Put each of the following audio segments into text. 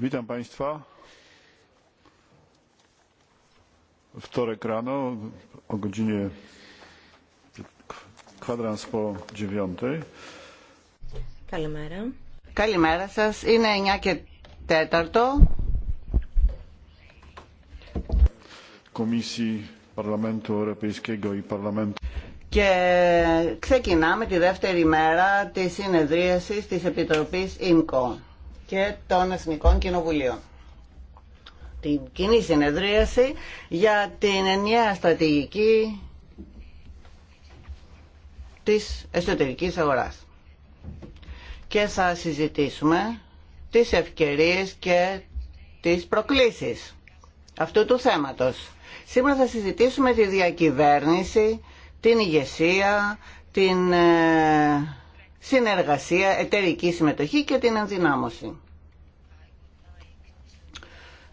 Καλημέρα. Καλημέρα σας. Είναι 9 και τέταρτο. Κομίση Παρλαμέντου Ευρωπαϊκού και Και ξεκινάμε τη δεύτερη μέρα της συνεδρίασης της Επιτροπής ΙΜΚΟ και των Εθνικών Κοινοβουλίων την κοινή συνεδρίαση για την ενιαία στρατηγική της εσωτερικής αγοράς. Και θα συζητήσουμε τις ευκαιρίες και τις προκλήσεις αυτού του θέματος. Σήμερα θα συζητήσουμε τη διακυβέρνηση, την ηγεσία, την ε, συνεργασία, εταιρική συμμετοχή και την ενδυνάμωση.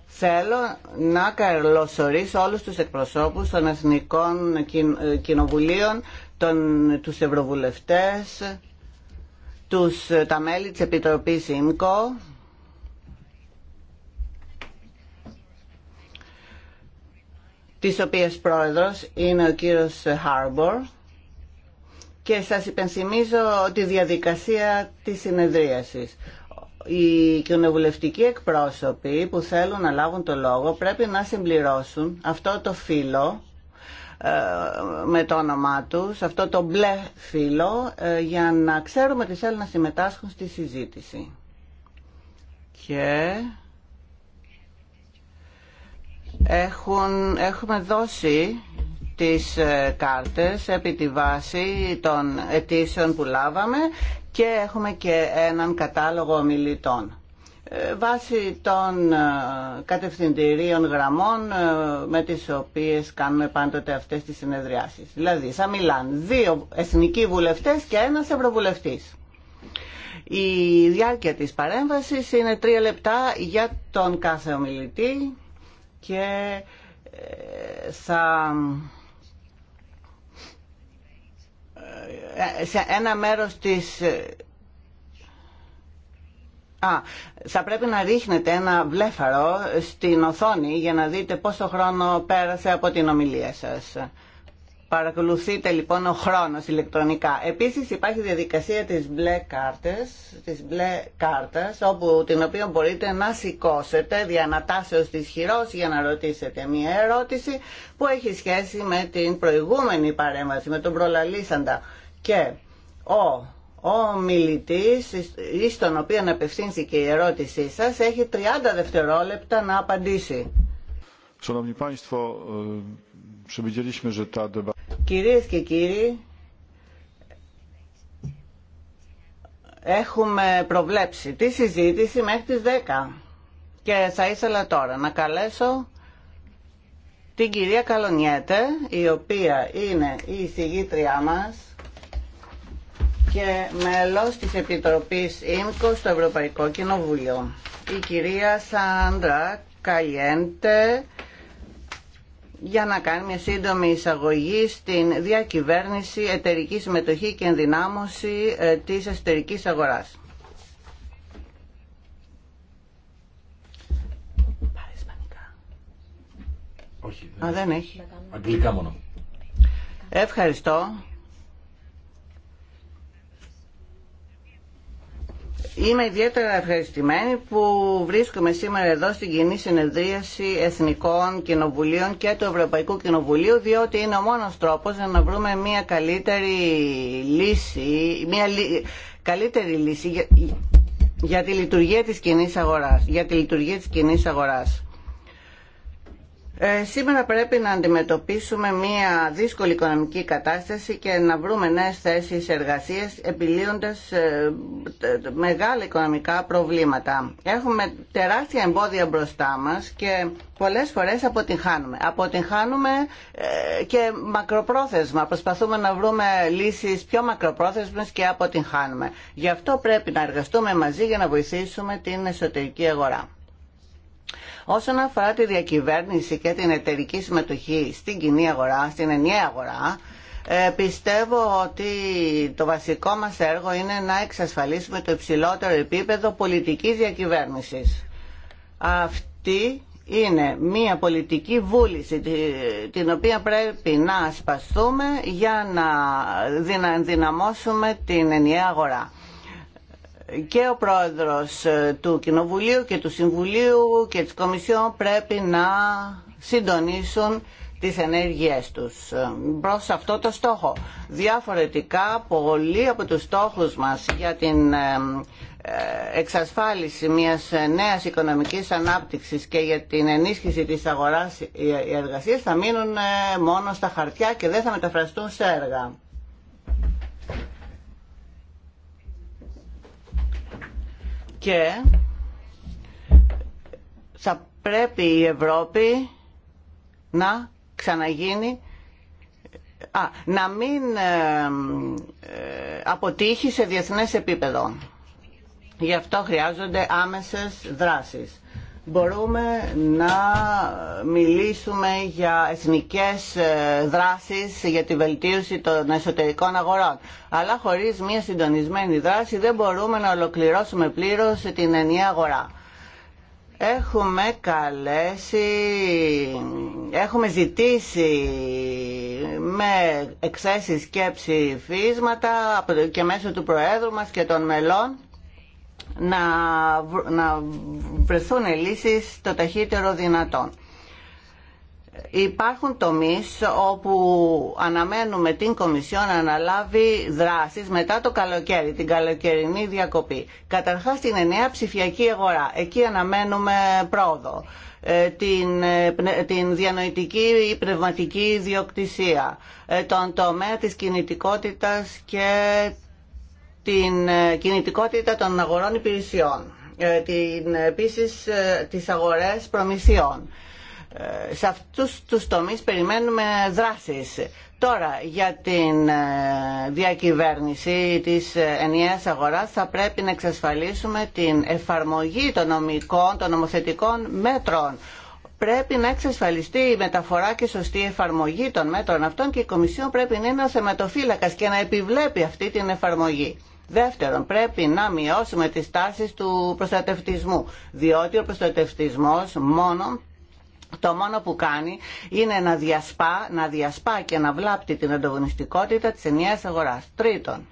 Θέλω να καλωσορίσω όλους τους εκπροσώπους των Εθνικών ε, Κοινοβουλίων, των, τους Ευρωβουλευτές, τους, ε, τα μέλη της Επιτροπής ΙΜΚΟ, της οποίας πρόεδρος είναι ο κύριος Χάρμπορ και σας υπενθυμίζω τη διαδικασία της συνεδρίασης. Οι κοινοβουλευτικοί εκπρόσωποι που θέλουν να λάβουν το λόγο πρέπει να συμπληρώσουν αυτό το φύλλο ε, με το όνομά τους, αυτό το μπλε φύλλο, ε, για να ξέρουμε τι θέλουν να συμμετάσχουν στη συζήτηση. Και έχουν, έχουμε δώσει τις ε, κάρτες επί τη βάση των αιτήσεων που λάβαμε και έχουμε και έναν κατάλογο ομιλητών. Ε, βάσει των ε, κατευθυντηρίων γραμμών με τις οποίες κάνουμε πάντοτε αυτές τις συνεδριάσεις. Δηλαδή θα μιλάνε δύο εθνικοί βουλευτές και ένας ευρωβουλευτής. Η διάρκεια της παρέμβασης είναι τρία λεπτά για τον κάθε ομιλητή και θα σε ένα μέρος της... Α, θα πρέπει να ρίχνετε ένα βλέφαρο στην οθόνη για να δείτε πόσο χρόνο πέρασε από την ομιλία σας. Παρακολουθείτε λοιπόν ο χρόνος ηλεκτρονικά. Επίσης υπάρχει διαδικασία της μπλε κάρτες, της μπλε κάρτας, όπου την οποία μπορείτε να σηκώσετε διανατάσεως της χειρός για να ρωτήσετε μία ερώτηση που έχει σχέση με την προηγούμενη παρέμβαση, με τον προλαλήσαντα. Και ο ο μιλητής, εις τον οποίο απευθύνθηκε η ερώτησή σας, έχει 30 δευτερόλεπτα να απαντήσει. Szanowni Państwo, Κυρίες και κύριοι, έχουμε προβλέψει τη συζήτηση μέχρι τις 10 και θα ήθελα τώρα να καλέσω την κυρία Καλονιέτε, η οποία είναι η εισηγήτριά μας και μέλος της Επιτροπής ΙΜΚΟ στο Ευρωπαϊκό Κοινοβούλιο. Η κυρία Σάντρα Καλιέντε για να κάνει μια σύντομη εισαγωγή στην διακυβέρνηση, εταιρική συμμετοχή και ενδυνάμωση ε, της εστερικής αγοράς. Όχι, Α, δεν έχει. μόνο. Ευχαριστώ. Είμαι ιδιαίτερα ευχαριστημένη που βρίσκομαι σήμερα εδώ στην κοινή συνεδρίαση Εθνικών Κοινοβουλίων και του Ευρωπαϊκού Κοινοβουλίου διότι είναι ο μόνος τρόπος να βρούμε μια καλύτερη λύση, μια καλύτερη λύση για, για τη λειτουργία της κοινής αγοράς, για τη λειτουργία της κοινής αγοράς. Ε, σήμερα πρέπει να αντιμετωπίσουμε μια δύσκολη οικονομική κατάσταση και να βρούμε νέες θέσεις εργασίας επιλύοντας ε, μεγάλα οικονομικά προβλήματα. Έχουμε τεράστια εμπόδια μπροστά μας και πολλές φορές αποτυγχάνουμε. Αποτυγχάνουμε ε, και μακροπρόθεσμα. Προσπαθούμε να βρούμε λύσεις πιο μακροπρόθεσμες και αποτυγχάνουμε. Γι' αυτό πρέπει να εργαστούμε μαζί για να βοηθήσουμε την εσωτερική αγορά. Όσον αφορά τη διακυβέρνηση και την εταιρική συμμετοχή στην κοινή αγορά, στην ενιαία αγορά, ε, πιστεύω ότι το βασικό μας έργο είναι να εξασφαλίσουμε το υψηλότερο επίπεδο πολιτικής διακυβέρνησης. Αυτή είναι μια πολιτική βούληση την οποία πρέπει να ασπαστούμε για να δυναμώσουμε την ενιαία αγορά και ο πρόεδρος ε, του Κοινοβουλίου και του Συμβουλίου και της Κομισιόν πρέπει να συντονίσουν τις ενέργειές τους ε, προς αυτό το στόχο. Διαφορετικά, πολλοί από τους στόχους μας για την ε, εξασφάλιση μιας νέας οικονομικής ανάπτυξης και για την ενίσχυση της αγοράς εργασίας θα μείνουν μόνο στα χαρτιά και δεν θα μεταφραστούν σε έργα. και θα πρέπει η Ευρώπη να ξαναγίνει α, να μην ε, αποτύχει σε διεθνές επίπεδο. Γι' αυτό χρειάζονται άμεσες δράσεις μπορούμε να μιλήσουμε για εθνικές ε, δράσεις για τη βελτίωση των εσωτερικών αγορών. Αλλά χωρίς μια συντονισμένη δράση δεν μπορούμε να ολοκληρώσουμε πλήρως την ενιαία αγορά. Έχουμε καλέσει, έχουμε ζητήσει με εξαίσθηση και ψηφίσματα και μέσω του Προέδρου μας και των μελών να, βρεθούν λύσεις το ταχύτερο δυνατόν. Υπάρχουν τομείς όπου αναμένουμε την Κομισιόν να αναλάβει δράσεις μετά το καλοκαίρι, την καλοκαιρινή διακοπή. Καταρχάς την ενιαία ψηφιακή αγορά, εκεί αναμένουμε πρόοδο, ε, ε, την, διανοητική ή πνευματική ιδιοκτησία, ε, τον τομέα της κινητικότητας και την ε, κινητικότητα των αγορών υπηρεσιών, ε, την, ε, επίσης τις αγορές προμηθειών. Σε αυτούς τους τομείς περιμένουμε δράσεις. Τώρα, για την διακυβέρνηση της ενιαίας αγοράς θα πρέπει να εξασφαλίσουμε την εφαρμογή των νομικών, των νομοθετικών μέτρων. Πρέπει να εξασφαλιστεί η μεταφορά και σωστή εφαρμογή των μέτρων αυτών και η Κομισιόν πρέπει να είναι ο θεματοφύλακας και να επιβλέπει αυτή την εφαρμογή. Δεύτερον, πρέπει να μειώσουμε τις τάσεις του προστατευτισμού, διότι ο προστατευτισμός μόνο το μόνο που κάνει είναι να διασπά, να διασπά και να βλάπτει την ανταγωνιστικότητα της ενιαίας αγοράς. Τρίτον,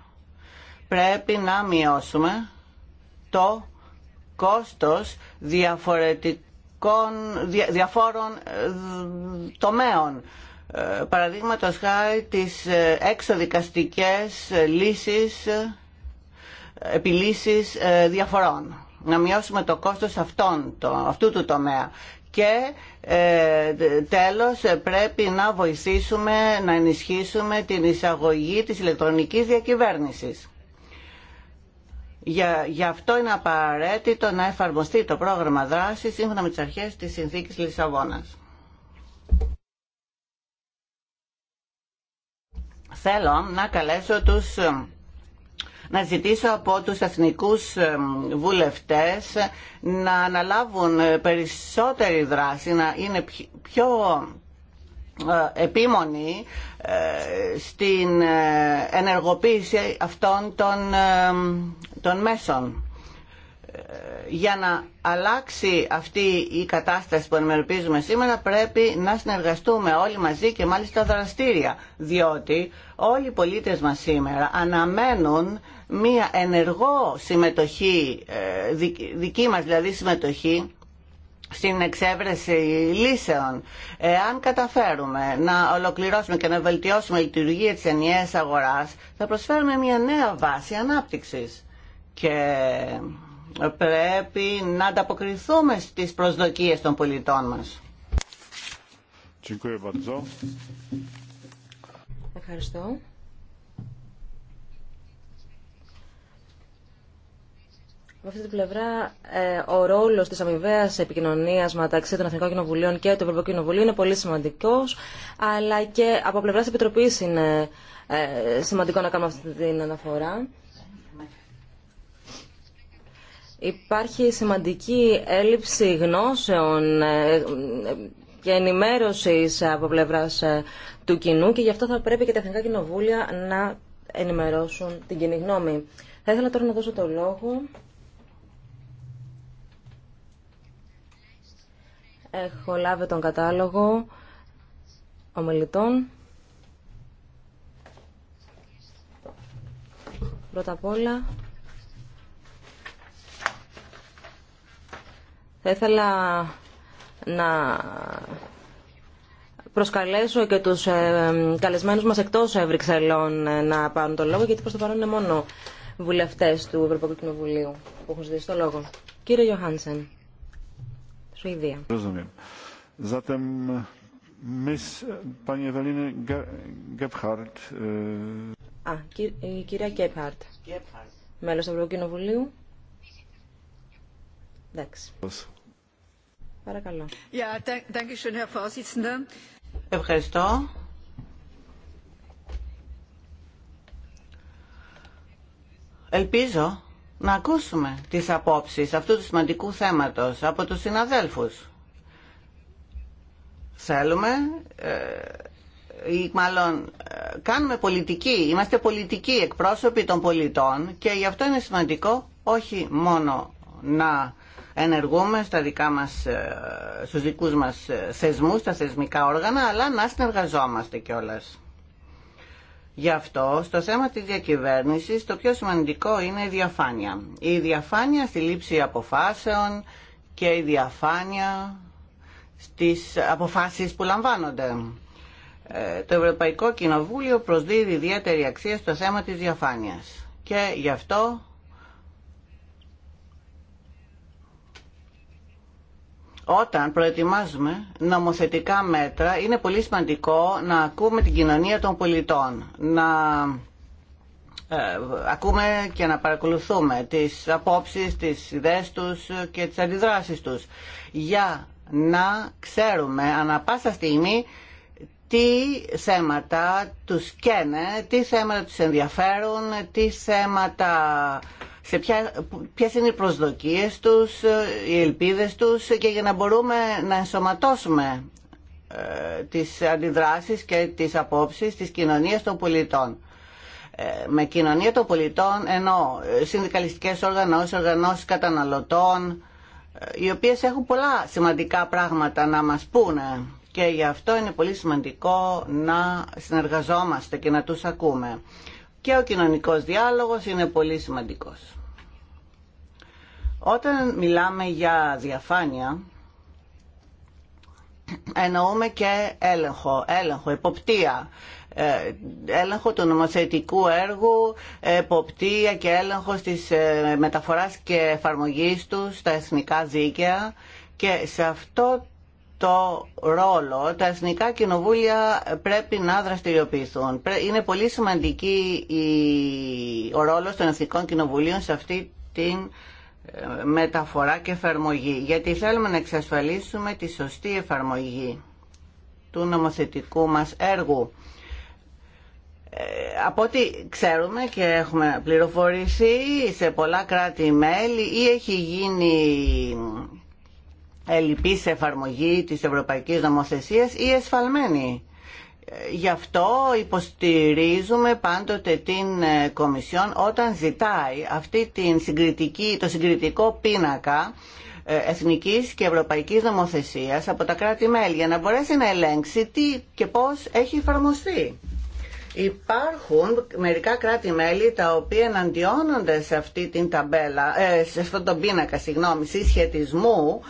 πρέπει να μειώσουμε το κόστος διαφορετικών, διαφόρων ε, τομέων. Ε, Παραδείγματο χάρη τις εξοδικαστικές ε, λύσεις ε, επιλύσεις ε, διαφορών. Να μειώσουμε το κόστος αυτών, το, αυτού του τομέα. Και ε, τέλος πρέπει να βοηθήσουμε, να ενισχύσουμε την εισαγωγή της ηλεκτρονικής διακυβέρνησης. Για, γι' αυτό είναι απαραίτητο να εφαρμοστεί το πρόγραμμα δράσης σύμφωνα με τις αρχές της Συνθήκης Λισαβόνας. Θέλω να καλέσω τους να ζητήσω από τους εθνικούς βουλευτές να αναλάβουν ε, περισσότερη δράση, να είναι πιο ε, επίμονοι ε, στην ενεργοποίηση αυτών των, των μέσων για να αλλάξει αυτή η κατάσταση που ενημερωπίζουμε σήμερα πρέπει να συνεργαστούμε όλοι μαζί και μάλιστα δραστήρια διότι όλοι οι πολίτες μας σήμερα αναμένουν μία ενεργό συμμετοχή, ε, δική μας δηλαδή συμμετοχή, στην εξέβρεση λύσεων. Εάν καταφέρουμε να ολοκληρώσουμε και να βελτιώσουμε η λειτουργία της ενιαίας αγοράς, θα προσφέρουμε μια νέα βάση ανάπτυξης. Και πρέπει να ανταποκριθούμε στις προσδοκίες των πολιτών μας. Ευχαριστώ. Από αυτή την πλευρά, ε, ο ρόλο τη αμοιβαία επικοινωνία μεταξύ των Εθνικών Κοινοβουλίων και του Ευρωπαϊκού Κοινοβουλίου είναι πολύ σημαντικό, αλλά και από πλευρά Επιτροπή είναι ε, σημαντικό να κάνουμε αυτή την αναφορά. Υπάρχει σημαντική έλλειψη γνώσεων ε, και ενημέρωση από πλευρά του κοινού και γι' αυτό θα πρέπει και τα Εθνικά Κοινοβούλια να ενημερώσουν την κοινή γνώμη. Θα ήθελα τώρα να δώσω το λόγο Έχω λάβει τον κατάλογο ομιλητών. Πρώτα απ' όλα, θα ήθελα να προσκαλέσω και τους ε, καλεσμένους μας εκτός Βρυξελών ε, να πάρουν το λόγο, γιατί προς το παρόν είναι μόνο βουλευτές του Ευρωπαϊκού Κοινοβουλίου που έχουν ζητήσει το λόγο. Κύριε Γιωχάνσεν. Σουηδία. Α, η κυρία Γκέπχαρτ. Μέλος του Ευρωκοινοβουλίου. Εντάξει. Παρακαλώ. Ευχαριστώ. Ελπίζω να ακούσουμε τις απόψεις αυτού του σημαντικού θέματος από τους συναδέλφους. Θέλουμε, ε, ή μάλλον ε, κάνουμε πολιτική, είμαστε πολιτικοί εκπρόσωποι των πολιτών και γι' αυτό είναι σημαντικό όχι μόνο να ενεργούμε στα δικά μας, ε, στους δικούς μας θεσμούς, στα θεσμικά όργανα, αλλά να συνεργαζόμαστε κιόλας. Γι' αυτό, στο θέμα της διακυβέρνησης, το πιο σημαντικό είναι η διαφάνεια. Η διαφάνεια στη λήψη αποφάσεων και η διαφάνεια στις αποφάσεις που λαμβάνονται. Ε, το Ευρωπαϊκό Κοινοβούλιο προσδίδει ιδιαίτερη αξία στο θέμα της διαφάνειας. Και γι' αυτό όταν προετοιμάζουμε νομοθετικά μέτρα είναι πολύ σημαντικό να ακούμε την κοινωνία των πολιτών, να ε, ακούμε και να παρακολουθούμε τις απόψεις, τις ιδέες τους και τις αντιδράσεις τους για να ξέρουμε ανα πάσα στιγμή τι θέματα τους καίνε, τι θέματα τους ενδιαφέρουν, τι θέματα σε ποια, ποιες είναι οι προσδοκίες τους, οι ελπίδες τους και για να μπορούμε να ενσωματώσουμε ε, τις αντιδράσεις και τις απόψεις της κοινωνίας των πολιτών. Ε, με κοινωνία των πολιτών ενώ ε, συνδικαλιστικές οργανώσεις, οργανώσεις καταναλωτών, οι οποίες έχουν πολλά σημαντικά πράγματα να μας πούνε και γι' αυτό είναι πολύ σημαντικό να συνεργαζόμαστε και να τους ακούμε και ο κοινωνικός διάλογος είναι πολύ σημαντικός. Όταν μιλάμε για διαφάνεια, εννοούμε και έλεγχο, έλεγχο, εποπτεία, ε, έλεγχο του νομοθετικού έργου, εποπτεία και έλεγχο της ε, μεταφοράς και εφαρμογής του στα εθνικά δίκαια και σε αυτό το ρόλο τα εθνικά κοινοβούλια πρέπει να δραστηριοποιηθούν. Είναι πολύ σημαντική η, ο ρόλος των εθνικών κοινοβουλίων σε αυτή την ε, μεταφορά και εφαρμογή, γιατί θέλουμε να εξασφαλίσουμε τη σωστή εφαρμογή του νομοθετικού μας έργου. Ε, από ό,τι ξέρουμε και έχουμε πληροφορηθεί σε πολλά κράτη-μέλη ή έχει γίνει ελλειπής εφαρμογή της ευρωπαϊκής νομοθεσίας ή εσφαλμένη. Γι' αυτό υποστηρίζουμε πάντοτε την ε, Κομισιόν όταν ζητάει αυτή την συγκριτική, το συγκριτικό πίνακα ε, εθνικής και ευρωπαϊκής νομοθεσίας από τα κράτη-μέλη για να μπορέσει να ελέγξει τι και πώς έχει εφαρμοστεί. Υπάρχουν μερικά κράτη-μέλη τα οποία εναντιώνονται σε αυτή την ταμπέλα, ε, σε αυτόν τον πίνακα συγγνώμη, συσχετισμού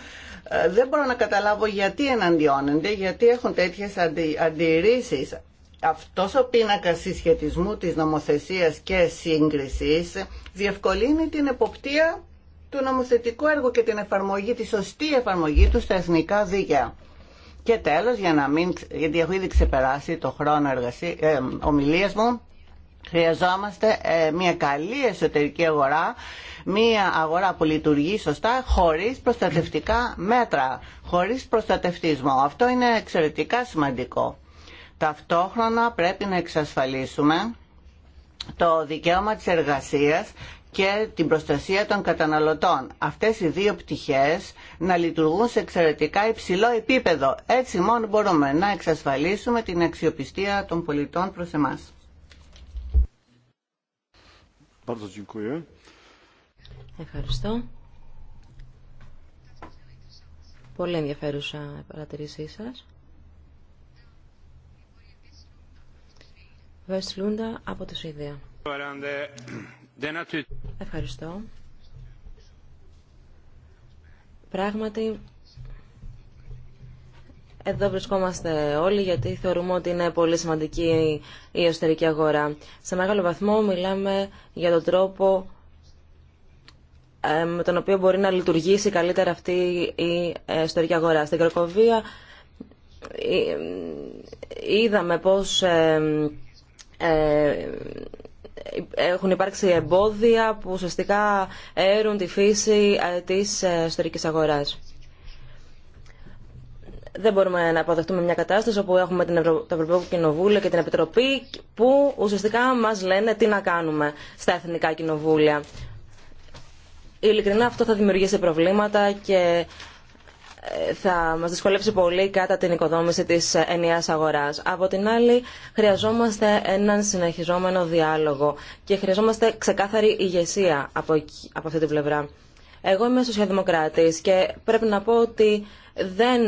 ε, δεν μπορώ να καταλάβω γιατί εναντιώνονται, γιατί έχουν τέτοιες αντι, αντιρρήσεις. Αυτός ο πίνακα συσχετισμού της νομοθεσίας και σύγκριση διευκολύνει την εποπτεία του νομοθετικού έργου και την εφαρμογή, τη σωστή εφαρμογή του στα εθνικά δίκαια. Και τέλος, για να μην, γιατί έχω ήδη ξεπεράσει το χρόνο ε, ομιλία μου, Χρειαζόμαστε ε, μια καλή εσωτερική αγορά, μια αγορά που λειτουργεί σωστά χωρίς προστατευτικά μέτρα, χωρίς προστατευτισμό. Αυτό είναι εξαιρετικά σημαντικό. Ταυτόχρονα πρέπει να εξασφαλίσουμε το δικαίωμα της εργασίας και την προστασία των καταναλωτών. Αυτές οι δύο πτυχές να λειτουργούν σε εξαιρετικά υψηλό επίπεδο. Έτσι μόνο μπορούμε να εξασφαλίσουμε την αξιοπιστία των πολιτών προς εμάς. Ευχαριστώ. Πολύ ενδιαφέρουσα παρατηρήσή σας. Βεσλούντα από τη Σουηδία. Ευχαριστώ. Πράγματι, εδώ βρισκόμαστε όλοι γιατί θεωρούμε ότι είναι πολύ σημαντική η εσωτερική αγορά. Σε μεγάλο βαθμό μιλάμε για τον τρόπο ε, με τον οποίο μπορεί να λειτουργήσει καλύτερα αυτή η εσωτερική αγορά. Στην Κροκοβία ε, είδαμε πώς ε, έχουν υπάρξει εμπόδια που ουσιαστικά έρουν τη φύση της εσωτερικής αγοράς δεν μπορούμε να αποδεχτούμε μια κατάσταση όπου έχουμε την Ευρω... το Ευρωπαϊκό Κοινοβούλιο και την Επιτροπή που ουσιαστικά μα λένε τι να κάνουμε στα εθνικά κοινοβούλια. Ειλικρινά αυτό θα δημιουργήσει προβλήματα και ε, θα μας δυσκολεύσει πολύ κατά την οικοδόμηση της ε, ενιαίας αγοράς. Από την άλλη, χρειαζόμαστε έναν συνεχιζόμενο διάλογο και χρειαζόμαστε ξεκάθαρη ηγεσία από, από αυτή την πλευρά. Εγώ είμαι σοσιαλδημοκράτης και πρέπει να πω ότι δεν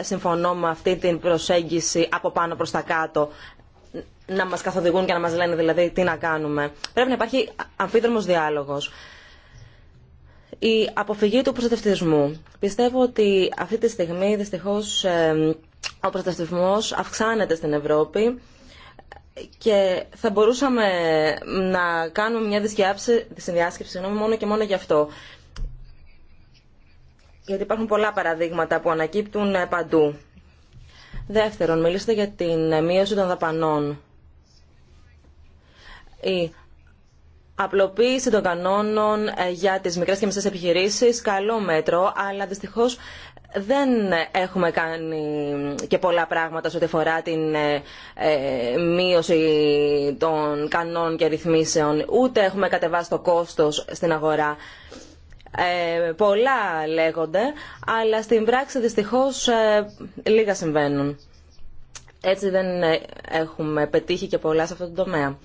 συμφωνώ με αυτή την προσέγγιση από πάνω προς τα κάτω να μας καθοδηγούν και να μας λένε δηλαδή τι να κάνουμε. Πρέπει να υπάρχει αμφίδρομος διάλογος. Η αποφυγή του προστατευτισμού. Πιστεύω ότι αυτή τη στιγμή δυστυχώς ε, ο προστατευτισμός αυξάνεται στην Ευρώπη και θα μπορούσαμε να κάνουμε μια συνδιάσκεψη μόνο και μόνο γι' αυτό γιατί υπάρχουν πολλά παραδείγματα που ανακύπτουν ε, παντού. Δεύτερον, μιλήσατε για την μείωση των δαπανών. Η απλοποίηση των κανόνων ε, για τις μικρές και μισές επιχειρήσεις, καλό μέτρο, αλλά δυστυχώς δεν έχουμε κάνει και πολλά πράγματα σε ό,τι αφορά την ε, μείωση των κανόνων και ρυθμίσεων, ούτε έχουμε κατεβάσει το κόστος στην αγορά. Ε, πολλά λέγονται, αλλά στην πράξη δυστυχώς ε, λίγα συμβαίνουν. Έτσι δεν ε, έχουμε πετύχει και πολλά σε αυτό το τομέα.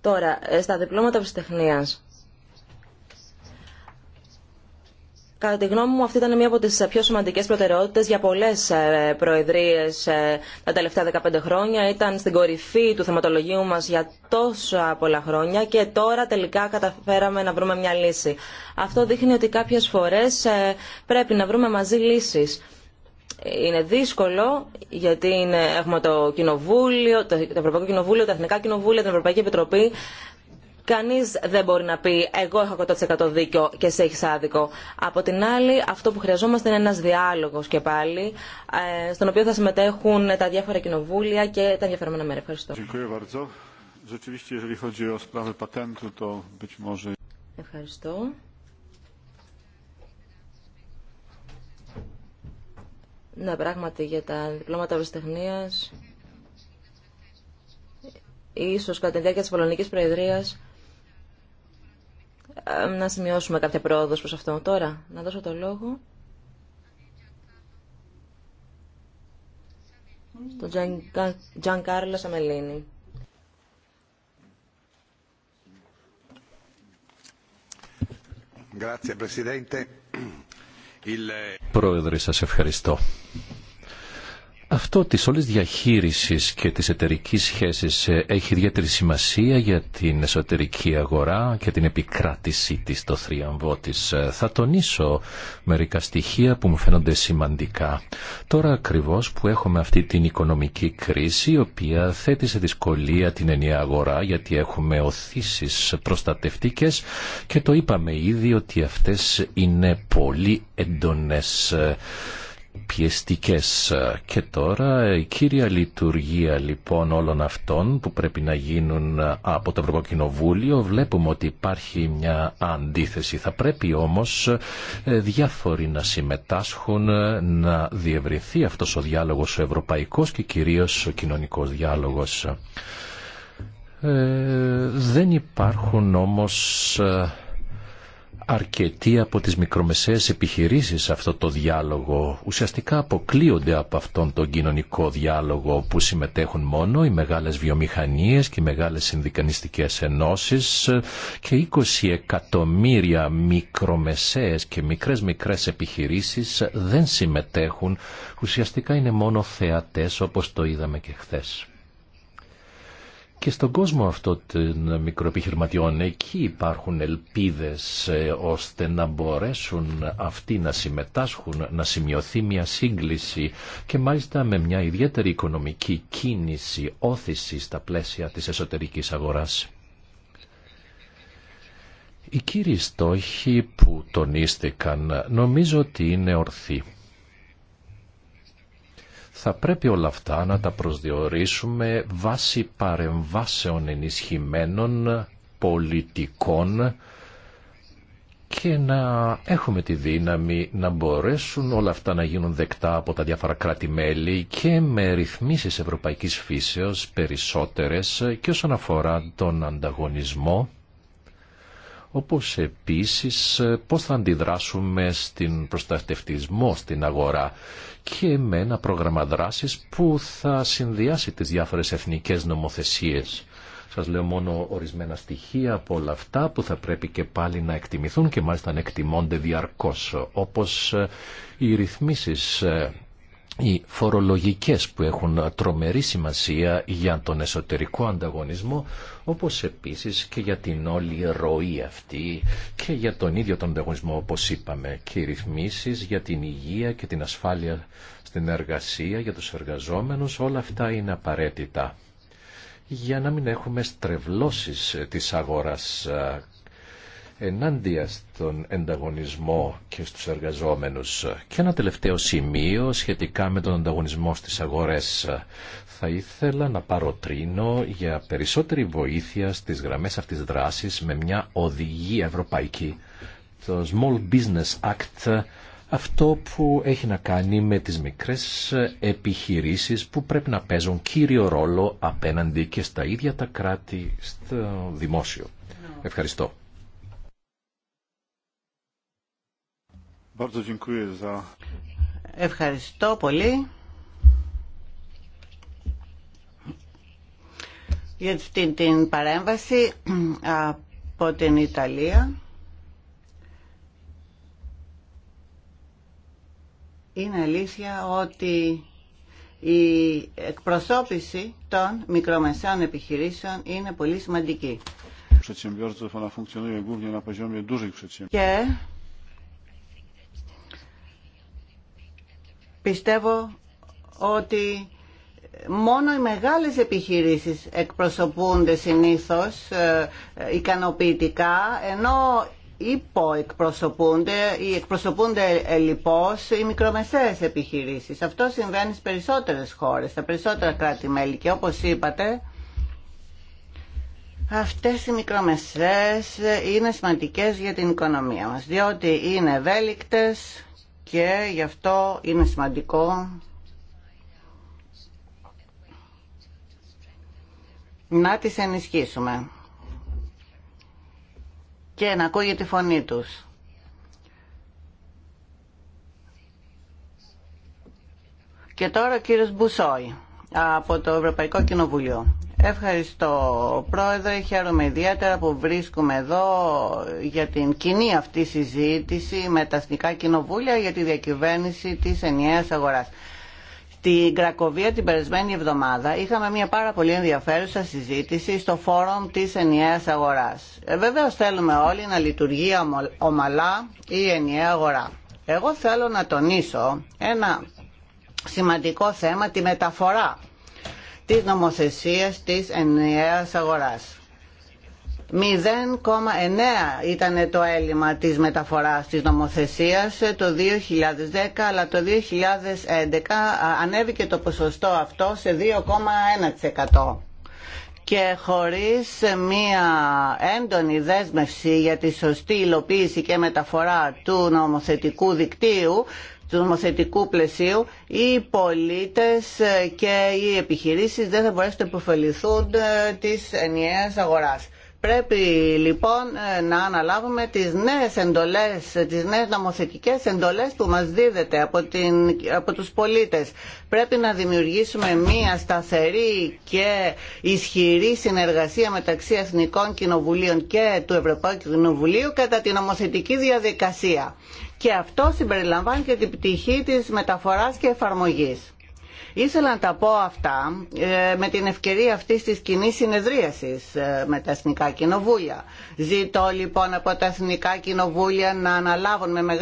Τώρα, στα διπλώματα τεχνίας, Κατά τη γνώμη μου αυτή ήταν μία από τις πιο σημαντικές προτεραιότητες για πολλές ε, προεδρίες ε, τα τελευταία 15 χρόνια. Ήταν στην κορυφή του θεματολογίου μας για τόσα πολλά χρόνια και τώρα τελικά καταφέραμε να βρούμε μια λύση. Αυτό δείχνει ότι κάποιες φορές ε, πρέπει να βρούμε μαζί λύσεις. Είναι δύσκολο γιατί είναι, έχουμε το Κοινοβούλιο, το Ευρωπαϊκό Κοινοβούλιο, τα Εθνικά Κοινοβούλια, την Ευρωπαϊκή Επιτροπή. Κανεί δεν μπορεί να πει εγώ έχω 100% δίκιο και σε έχει άδικο. Από την άλλη αυτό που χρειαζόμαστε είναι ένα διάλογο και πάλι ε, στον οποίο θα συμμετέχουν τα διάφορα κοινοβούλια και τα ενδιαφερόμενα μέρη. Ευχαριστώ. Ευχαριστώ. Ναι, πράγματι για τα διπλώματα βιστεχνίας Ίσως κατά τη διάρκεια της Πολωνικής Προεδρίας ε, να σημειώσουμε κάποια πρόοδος προς αυτό. Τώρα, να δώσω το λόγο στον Τζαν Κάρλο Αμελίνη. Πρόεδρε, σας ευχαριστώ. Αυτό της όλης διαχείρισης και της εταιρικής σχέσης ε, έχει ιδιαίτερη σημασία για την εσωτερική αγορά και την επικράτησή της, το θρίαμβό της. Ε, θα τονίσω μερικά στοιχεία που μου φαίνονται σημαντικά. Τώρα ακριβώς που έχουμε αυτή την οικονομική κρίση, η οποία θέτει σε δυσκολία την ενιαία αγορά, γιατί έχουμε οθήσει προστατευτικές και το είπαμε ήδη ότι αυτές είναι πολύ έντονες ε, πιεστικές. Ε, και τώρα η κύρια λειτουργία λοιπόν όλων αυτών που πρέπει να γίνουν ε, από το Ευρωπαϊκό Κοινοβούλιο βλέπουμε ότι υπάρχει μια αντίθεση. Θα πρέπει όμως ε, διάφοροι να συμμετάσχουν να διευρυνθεί αυτός ο διάλογος ο ευρωπαϊκός και κυρίως ο κοινωνικός διάλογος. Ε, δεν υπάρχουν όμως αρκετοί από τις μικρομεσαίες επιχειρήσεις σε αυτό το διάλογο ουσιαστικά αποκλείονται από αυτόν τον κοινωνικό διάλογο που συμμετέχουν μόνο οι μεγάλες βιομηχανίες και οι μεγάλες συνδικανιστικές ενώσεις και 20 εκατομμύρια μικρομεσαίες και μικρές μικρές επιχειρήσεις δεν συμμετέχουν ουσιαστικά είναι μόνο θεατές όπως το είδαμε και χθες και στον κόσμο αυτό των μικροεπιχειρηματιών. Εκεί υπάρχουν ελπίδες ε, ώστε να μπορέσουν αυτοί να συμμετάσχουν, να σημειωθεί μια σύγκληση και μάλιστα με μια ιδιαίτερη οικονομική κίνηση, όθηση στα πλαίσια της εσωτερικής αγοράς. Οι κύριοι στόχοι που τονίστηκαν νομίζω ότι είναι ορθοί. Θα πρέπει όλα αυτά να τα προσδιορίσουμε βάσει παρεμβάσεων ενισχυμένων πολιτικών και να έχουμε τη δύναμη να μπορέσουν όλα αυτά να γίνουν δεκτά από τα διάφορα κράτη-μέλη και με ρυθμίσεις ευρωπαϊκής φύσεως περισσότερες και όσον αφορά τον ανταγωνισμό όπως επίσης ε, πώς θα αντιδράσουμε στην προστατευτισμό στην αγορά και με ένα πρόγραμμα δράσης που θα συνδυάσει τις διάφορες εθνικές νομοθεσίες. Σας λέω μόνο ορισμένα στοιχεία από όλα αυτά που θα πρέπει και πάλι να εκτιμηθούν και μάλιστα να εκτιμώνται διαρκώς, όπως ε, οι ρυθμίσεις ε, οι φορολογικές που έχουν τρομερή σημασία για τον εσωτερικό ανταγωνισμό όπως επίσης και για την όλη ροή αυτή και για τον ίδιο τον ανταγωνισμό όπως είπαμε και οι ρυθμίσεις για την υγεία και την ασφάλεια στην εργασία για τους εργαζόμενους όλα αυτά είναι απαραίτητα για να μην έχουμε στρεβλώσεις της αγοράς ενάντια στον ενταγωνισμό και στους εργαζόμενους. Και ένα τελευταίο σημείο σχετικά με τον ανταγωνισμό στις αγορές. Θα ήθελα να παροτρύνω για περισσότερη βοήθεια στις γραμμές αυτής δράσης με μια οδηγία ευρωπαϊκή, το Small Business Act, αυτό που έχει να κάνει με τις μικρές επιχειρήσεις που πρέπει να παίζουν κύριο ρόλο απέναντι και στα ίδια τα κράτη στο δημόσιο. Ευχαριστώ. Ευχαριστώ πολύ για αυτήν την παρέμβαση από την Ιταλία. Είναι αλήθεια ότι η εκπροσώπηση των μικρομεσαίων επιχειρήσεων είναι πολύ σημαντική. Και Πιστεύω ότι μόνο οι μεγάλες επιχειρήσεις εκπροσωπούνται συνήθως ε, ε, ικανοποιητικά, ενώ υποεκπροσωπούνται ή εκπροσωπούνται λοιπόν, οι μικρομεσαίες επιχειρήσεις. Αυτό συμβαίνει στις περισσότερες χώρες, στα περισσότερα κράτη-μέλη και όπως είπατε αυτές οι μικρομεσαίες είναι σημαντικές για την οικονομία μας διότι είναι ευέλικτες και γι' αυτό είναι σημαντικό να τις ενισχύσουμε και να ακούγεται τη φωνή τους. Και τώρα ο κύριος Μπουσόη από το Ευρωπαϊκό Κοινοβουλίο. Ευχαριστώ Πρόεδρε, χαίρομαι ιδιαίτερα που βρίσκουμε εδώ για την κοινή αυτή συζήτηση με τα Εθνικά Κοινοβούλια για τη διακυβέρνηση της ενιαίας αγοράς. Στην Κρακοβία την περασμένη εβδομάδα είχαμε μια πάρα πολύ ενδιαφέρουσα συζήτηση στο φόρουμ της ενιαίας αγοράς. Ε, θέλουμε όλοι να λειτουργεί ομαλά η ενιαία αγορά. Εγώ θέλω να τονίσω ένα σημαντικό θέμα, τη μεταφορά της νομοθεσίας της ενιαίας αγοράς. 0,9 ήταν το έλλειμμα της μεταφοράς της νομοθεσίας το 2010, αλλά το 2011 ανέβηκε το ποσοστό αυτό σε 2,1% και χωρίς μία έντονη δέσμευση για τη σωστή υλοποίηση και μεταφορά του νομοθετικού δικτύου του νομοθετικού πλαισίου οι πολίτες και οι επιχειρήσεις δεν θα μπορέσουν να υποφεληθούν ε, της ενιαίας αγοράς. Πρέπει λοιπόν ε, να αναλάβουμε τις νέες εντολές, τις νέες νομοθετικές εντολές που μας δίδεται από, την, από τους πολίτες. Πρέπει να δημιουργήσουμε μία σταθερή και ισχυρή συνεργασία μεταξύ Εθνικών Κοινοβουλίων και του Ευρωπαϊκού Κοινοβουλίου κατά την νομοθετική διαδικασία και αυτό συμπεριλαμβάνει και την πτυχή της μεταφοράς και εφαρμογής. Ήθελα να τα πω αυτά ε, με την ευκαιρία αυτής της κοινή συνεδρίασης ε, με τα Εθνικά Κοινοβούλια. Ζητώ λοιπόν από τα Εθνικά Κοινοβούλια να αναλάβουν με,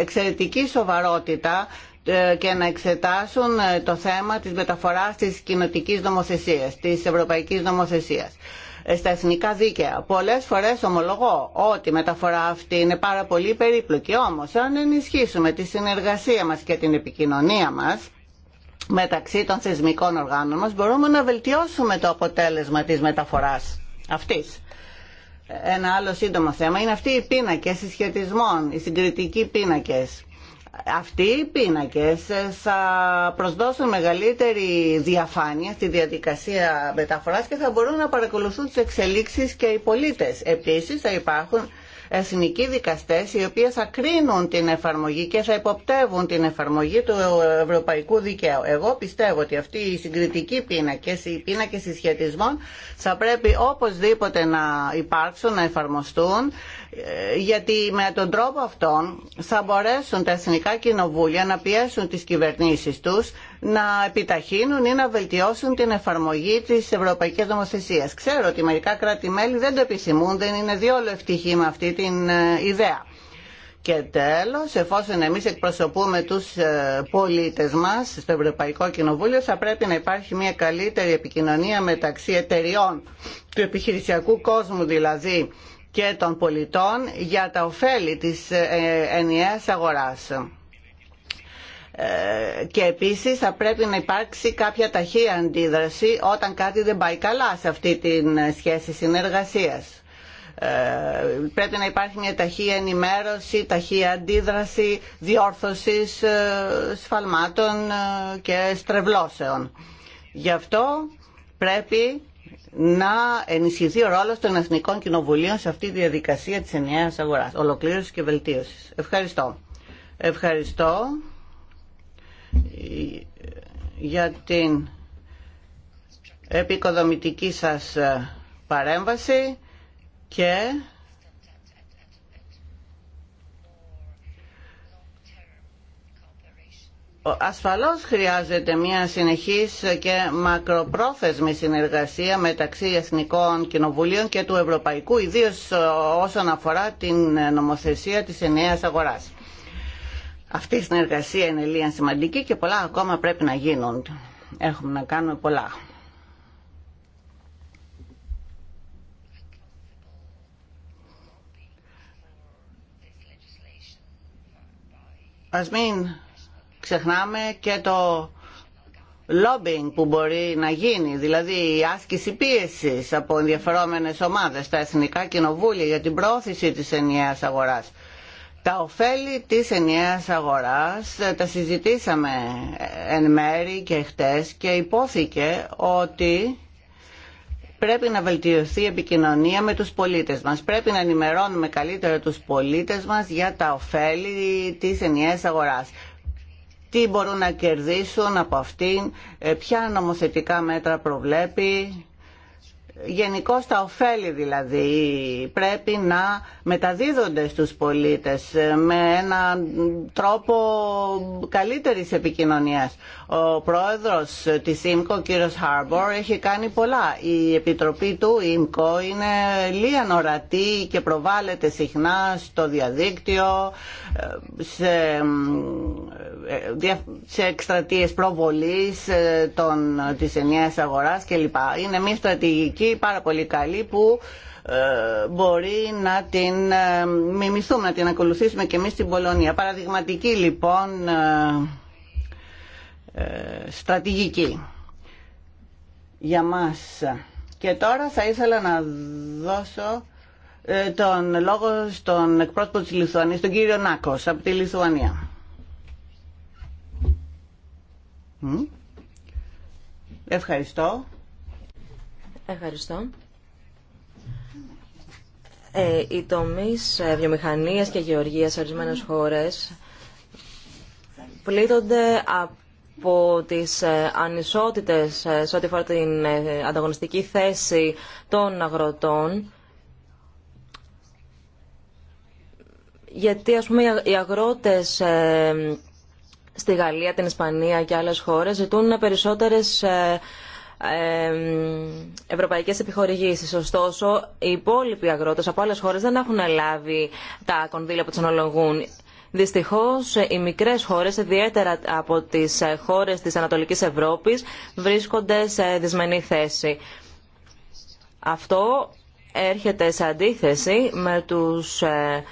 εξαιρετική σοβαρότητα ε, και να εξετάσουν το θέμα της μεταφοράς της κοινοτικής νομοθεσίας, της ευρωπαϊκής νομοθεσίας στα εθνικά δίκαια. Πολλέ φορέ ομολογώ ότι η μεταφορά αυτή είναι πάρα πολύ περίπλοκη. Όμως, αν ενισχύσουμε τη συνεργασία μας και την επικοινωνία μας, μεταξύ των θεσμικών οργάνων μας μπορούμε να βελτιώσουμε το αποτέλεσμα της μεταφοράς αυτής. Ένα άλλο σύντομο θέμα είναι αυτοί οι πίνακες συσχετισμών, οι συγκριτικοί πίνακες αυτοί οι πίνακες θα προσδώσουν μεγαλύτερη διαφάνεια στη διαδικασία μεταφοράς και θα μπορούν να παρακολουθούν τις εξελίξεις και οι πολίτες. Επίσης θα υπάρχουν εθνικοί δικαστές οι οποίοι θα κρίνουν την εφαρμογή και θα υποπτεύουν την εφαρμογή του ευρωπαϊκού δικαίου. Εγώ πιστεύω ότι αυτοί οι συγκριτικοί πίνακες, οι πίνακες συσχετισμών θα πρέπει οπωσδήποτε να υπάρξουν, να εφαρμοστούν ε, γιατί με τον τρόπο αυτόν θα μπορέσουν τα εθνικά κοινοβούλια να πιέσουν τις κυβερνήσεις τους να επιταχύνουν ή να βελτιώσουν την εφαρμογή τη Ευρωπαϊκή Νομοθεσία. νομοθεσίας. Ξέρω ότι μερικά κράτη-μέλη δεν το επισημούν, δεν είναι διόλου ευτυχή με αυτή την ε, ιδέα. Και τέλο, εφόσον εμεί εκπροσωπούμε τους ε, πολίτε μας στο Ευρωπαϊκό Κοινοβούλιο, θα πρέπει να υπάρχει μια καλύτερη επικοινωνία μεταξύ εταιριών του επιχειρησιακού κόσμου δηλαδή και των πολιτών για τα ωφέλη της ε, ενιαίας αγοράς. Ε, και επίσης θα πρέπει να υπάρξει κάποια ταχεία αντίδραση όταν κάτι δεν πάει καλά σε αυτή τη σχέση συνεργασίας. Ε, πρέπει να υπάρχει μια ταχεία ενημέρωση, ταχεία αντίδραση, διόρθωσης ε, σφαλμάτων και στρεβλώσεων. Γι' αυτό πρέπει να ενισχυθεί ο ρόλος των Εθνικών Κοινοβουλίων σε αυτή τη διαδικασία της ενιαίας αγοράς, ολοκλήρωσης και βελτίωσης. Ευχαριστώ. Ευχαριστώ για την επικοδομητική σας ε, παρέμβαση και Ασφαλώς χρειάζεται μια συνεχής και μακροπρόθεσμη συνεργασία μεταξύ Εθνικών Κοινοβουλίων και του Ευρωπαϊκού, ιδίως ε, όσον αφορά την νομοθεσία της ενιαίας αγοράς. Αυτή η συνεργασία είναι λίγα σημαντική και πολλά ακόμα πρέπει να γίνουν. Έχουμε να κάνουμε πολλά. Ας μην ξεχνάμε και το lobbying που μπορεί να γίνει, δηλαδή η άσκηση πίεσης από ενδιαφερόμενες ομάδες τα εθνικά κοινοβούλια για την πρόωθηση της ενιαίας αγοράς. Τα ωφέλη της ενιαίας αγοράς ε, τα συζητήσαμε ε, εν μέρη και χτες και υπόθηκε ότι πρέπει να βελτιωθεί η επικοινωνία με τους πολίτες μας. Πρέπει να ενημερώνουμε καλύτερα τους πολίτες μας για τα ωφέλη της ενιαίας αγοράς. Τι μπορούν να κερδίσουν από αυτήν, ε, ποια νομοθετικά μέτρα προβλέπει, Γενικώ τα ωφέλη δηλαδή πρέπει να μεταδίδονται στους πολίτες ε, με έναν τρόπο καλύτερης επικοινωνίας. Ο πρόεδρος της ΙΜΚΟ, κύριος Χάρμπορ, έχει κάνει πολλά. Η επιτροπή του ΙΜΚΟ είναι λίγο ορατή και προβάλλεται συχνά στο διαδίκτυο, ε, σε, ε, σε εκστρατείες προβολής των, της ενιαίας αγοράς κλπ. Είναι μη στρατηγική πάρα πολύ καλή που ε, μπορεί να την ε, μιμηθούμε, να την ακολουθήσουμε και εμείς στην Πολωνία. Παραδειγματική λοιπόν ε, στρατηγική για μας. Και τώρα θα ήθελα να δώσω τον λόγο στον εκπρόσωπο της Λιθουανίας, τον κύριο Νάκος από τη Λιθουανία. Ευχαριστώ. Ευχαριστώ. Ε, οι τομεί ε, βιομηχανίας και γεωργίας σε ορισμένες χώρες πλήττονται από τις ε, ανισότητες ε, σε ό,τι αφορά την ανταγωνιστική θέση των αγροτών γιατί ας πούμε οι αγρότες στη Γαλλία, την Ισπανία και άλλες χώρες ζητούν περισσότερες Ευρωπαϊκέ επιχορηγήσεις. Ωστόσο, οι υπόλοιποι αγρότε, από άλλες χώρες δεν έχουν λάβει τα κονδύλια που του αναλογούν. Δυστυχώ, οι μικρές χώρες, ιδιαίτερα από τις χώρες της Ανατολικής Ευρώπης, βρίσκονται σε δυσμενή θέση. Αυτό έρχεται σε αντίθεση με τους ε,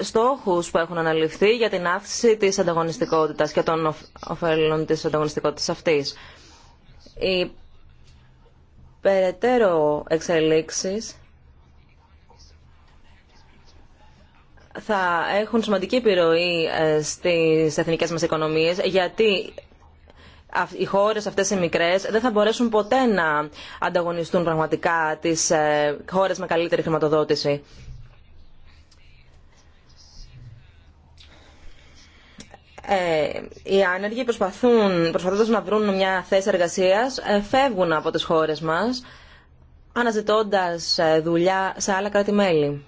στόχους που έχουν αναλυφθεί για την αύξηση της ανταγωνιστικότητας και των ωφέλων της ανταγωνιστικότητας αυτής. Οι περαιτέρω εξελίξεις θα έχουν σημαντική επιρροή ε, στις εθνικές μας οικονομίες γιατί οι χώρες αυτές οι μικρές δεν θα μπορέσουν ποτέ να ανταγωνιστούν πραγματικά τις ε, χώρες με καλύτερη χρηματοδότηση. Ε, οι άνεργοι προσπαθούν, προσπαθώντας να βρουν μια θέση εργασίας, ε, φεύγουν από τις χώρες μας, αναζητώντας ε, δουλειά σε άλλα κράτη-μέλη.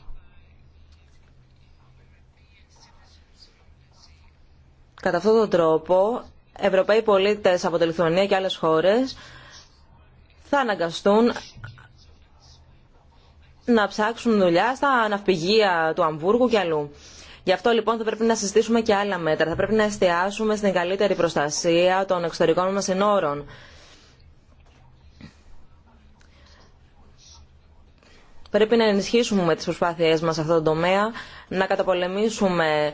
Κατά αυτόν τον τρόπο, Ευρωπαίοι πολίτες από τη Λιθουανία και άλλες χώρες θα αναγκαστούν να ψάξουν δουλειά στα ναυπηγεία του Αμβούργου και αλλού. Γι' αυτό λοιπόν θα πρέπει να συστήσουμε και άλλα μέτρα. Θα πρέπει να εστιάσουμε στην καλύτερη προστασία των εξωτερικών μας ενόρων. Πρέπει να ενισχύσουμε τις προσπάθειές μας σε αυτό το τομέα, να καταπολεμήσουμε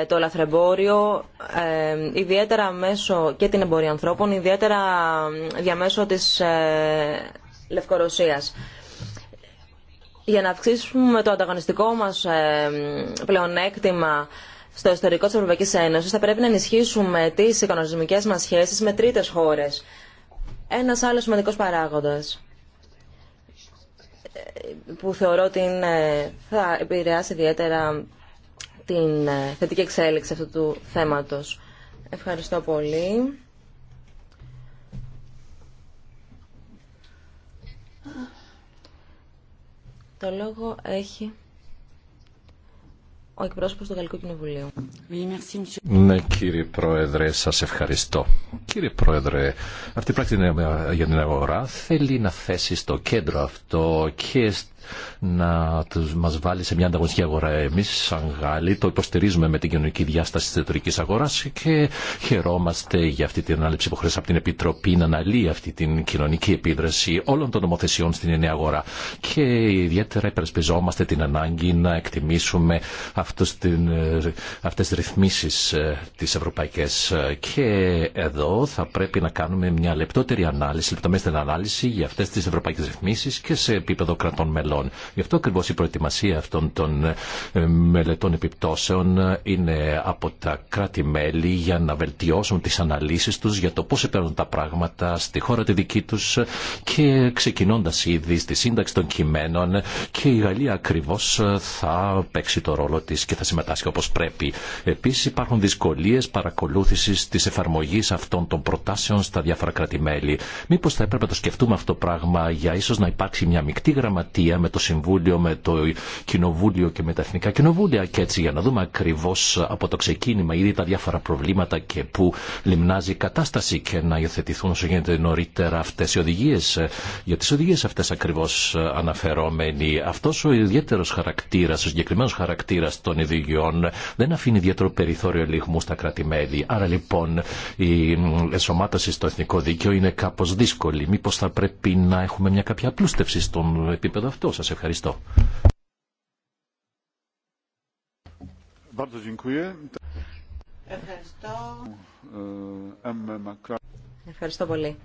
ε, το λαθρεμπόριο, ε, ιδιαίτερα μέσω και την εμπορία ανθρώπων, ιδιαίτερα διαμέσω της ε, Λευκορωσίας για να αυξήσουμε το ανταγωνιστικό μας ε, πλεονέκτημα στο ιστορικό της Ευρωπαϊκής Ένωσης θα πρέπει να ενισχύσουμε τις οικονομικές μας σχέσεις με τρίτες χώρες. Ένας άλλος σημαντικός παράγοντας ε, που θεωρώ ότι θα επηρεάσει ιδιαίτερα την ε, θετική εξέλιξη αυτού του θέματος. Ευχαριστώ πολύ. Το λόγο έχει ο εκπρόσωπος του Γαλλικού Κοινοβουλίου. Ναι, κύριε Πρόεδρε, σας ευχαριστώ. Κύριε Πρόεδρε, αυτή η πράξη για την αγορά θέλει να θέσει στο κέντρο αυτό και να τους, μας βάλει σε μια ανταγωνιστική αγορά. Εμείς σαν Γάλλοι το υποστηρίζουμε με την κοινωνική διάσταση της εταιρικής αγοράς και χαιρόμαστε για αυτή την ανάληψη που από την Επιτροπή να αναλύει αυτή την κοινωνική επίδραση όλων των νομοθεσιών στην εννέα αγορά. Και ιδιαίτερα υπερασπιζόμαστε την ανάγκη να εκτιμήσουμε αυτέ την, ε, αυτές τις ρυθμίσεις ε, τις ευρωπαϊκές. Και εδώ θα πρέπει να κάνουμε μια λεπτότερη ανάλυση, λεπτομέστερη ανάλυση για αυτές τις ευρωπαϊκές ρυθμίσεις και σε επίπεδο κρατών μελών Λοιπόν. Γι' αυτό ακριβώ η προετοιμασία αυτών των ε, μελετών επιπτώσεων ε, είναι από τα κράτη-μέλη για να βελτιώσουν τι αναλύσει του για το πώ επέρνουν τα πράγματα στη χώρα τη δική του και ξεκινώντα ήδη στη σύνταξη των κειμένων και η Γαλλία ακριβώ ε, θα παίξει το ρόλο τη και θα συμμετάσχει όπω πρέπει. Επίση υπάρχουν δυσκολίε παρακολούθηση τη εφαρμογή αυτών των προτάσεων στα διάφορα κράτη-μέλη. Μήπω θα έπρεπε να το σκεφτούμε αυτό το πράγμα για ίσω να υπάρξει μια μεικτή γραμματεία με το Συμβούλιο, με το Κοινοβούλιο και με τα Εθνικά Κοινοβούλια και έτσι για να δούμε ακριβώς από το ξεκίνημα ήδη τα διάφορα προβλήματα και που λιμνάζει η κατάσταση και να υιοθετηθούν όσο γίνεται νωρίτερα αυτές οι οδηγίες. Για τις οδηγίες αυτές ακριβώς αναφερόμενοι, αυτός ο ιδιαίτερος χαρακτήρας, ο συγκεκριμένος χαρακτήρας των ειδηγιών δεν αφήνει ιδιαίτερο περιθώριο λιγμού στα κράτη-μέλη. Άρα λοιπόν η ενσωμάτωση στο εθνικό δίκαιο είναι κάπως δύσκολη. Μήπως θα πρέπει να έχουμε μια κάποια απλούστευση στον επίπεδο αυτό αυτό. Σας ευχαριστώ. Ευχαριστώ. Ε, ευχαριστώ πολύ.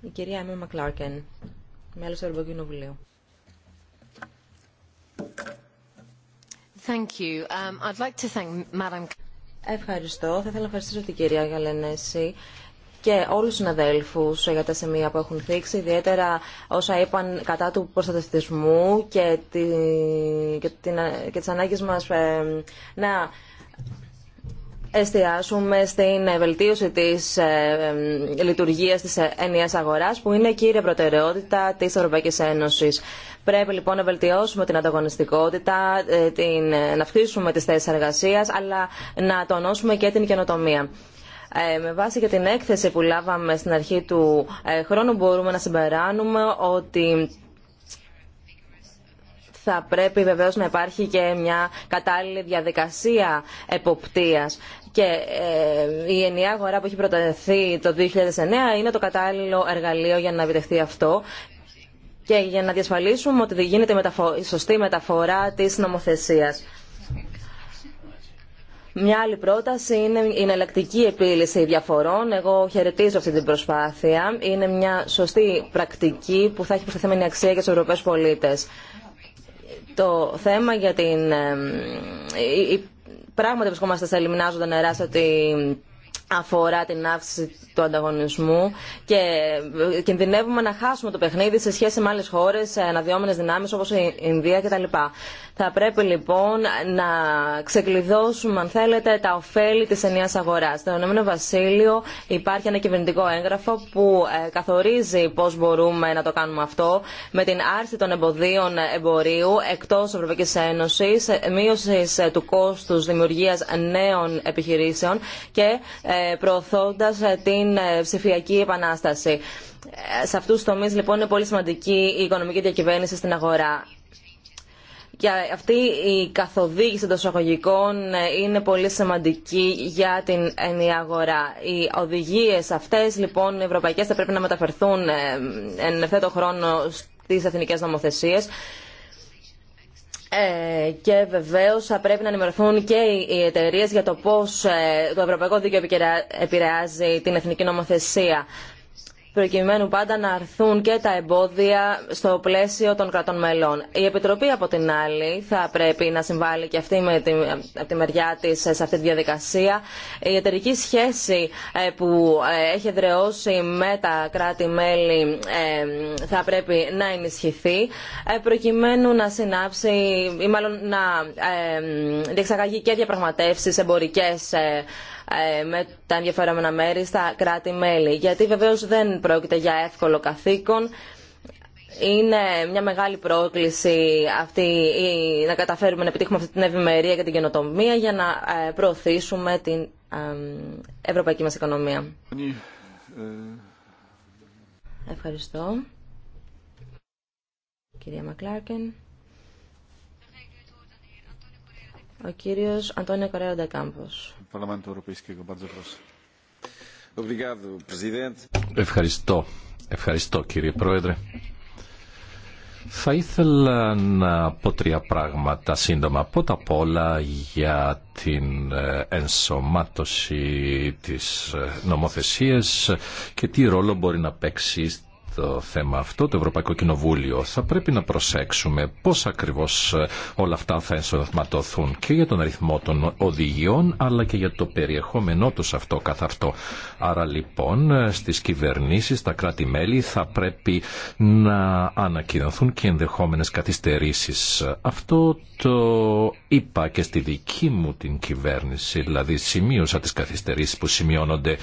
Η κυρία Έμμα Μακλάρκεν, μέλος του Ευρωκοινοβουλίου. Thank you. Um, I'd like to thank Madam... Ευχαριστώ. Θα ήθελα να ευχαριστήσω την κυρία Γαλενέση και όλου του συναδέλφου για τα σημεία που έχουν θίξει, ιδιαίτερα όσα είπαν κατά του προστατευτισμού και, τη, και, την, και τις ανάγκες μας ε, να εστιάσουμε στην βελτίωση της ε, ε, λειτουργίας της ε, ενιαίας αγοράς που είναι κύρια προτεραιότητα της Ευρωπαϊκής Ένωσης. Πρέπει λοιπόν να βελτιώσουμε την ανταγωνιστικότητα, ε, την, να αυξήσουμε τις θέσεις εργασίας αλλά να τονώσουμε και την καινοτομία. Ε, με βάση και την έκθεση που λάβαμε στην αρχή του ε, χρόνου μπορούμε να συμπεράνουμε ότι θα πρέπει βεβαίως να υπάρχει και μια κατάλληλη διαδικασία εποπτείας. Και ε, η ενιαία αγορά που έχει προτεθεί το 2009 είναι το κατάλληλο εργαλείο για να επιτευχθεί αυτό και για να διασφαλίσουμε ότι γίνεται η σωστή μεταφορά της νομοθεσίας. Μια άλλη πρόταση είναι η εναλλακτική επίλυση διαφορών. Εγώ χαιρετίζω αυτή την προσπάθεια. Είναι μια σωστή πρακτική που θα έχει προσταθέμενη αξία για του Ευρωπαίου πολίτε. Το θέμα για την. Ε, Πράγματι βρισκόμαστε σε ελιμνάζοντα νερά σε ότι αφορά την αύξηση του ανταγωνισμού και ε, κινδυνεύουμε να χάσουμε το παιχνίδι σε σχέση με άλλες χώρες, αναδυόμενες δυνάμεις όπως η Ινδία κτλ. Θα πρέπει λοιπόν να ξεκλειδώσουμε, αν θέλετε, τα ωφέλη της ενιαίας αγοράς. Στο Ηνωμένο Βασίλειο υπάρχει ένα κυβερνητικό έγγραφο που ε, καθορίζει πώς μπορούμε να το κάνουμε αυτό με την άρση των εμποδίων εμπορίου εκτός Ευρωπαϊκής Ένωσης, ε, μείωση ε, του κόστους δημιουργίας νέων επιχειρήσεων και προωθώντας την ψηφιακή επανάσταση. Σε αυτούς τους τομείς λοιπόν είναι πολύ σημαντική η οικονομική διακυβέρνηση στην αγορά. Και αυτή η καθοδήγηση των εισαγωγικών ε, είναι πολύ σημαντική για την ενιαία αγορά. Οι οδηγίες αυτές λοιπόν οι ευρωπαϊκές θα πρέπει να μεταφερθούν ε, εν ευθέτω χρόνο στις εθνικές νομοθεσίες. Ε, και βεβαίω θα πρέπει να ενημερωθούν και οι εταιρείε για το πώς το ευρωπαϊκό δίκαιο επηρεάζει την εθνική νομοθεσία προκειμένου πάντα να αρθούν και τα εμπόδια στο πλαίσιο των κρατών μελών. Η Επιτροπή, από την άλλη, θα πρέπει να συμβάλλει και αυτή με τη, τη μεριά τη σε αυτή τη διαδικασία. Η εταιρική σχέση ε, που ε, έχει δρεώσει με τα κράτη-μέλη ε, θα πρέπει να ενισχυθεί, προκειμένου να συνάψει ή μάλλον να διεξαγαγεί και διαπραγματεύσει εμπορικέ ε, με τα ενδιαφερόμενα μέρη στα κράτη-μέλη. Γιατί βεβαίως δεν πρόκειται για εύκολο καθήκον. Είναι μια μεγάλη πρόκληση αυτή, να καταφέρουμε να επιτύχουμε αυτή την ευημερία και την καινοτομία για να ε, προωθήσουμε την ε, ευρωπαϊκή μας οικονομία. Ευχαριστώ. Κυρία Μακλάρκεν. Ο κύριος Αντώνιο Κορέα Ευχαριστώ. Ευχαριστώ κύριε Πρόεδρε. Θα ήθελα να πω τρία πράγματα σύντομα. Πρώτα απ' όλα για την ε, ενσωμάτωση της ε, νομοθεσίας και τι ρόλο μπορεί να παίξει το θέμα αυτό, το Ευρωπαϊκό Κοινοβούλιο. Θα πρέπει να προσέξουμε πώς ακριβώς ε, όλα αυτά θα ενσωματωθούν και για τον αριθμό των οδηγιών, αλλά και για το περιεχόμενό τους αυτό καθ' αυτό. Άρα λοιπόν ε, στις κυβερνήσεις, στα κράτη-μέλη θα πρέπει να ανακοινωθούν και ενδεχόμενες καθυστερήσεις. Αυτό το είπα και στη δική μου την κυβέρνηση, δηλαδή σημείωσα τις καθυστερήσεις που σημειώνονται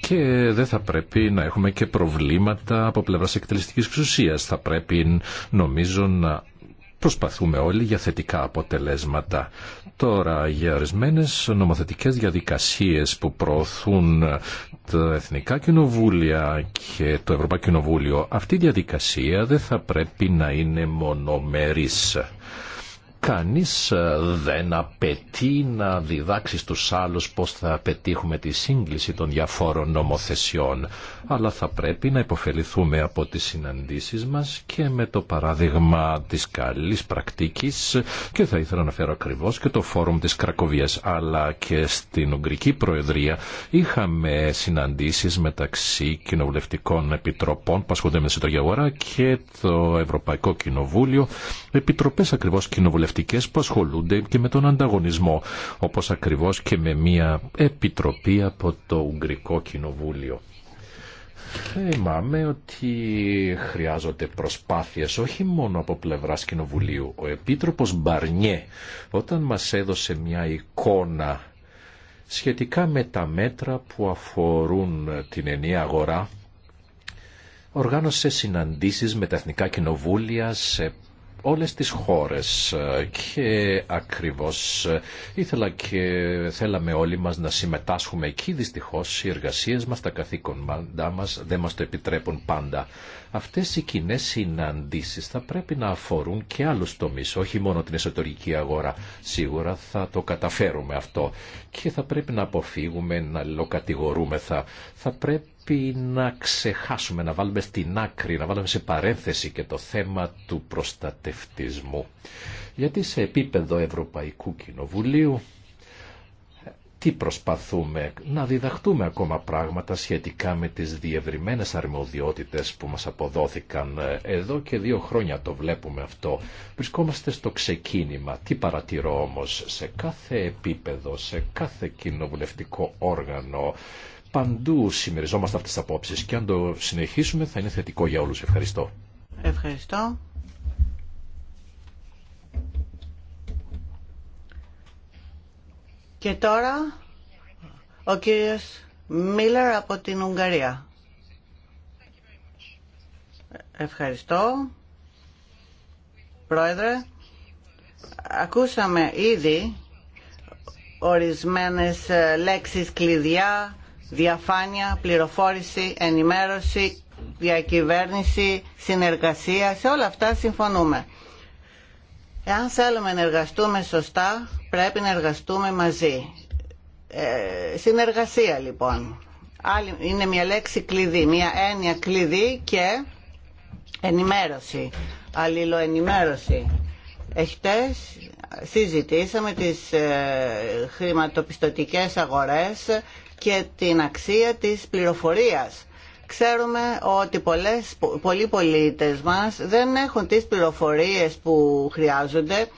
και δεν θα πρέπει να έχουμε και προβλήματα από πλευράς εκτελεστικής εξουσίας. Θα πρέπει νομίζω να προσπαθούμε όλοι για θετικά αποτελέσματα. Τώρα για ορισμένε νομοθετικές διαδικασίες που προωθούν τα Εθνικά Κοινοβούλια και το Ευρωπαϊκό Κοινοβούλιο, αυτή η διαδικασία δεν θα πρέπει να είναι μονομερής. Κανείς ε, δεν απαιτεί να διδάξει στους άλλους πώς θα πετύχουμε τη σύγκληση των διαφόρων νομοθεσιών, αλλά θα πρέπει να υποφεληθούμε από τις συναντήσεις μας και με το παράδειγμα της καλής πρακτικής και θα ήθελα να φέρω ακριβώς και το φόρουμ της Κρακοβίας, αλλά και στην Ουγγρική Προεδρία είχαμε συναντήσεις μεταξύ κοινοβουλευτικών επιτροπών που ασχολούνται με Αγορά και το Ευρωπαϊκό Κοινοβούλιο, επιτροπές ακριβώς κοινοβουλευτικών που ασχολούνται και με τον ανταγωνισμό, όπως ακριβώς και με μια επιτροπή από το Ουγγρικό Κοινοβούλιο. Θυμάμαι ότι χρειάζονται προσπάθειες όχι μόνο από πλευράς Κοινοβουλίου. Ο Επίτροπος Μπαρνιέ όταν μας έδωσε μια εικόνα σχετικά με τα μέτρα που αφορούν την ενία αγορά, οργάνωσε συναντήσεις με τα Εθνικά Κοινοβούλια σε όλες τις χώρες και ακριβώς ήθελα και θέλαμε όλοι μας να συμμετάσχουμε εκεί δυστυχώς οι εργασίες μας, τα καθήκοντά μας δεν μας το επιτρέπουν πάντα αυτές οι κοινέ συναντήσεις θα πρέπει να αφορούν και άλλους τομείς όχι μόνο την εσωτερική αγορά σίγουρα θα το καταφέρουμε αυτό και θα πρέπει να αποφύγουμε να λοκατηγορούμεθα θα πρέπει πρέπει να ξεχάσουμε, να βάλουμε στην άκρη, να βάλουμε σε παρένθεση και το θέμα του προστατευτισμού. Γιατί σε επίπεδο Ευρωπαϊκού Κοινοβουλίου τι προσπαθούμε, να διδαχτούμε ακόμα πράγματα σχετικά με τις διευρυμένες αρμοδιότητες που μας αποδόθηκαν. Εδώ και δύο χρόνια το βλέπουμε αυτό. Βρισκόμαστε στο ξεκίνημα. Τι παρατηρώ όμως, σε κάθε επίπεδο, σε κάθε κοινοβουλευτικό όργανο, Παντού συμμεριζόμαστε αυτές τις απόψεις και αν το συνεχίσουμε θα είναι θετικό για όλους. Ευχαριστώ. Ευχαριστώ. Και τώρα ο κύριος Μίλλερ από την Ουγγαρία. Ευχαριστώ. Πρόεδρε, ακούσαμε ήδη ορισμένες λέξεις κλειδιά διαφάνεια, πληροφόρηση, ενημέρωση, διακυβέρνηση, συνεργασία, σε όλα αυτά συμφωνούμε. Εάν θέλουμε να εργαστούμε σωστά, πρέπει να εργαστούμε μαζί. Ε, συνεργασία λοιπόν. Άλλη, είναι μια λέξη κλειδί, μια έννοια κλειδί και ενημέρωση, αλληλοενημέρωση. Εχτες συζητήσαμε τις ε, χρηματοπιστωτικές αγορές και την αξία της πληροφορίας. Ξέρουμε ότι πολλές, πολλοί πολίτες μας δεν έχουν τις πληροφορίες που χρειάζονται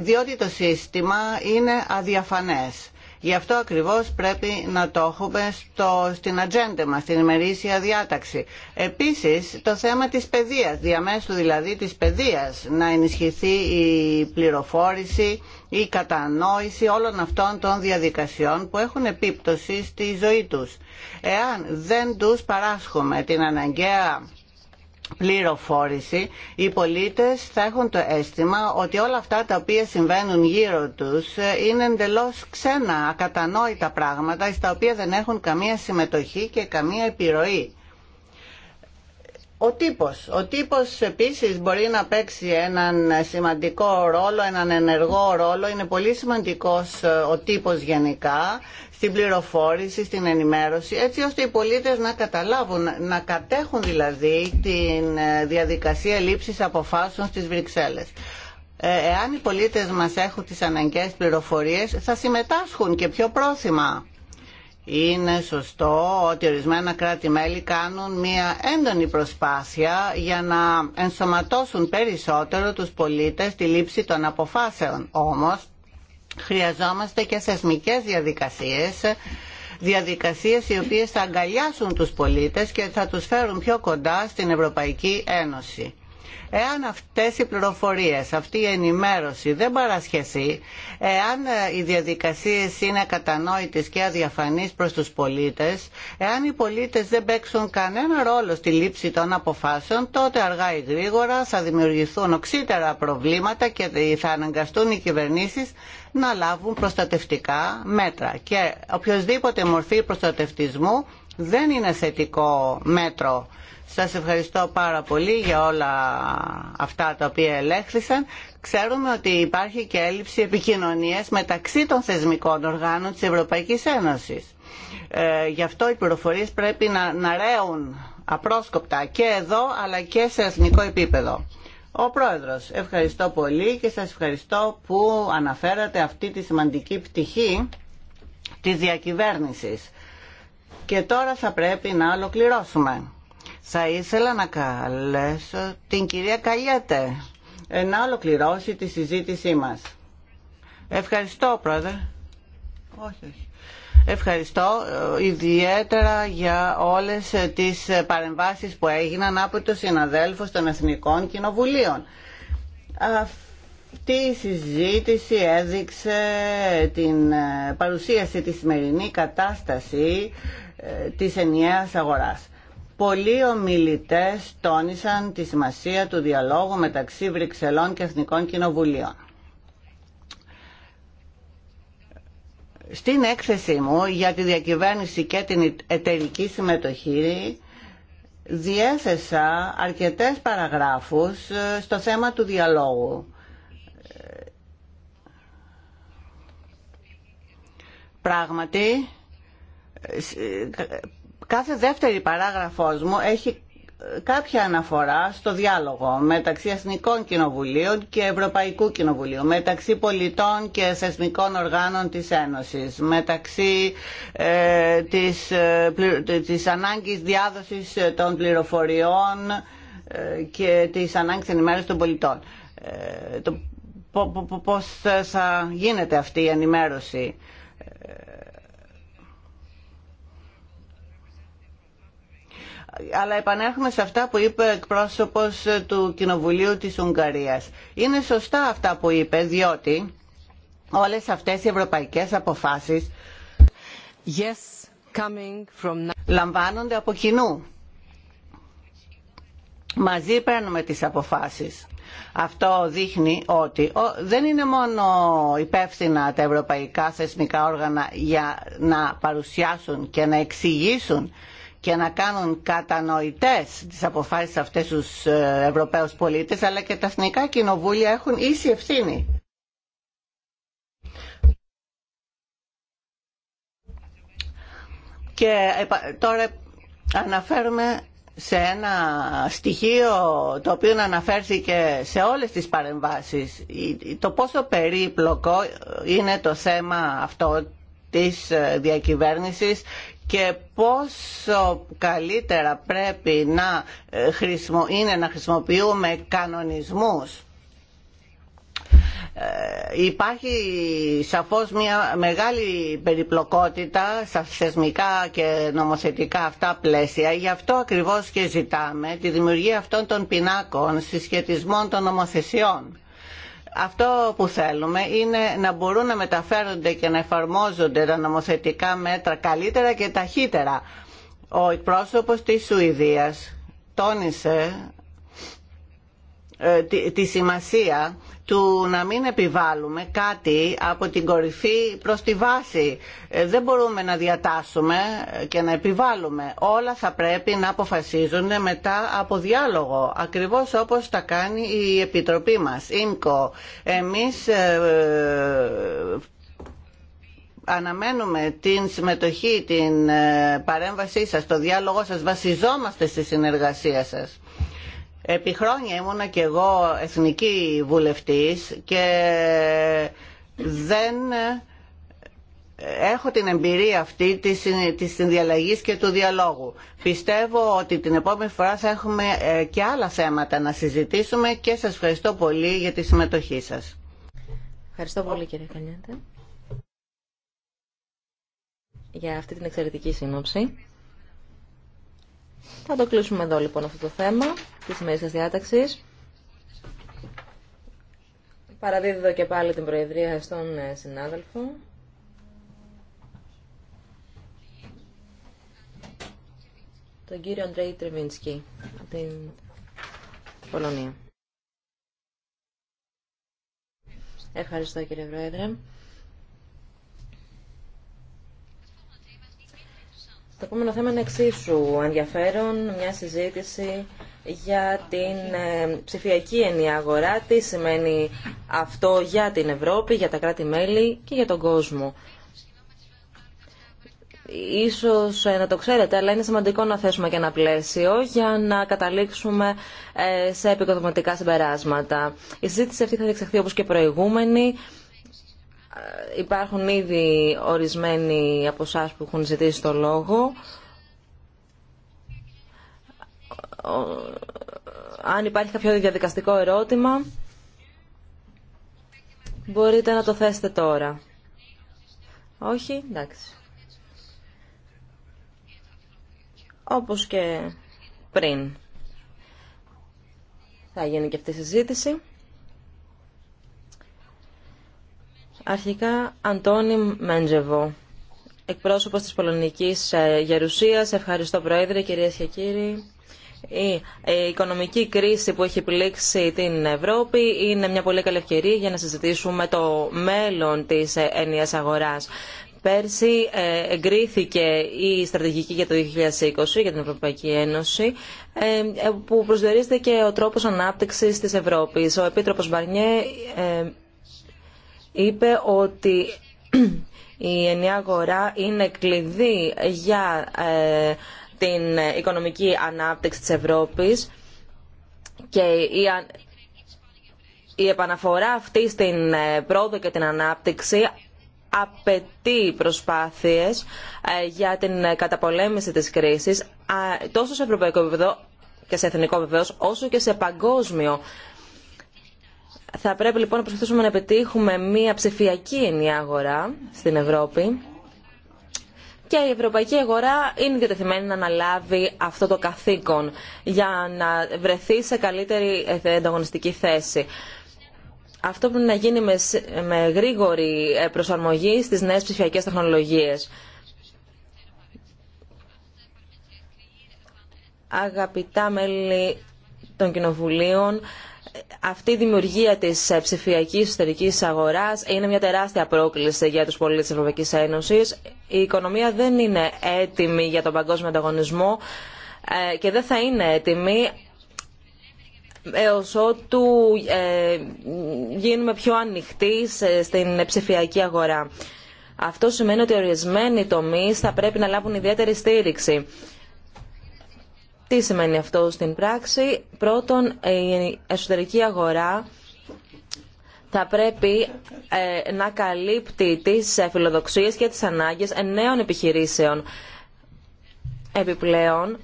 διότι το σύστημα είναι αδιαφανές. Γι' αυτό ακριβώς πρέπει να το έχουμε στο, στην ατζέντα μας, στην ημερήσια διάταξη. Επίσης, το θέμα της παιδείας, διαμέσου δηλαδή της παιδείας, να ενισχυθεί η πληροφόρηση, η κατανόηση όλων αυτών των διαδικασιών που έχουν επίπτωση στη ζωή τους. Εάν δεν τους παράσχουμε την αναγκαία πληροφόρηση, οι πολίτες θα έχουν το αίσθημα ότι όλα αυτά τα οποία συμβαίνουν γύρω τους ε, είναι εντελώς ξένα, ακατανόητα πράγματα, στα οποία δεν έχουν καμία συμμετοχή και καμία επιρροή. Ο τύπος. Ο τύπος επίσης μπορεί να παίξει έναν σημαντικό ρόλο, έναν ενεργό ρόλο. Είναι πολύ σημαντικός ε, ο τύπος γενικά στην πληροφόρηση, στην ενημέρωση, έτσι ώστε οι πολίτες να καταλάβουν, να κατέχουν δηλαδή την ε, διαδικασία λήψης αποφάσεων στις Βρυξέλλες. Ε, εάν οι πολίτες μας έχουν τις αναγκαίες πληροφορίες, θα συμμετάσχουν και πιο πρόθυμα. Είναι σωστό ότι ορισμένα κράτη-μέλη κάνουν μια έντονη προσπάθεια για να ενσωματώσουν περισσότερο τους πολίτες στη λήψη των αποφάσεων. Όμως, χρειαζόμαστε και θεσμικές διαδικασίες διαδικασίες οι οποίες θα αγκαλιάσουν τους πολίτες και θα τους φέρουν πιο κοντά στην Ευρωπαϊκή Ένωση. Εάν αυτές οι πληροφορίες, αυτή η ενημέρωση δεν παρασχεθεί, εάν ε, οι διαδικασίες είναι κατανόητες και αδιαφανείς προς τους πολίτες, εάν οι πολίτες δεν παίξουν κανένα ρόλο στη λήψη των αποφάσεων, τότε αργά ή γρήγορα θα δημιουργηθούν οξύτερα προβλήματα και θα αναγκαστούν οι κυβερνήσεις να λάβουν προστατευτικά μέτρα. Και οποιοδήποτε μορφή προστατευτισμού δεν είναι θετικό μέτρο σας ευχαριστώ πάρα πολύ για όλα αυτά τα οποία ελέγχθησαν. Ξέρουμε ότι υπάρχει και έλλειψη επικοινωνίας μεταξύ των θεσμικών οργάνων της Ευρωπαϊκής Ένωσης. Ε, γι' αυτό οι πληροφορίες πρέπει να, να ρέουν απρόσκοπτα και εδώ αλλά και σε εθνικό επίπεδο. Ο Πρόεδρος, ευχαριστώ πολύ και σας ευχαριστώ που αναφέρατε αυτή τη σημαντική πτυχή της διακυβέρνησης. Και τώρα θα πρέπει να ολοκληρώσουμε. Θα ήθελα να καλέσω την κυρία Καλιάτε να ολοκληρώσει τη συζήτησή μας. Ευχαριστώ, πρόεδρε. Όχι, Ευχαριστώ ε, ιδιαίτερα για όλες ε, τις ε, παρεμβάσεις που έγιναν από το συναδέλφους των Εθνικών Κοινοβουλίων. Αυτή η συζήτηση έδειξε την παρουσίαση της σημερινή κατάσταση της ενιαίας αγοράς. Πολλοί ομιλητέ τόνισαν τη σημασία του διαλόγου μεταξύ Βρυξελών και Εθνικών Κοινοβουλίων. Στην έκθεσή μου για τη διακυβέρνηση και την εταιρική συμμετοχή διέθεσα αρκετές παραγράφους ε, στο θέμα του διαλόγου. Πράγματι, ε, κάθε δεύτερη παράγραφος μου έχει ε, κάποια αναφορά στο διάλογο μεταξύ Εθνικών Κοινοβουλίων και Ευρωπαϊκού Κοινοβουλίου, μεταξύ πολιτών και θεσμικών οργάνων της Ένωσης, μεταξύ ε, της, ε, ανάγκης διάδοσης ε, των πληροφοριών και της ανάγκης ενημέρωσης των πολιτών. Το, πώς θα γίνεται αυτή η ενημέρωση. Αλλά επανέρχομαι σε αυτά που είπε ο εκπρόσωπος του Κοινοβουλίου της Ουγγαρίας. Είναι σωστά αυτά που είπε, διότι όλες αυτές οι ευρωπαϊκές αποφάσεις yes, λαμβάνονται από κοινού. Μαζί παίρνουμε τις αποφάσεις. Αυτό δείχνει ότι δεν είναι μόνο υπεύθυνα τα ευρωπαϊκά θεσμικά όργανα για να παρουσιάσουν και να εξηγήσουν και να κάνουν κατανοητές τις αποφάσεις αυτές τους ε, Ευρωπαίους πολίτες, αλλά και τα εθνικά κοινοβούλια έχουν ίση ευθύνη. Και τώρα αναφέρουμε σε ένα στοιχείο το οποίο αναφέρθηκε σε όλες τις παρεμβάσεις το πόσο περίπλοκο είναι το θέμα αυτό της ε, διακυβέρνησης και πόσο καλύτερα πρέπει να ε, είναι να χρησιμοποιούμε κανονισμούς. Ε, υπάρχει σαφώς μια μεγάλη περιπλοκότητα στα θεσμικά και νομοθετικά αυτά πλαίσια. Γι' αυτό ακριβώς και ζητάμε τη δημιουργία αυτών των πινάκων συσχετισμών των νομοθεσιών αυτό που θέλουμε είναι να μπορούν να μεταφέρονται και να εφαρμόζονται τα νομοθετικά μέτρα καλύτερα και ταχύτερα. Ο εκπρόσωπος της Σουηδίας τόνισε ε, τη σημασία του να μην επιβάλλουμε κάτι από την κορυφή προς τη βάση. Ε, δεν μπορούμε να διατάσουμε και να επιβάλλουμε. Όλα θα πρέπει να αποφασίζονται μετά από διάλογο, ακριβώς όπως τα κάνει η Επιτροπή μας, ΙΜΚΟ. Εμείς ε, αναμένουμε την συμμετοχή, την ε, παρέμβασή σας, το διάλογο σας, βασιζόμαστε στη συνεργασία σας. Επί χρόνια ήμουνα και εγώ εθνική βουλευτής και δεν έχω την εμπειρία αυτή της, της συνδιαλλαγής και του διαλόγου. Πιστεύω ότι την επόμενη φορά θα έχουμε ε, και άλλα θέματα να συζητήσουμε και σας ευχαριστώ πολύ για τη συμμετοχή σας. Ευχαριστώ πολύ κύριε Κανιάντα για αυτή την εξαιρετική σύνοψη. Θα το κλείσουμε εδώ λοιπόν αυτό το θέμα της μέσης διάταξης. Παραδίδω και πάλι την Προεδρία στον ε, συνάδελφο. Τον κύριο Αντρέη Τρεβίνσκι από την Πολωνία. Ευχαριστώ κύριε Πρόεδρε. Το επόμενο θέμα είναι εξίσου ενδιαφέρον, μια συζήτηση για την ε, ψηφιακή ενιαία αγορά, τι σημαίνει αυτό για την Ευρώπη, για τα κράτη-μέλη και για τον κόσμο. Ίσως ε, να το ξέρετε, αλλά είναι σημαντικό να θέσουμε και ένα πλαίσιο για να καταλήξουμε ε, σε επικοδοματικά συμπεράσματα. Η συζήτηση αυτή θα διεξαχθεί όπως και προηγούμενη ε, υπάρχουν ήδη ορισμένοι από εσά που έχουν ζητήσει το λόγο. Αν υπάρχει κάποιο διαδικαστικό ερώτημα, μπορείτε να το θέσετε τώρα. Όχι, εντάξει. Όπως και πριν. Θα γίνει και αυτή η συζήτηση. Αρχικά, Αντώνη Μέντζεβο, εκπρόσωπος της Πολωνικής ε, Γερουσίας. Ευχαριστώ, Πρόεδρε, κυρίες και κύριοι. Ε, η οικονομική κρίση που έχει επιλέξει την Ευρώπη είναι μια πολύ καλή ευκαιρία για να συζητήσουμε το μέλλον της ε, ενιαίας αγοράς. Πέρσι εγκρίθηκε η στρατηγική για το 2020 για την Ευρωπαϊκή Ένωση που προσδιορίζεται και ο τρόπος ανάπτυξης της Ευρώπης. Ο Επίτροπος Μπαρνιέ είπε ότι η ενιαία αγορά είναι κλειδί για ε, την οικονομική ανάπτυξη της Ευρώπης και η, η επαναφορά αυτή στην ε, πρόοδο και την ανάπτυξη απαιτεί προσπάθειες ε, για την καταπολέμηση της κρίσης τόσο σε ευρωπαϊκό επίπεδο και σε εθνικό βεβαίω, όσο και σε παγκόσμιο θα πρέπει λοιπόν να προσπαθήσουμε να πετύχουμε μια ψηφιακή ενιαία αγορά στην Ευρώπη και η ευρωπαϊκή αγορά είναι διατεθειμένη να αναλάβει αυτό το καθήκον για να βρεθεί σε καλύτερη ενταγωνιστική θέση. Αυτό πρέπει να γίνει με γρήγορη ε, προσαρμογή στις νέες ψηφιακές τεχνολογίες. Αγαπητά μέλη των κοινοβουλίων, αυτή η δημιουργία της ε, ψηφιακή εσωτερικής αγοράς είναι μια τεράστια πρόκληση για τους πολίτε τη Ευρωπαϊκή Ένωση. Η οικονομία δεν είναι έτοιμη για τον παγκόσμιο ανταγωνισμό ε, και δεν θα είναι έτοιμη έως ότου ε, γίνουμε πιο ανοιχτοί στην ψηφιακή αγορά. Αυτό σημαίνει ότι ορισμένοι τομείς θα πρέπει να λάβουν ιδιαίτερη στήριξη τι σημαίνει αυτό στην πράξη. Πρώτον, η εσωτερική αγορά θα πρέπει ε, να καλύπτει τις ε, φιλοδοξίες και τις ανάγκες νέων επιχειρήσεων. Επιπλέον,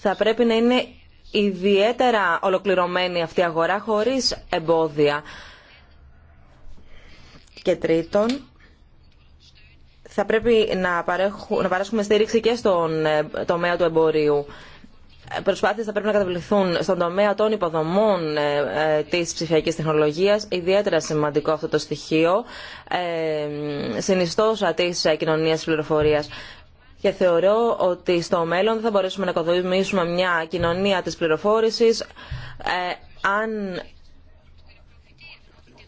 θα πρέπει να είναι ιδιαίτερα ολοκληρωμένη αυτή η αγορά χωρίς εμπόδια. Και τρίτον, θα πρέπει να, παρέχουμε στήριξη και στον ε, τομέα του εμπορίου προσπάθειε θα πρέπει να καταβληθούν στον τομέα των υποδομών ε, ε, τη ψηφιακή τεχνολογία, Ιδιαίτερα σημαντικό αυτό το στοιχείο, ε, συνιστόσα τη κοινωνίας τη πληροφορία. Και θεωρώ ότι στο μέλλον δεν θα μπορέσουμε να οικοδομήσουμε μια κοινωνία της πληροφόρησης αν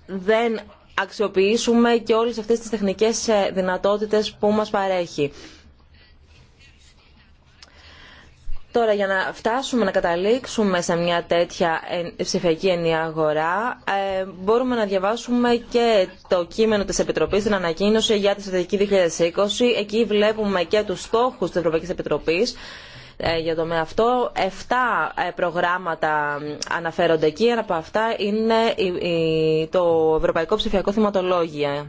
δεν αξιοποιήσουμε και όλες αυτές τις τεχνικές δυνατότητες που μας παρέχει. Τώρα για να φτάσουμε να καταλήξουμε σε μια τέτοια ψηφιακή ενιαία αγορά ε, μπορούμε να διαβάσουμε και το κείμενο της Επιτροπής, την ανακοίνωση για τη στρατηγική 2020. Εκεί βλέπουμε και τους στόχους της Ευρωπαϊκής Επιτροπής ε, για το με αυτό. Εφτά ε, προγράμματα αναφέρονται εκεί. Ένα από αυτά είναι το Ευρωπαϊκό Ψηφιακό Θυματολόγιο,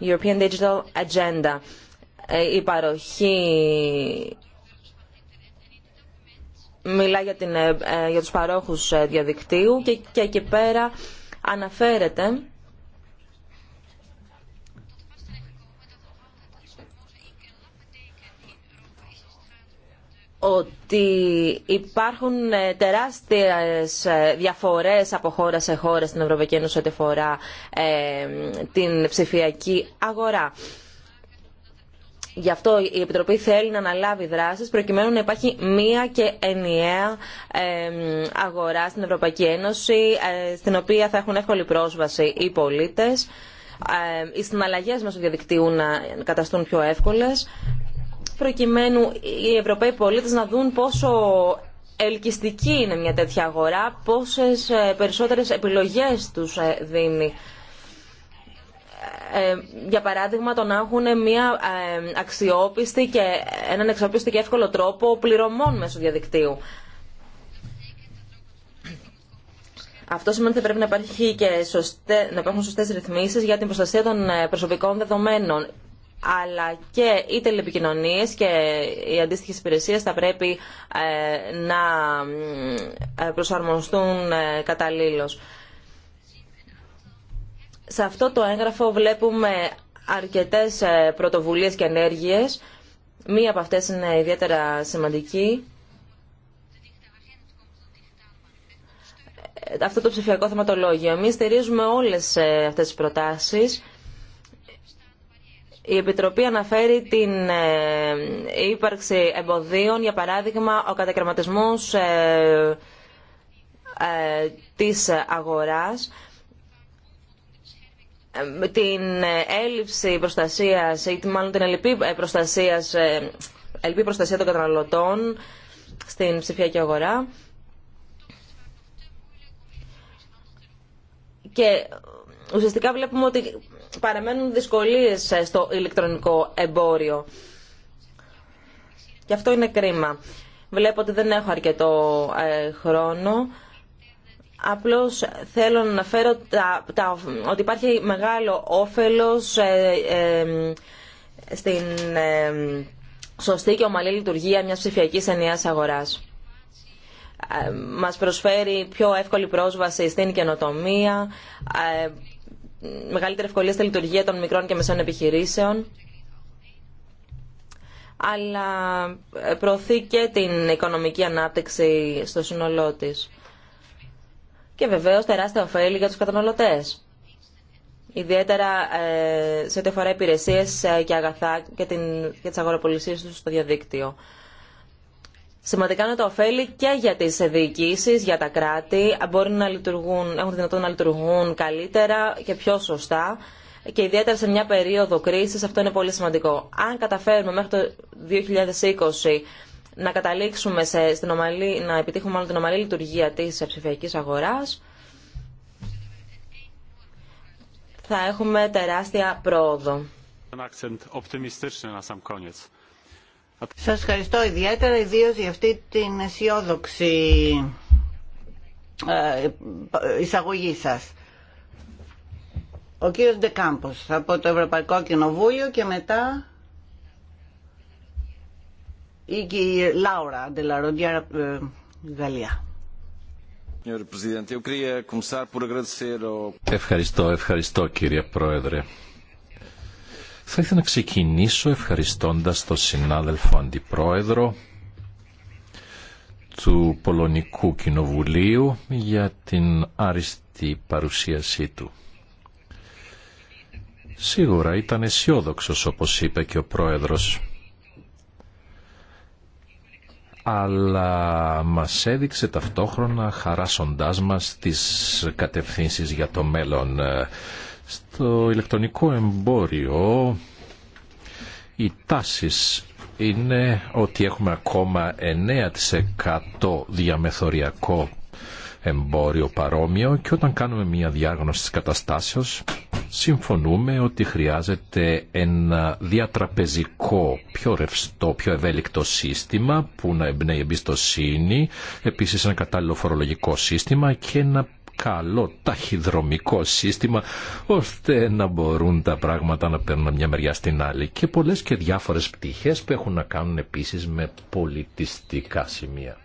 European Digital Agenda, η παροχή μιλά για, την, ε, ε, για τους παρόχους ε, διαδικτύου και, και εκεί πέρα αναφέρεται ότι υπάρχουν τεράστιες διαφορές από χώρα σε χώρα στην Ευρωπαϊκή Ένωση ό,τι αφορά την ψηφιακή αγορά. Γι' αυτό η Επιτροπή θέλει να αναλάβει δράσεις προκειμένου να υπάρχει μία και ενιαία αγορά στην Ευρωπαϊκή Ένωση ε, στην οποία θα έχουν εύκολη πρόσβαση οι πολίτες. Οι συναλλαγές μας του διαδικτύου να καταστούν πιο εύκολες προκειμένου οι Ευρωπαίοι πολίτες να δουν πόσο ελκυστική είναι μια τέτοια αγορά, πόσες ε, περισσότερες επιλογές τους ε, δίνει ε, για παράδειγμα, το να έχουν μια ε, αξιόπιστη και έναν αξιόπιστη και εύκολο τρόπο πληρωμών μέσω διαδικτύου. Αυτό σημαίνει ότι πρέπει να, υπάρχει και σωστέ, να υπάρχουν σωστές ρυθμίσεις για την προστασία των ε, προσωπικών δεδομένων. Αλλά και οι τηλεπικοινωνίες και οι αντίστοιχες υπηρεσίες θα πρέπει να προσαρμοστούν καταλήλως. Σε αυτό το έγγραφο βλέπουμε αρκετές ε, πρωτοβουλίες και ενέργειες. Μία από αυτές είναι ιδιαίτερα σημαντική. Ε, αυτό το ψηφιακό θεματολόγιο. Εμεί στηρίζουμε όλες ε, αυτές τις προτάσεις. Η Επιτροπή αναφέρει την ύπαρξη εμποδίων, για παράδειγμα ο κατακραματισμός της αγοράς την έλλειψη προστασίας ή μάλλον την ελλειπή ε, προστασίας ε, ελλειπή προστασία των καταναλωτών στην ψηφιακή αγορά. Και ουσιαστικά βλέπουμε ότι παραμένουν δυσκολίες ε, στο ηλεκτρονικό εμπόριο. Και αυτό είναι κρίμα. Βλέπω ότι δεν έχω αρκετό χρόνο. Απλώς θέλω να αναφέρω τα, ότι υπάρχει μεγάλο όφελος ε, ε, στην ε, σωστή και ομαλή λειτουργία μιας ψηφιακής ενιαίας αγοράς. Μας προσφέρει πιο εύκολη πρόσβαση στην καινοτομία, μεγαλύτερη ευκολία στη λειτουργία των μικρών και μεσών επιχειρήσεων αλλά προωθεί και την οικονομική ανάπτυξη στο σύνολό της και βεβαίω τεράστια ωφέλη για τους καταναλωτέ. Ιδιαίτερα ε, σε ό,τι αφορά υπηρεσίες ε, και αγαθά και, την, και τις στο διαδίκτυο. Σημαντικά είναι το ωφέλη και για τις διοικήσει, για τα κράτη. Μπορεί να λειτουργούν, έχουν δυνατόν να λειτουργούν καλύτερα και πιο σωστά και ιδιαίτερα σε μια περίοδο κρίση, αυτό είναι πολύ σημαντικό. Αν καταφέρουμε μέχρι το 2020 να καταλήξουμε στην ομαλή, να επιτύχουμε μάλλον την ομαλή λειτουργία της ψηφιακής αγοράς, θα έχουμε τεράστια πρόοδο. Σας ευχαριστώ ιδιαίτερα, ιδίω για αυτή την αισιόδοξη ε, εισαγωγή σας. Ο κύριος Ντεκάμπος από το Ευρωπαϊκό Κοινοβούλιο και μετά Λάουρα ε, Γαλλία. Ευχαριστώ, ευχαριστώ κύριε Πρόεδρε. Θα ήθελα να ξεκινήσω ευχαριστώντας τον συνάδελφο Αντιπρόεδρο του Πολωνικού Κοινοβουλίου για την άριστη παρουσίασή του. Σίγουρα ήταν αισιόδοξο όπως είπε και ο Πρόεδρος αλλά μας έδειξε ταυτόχρονα χαράσοντάς μας τις κατευθύνσεις για το μέλλον. Στο ηλεκτρονικό εμπόριο οι τάσεις είναι ότι έχουμε ακόμα 9% διαμεθοριακό εμπόριο παρόμοιο και όταν κάνουμε μια διάγνωση της καταστάσεως συμφωνούμε ότι χρειάζεται ένα διατραπεζικό, πιο ρευστό, πιο ευέλικτο σύστημα που να εμπνέει εμπιστοσύνη, επίσης ένα κατάλληλο φορολογικό σύστημα και ένα καλό ταχυδρομικό σύστημα ώστε να μπορούν τα πράγματα να παίρνουν μια μεριά στην άλλη και πολλές και διάφορες πτυχές που έχουν να κάνουν επίσης με πολιτιστικά σημεία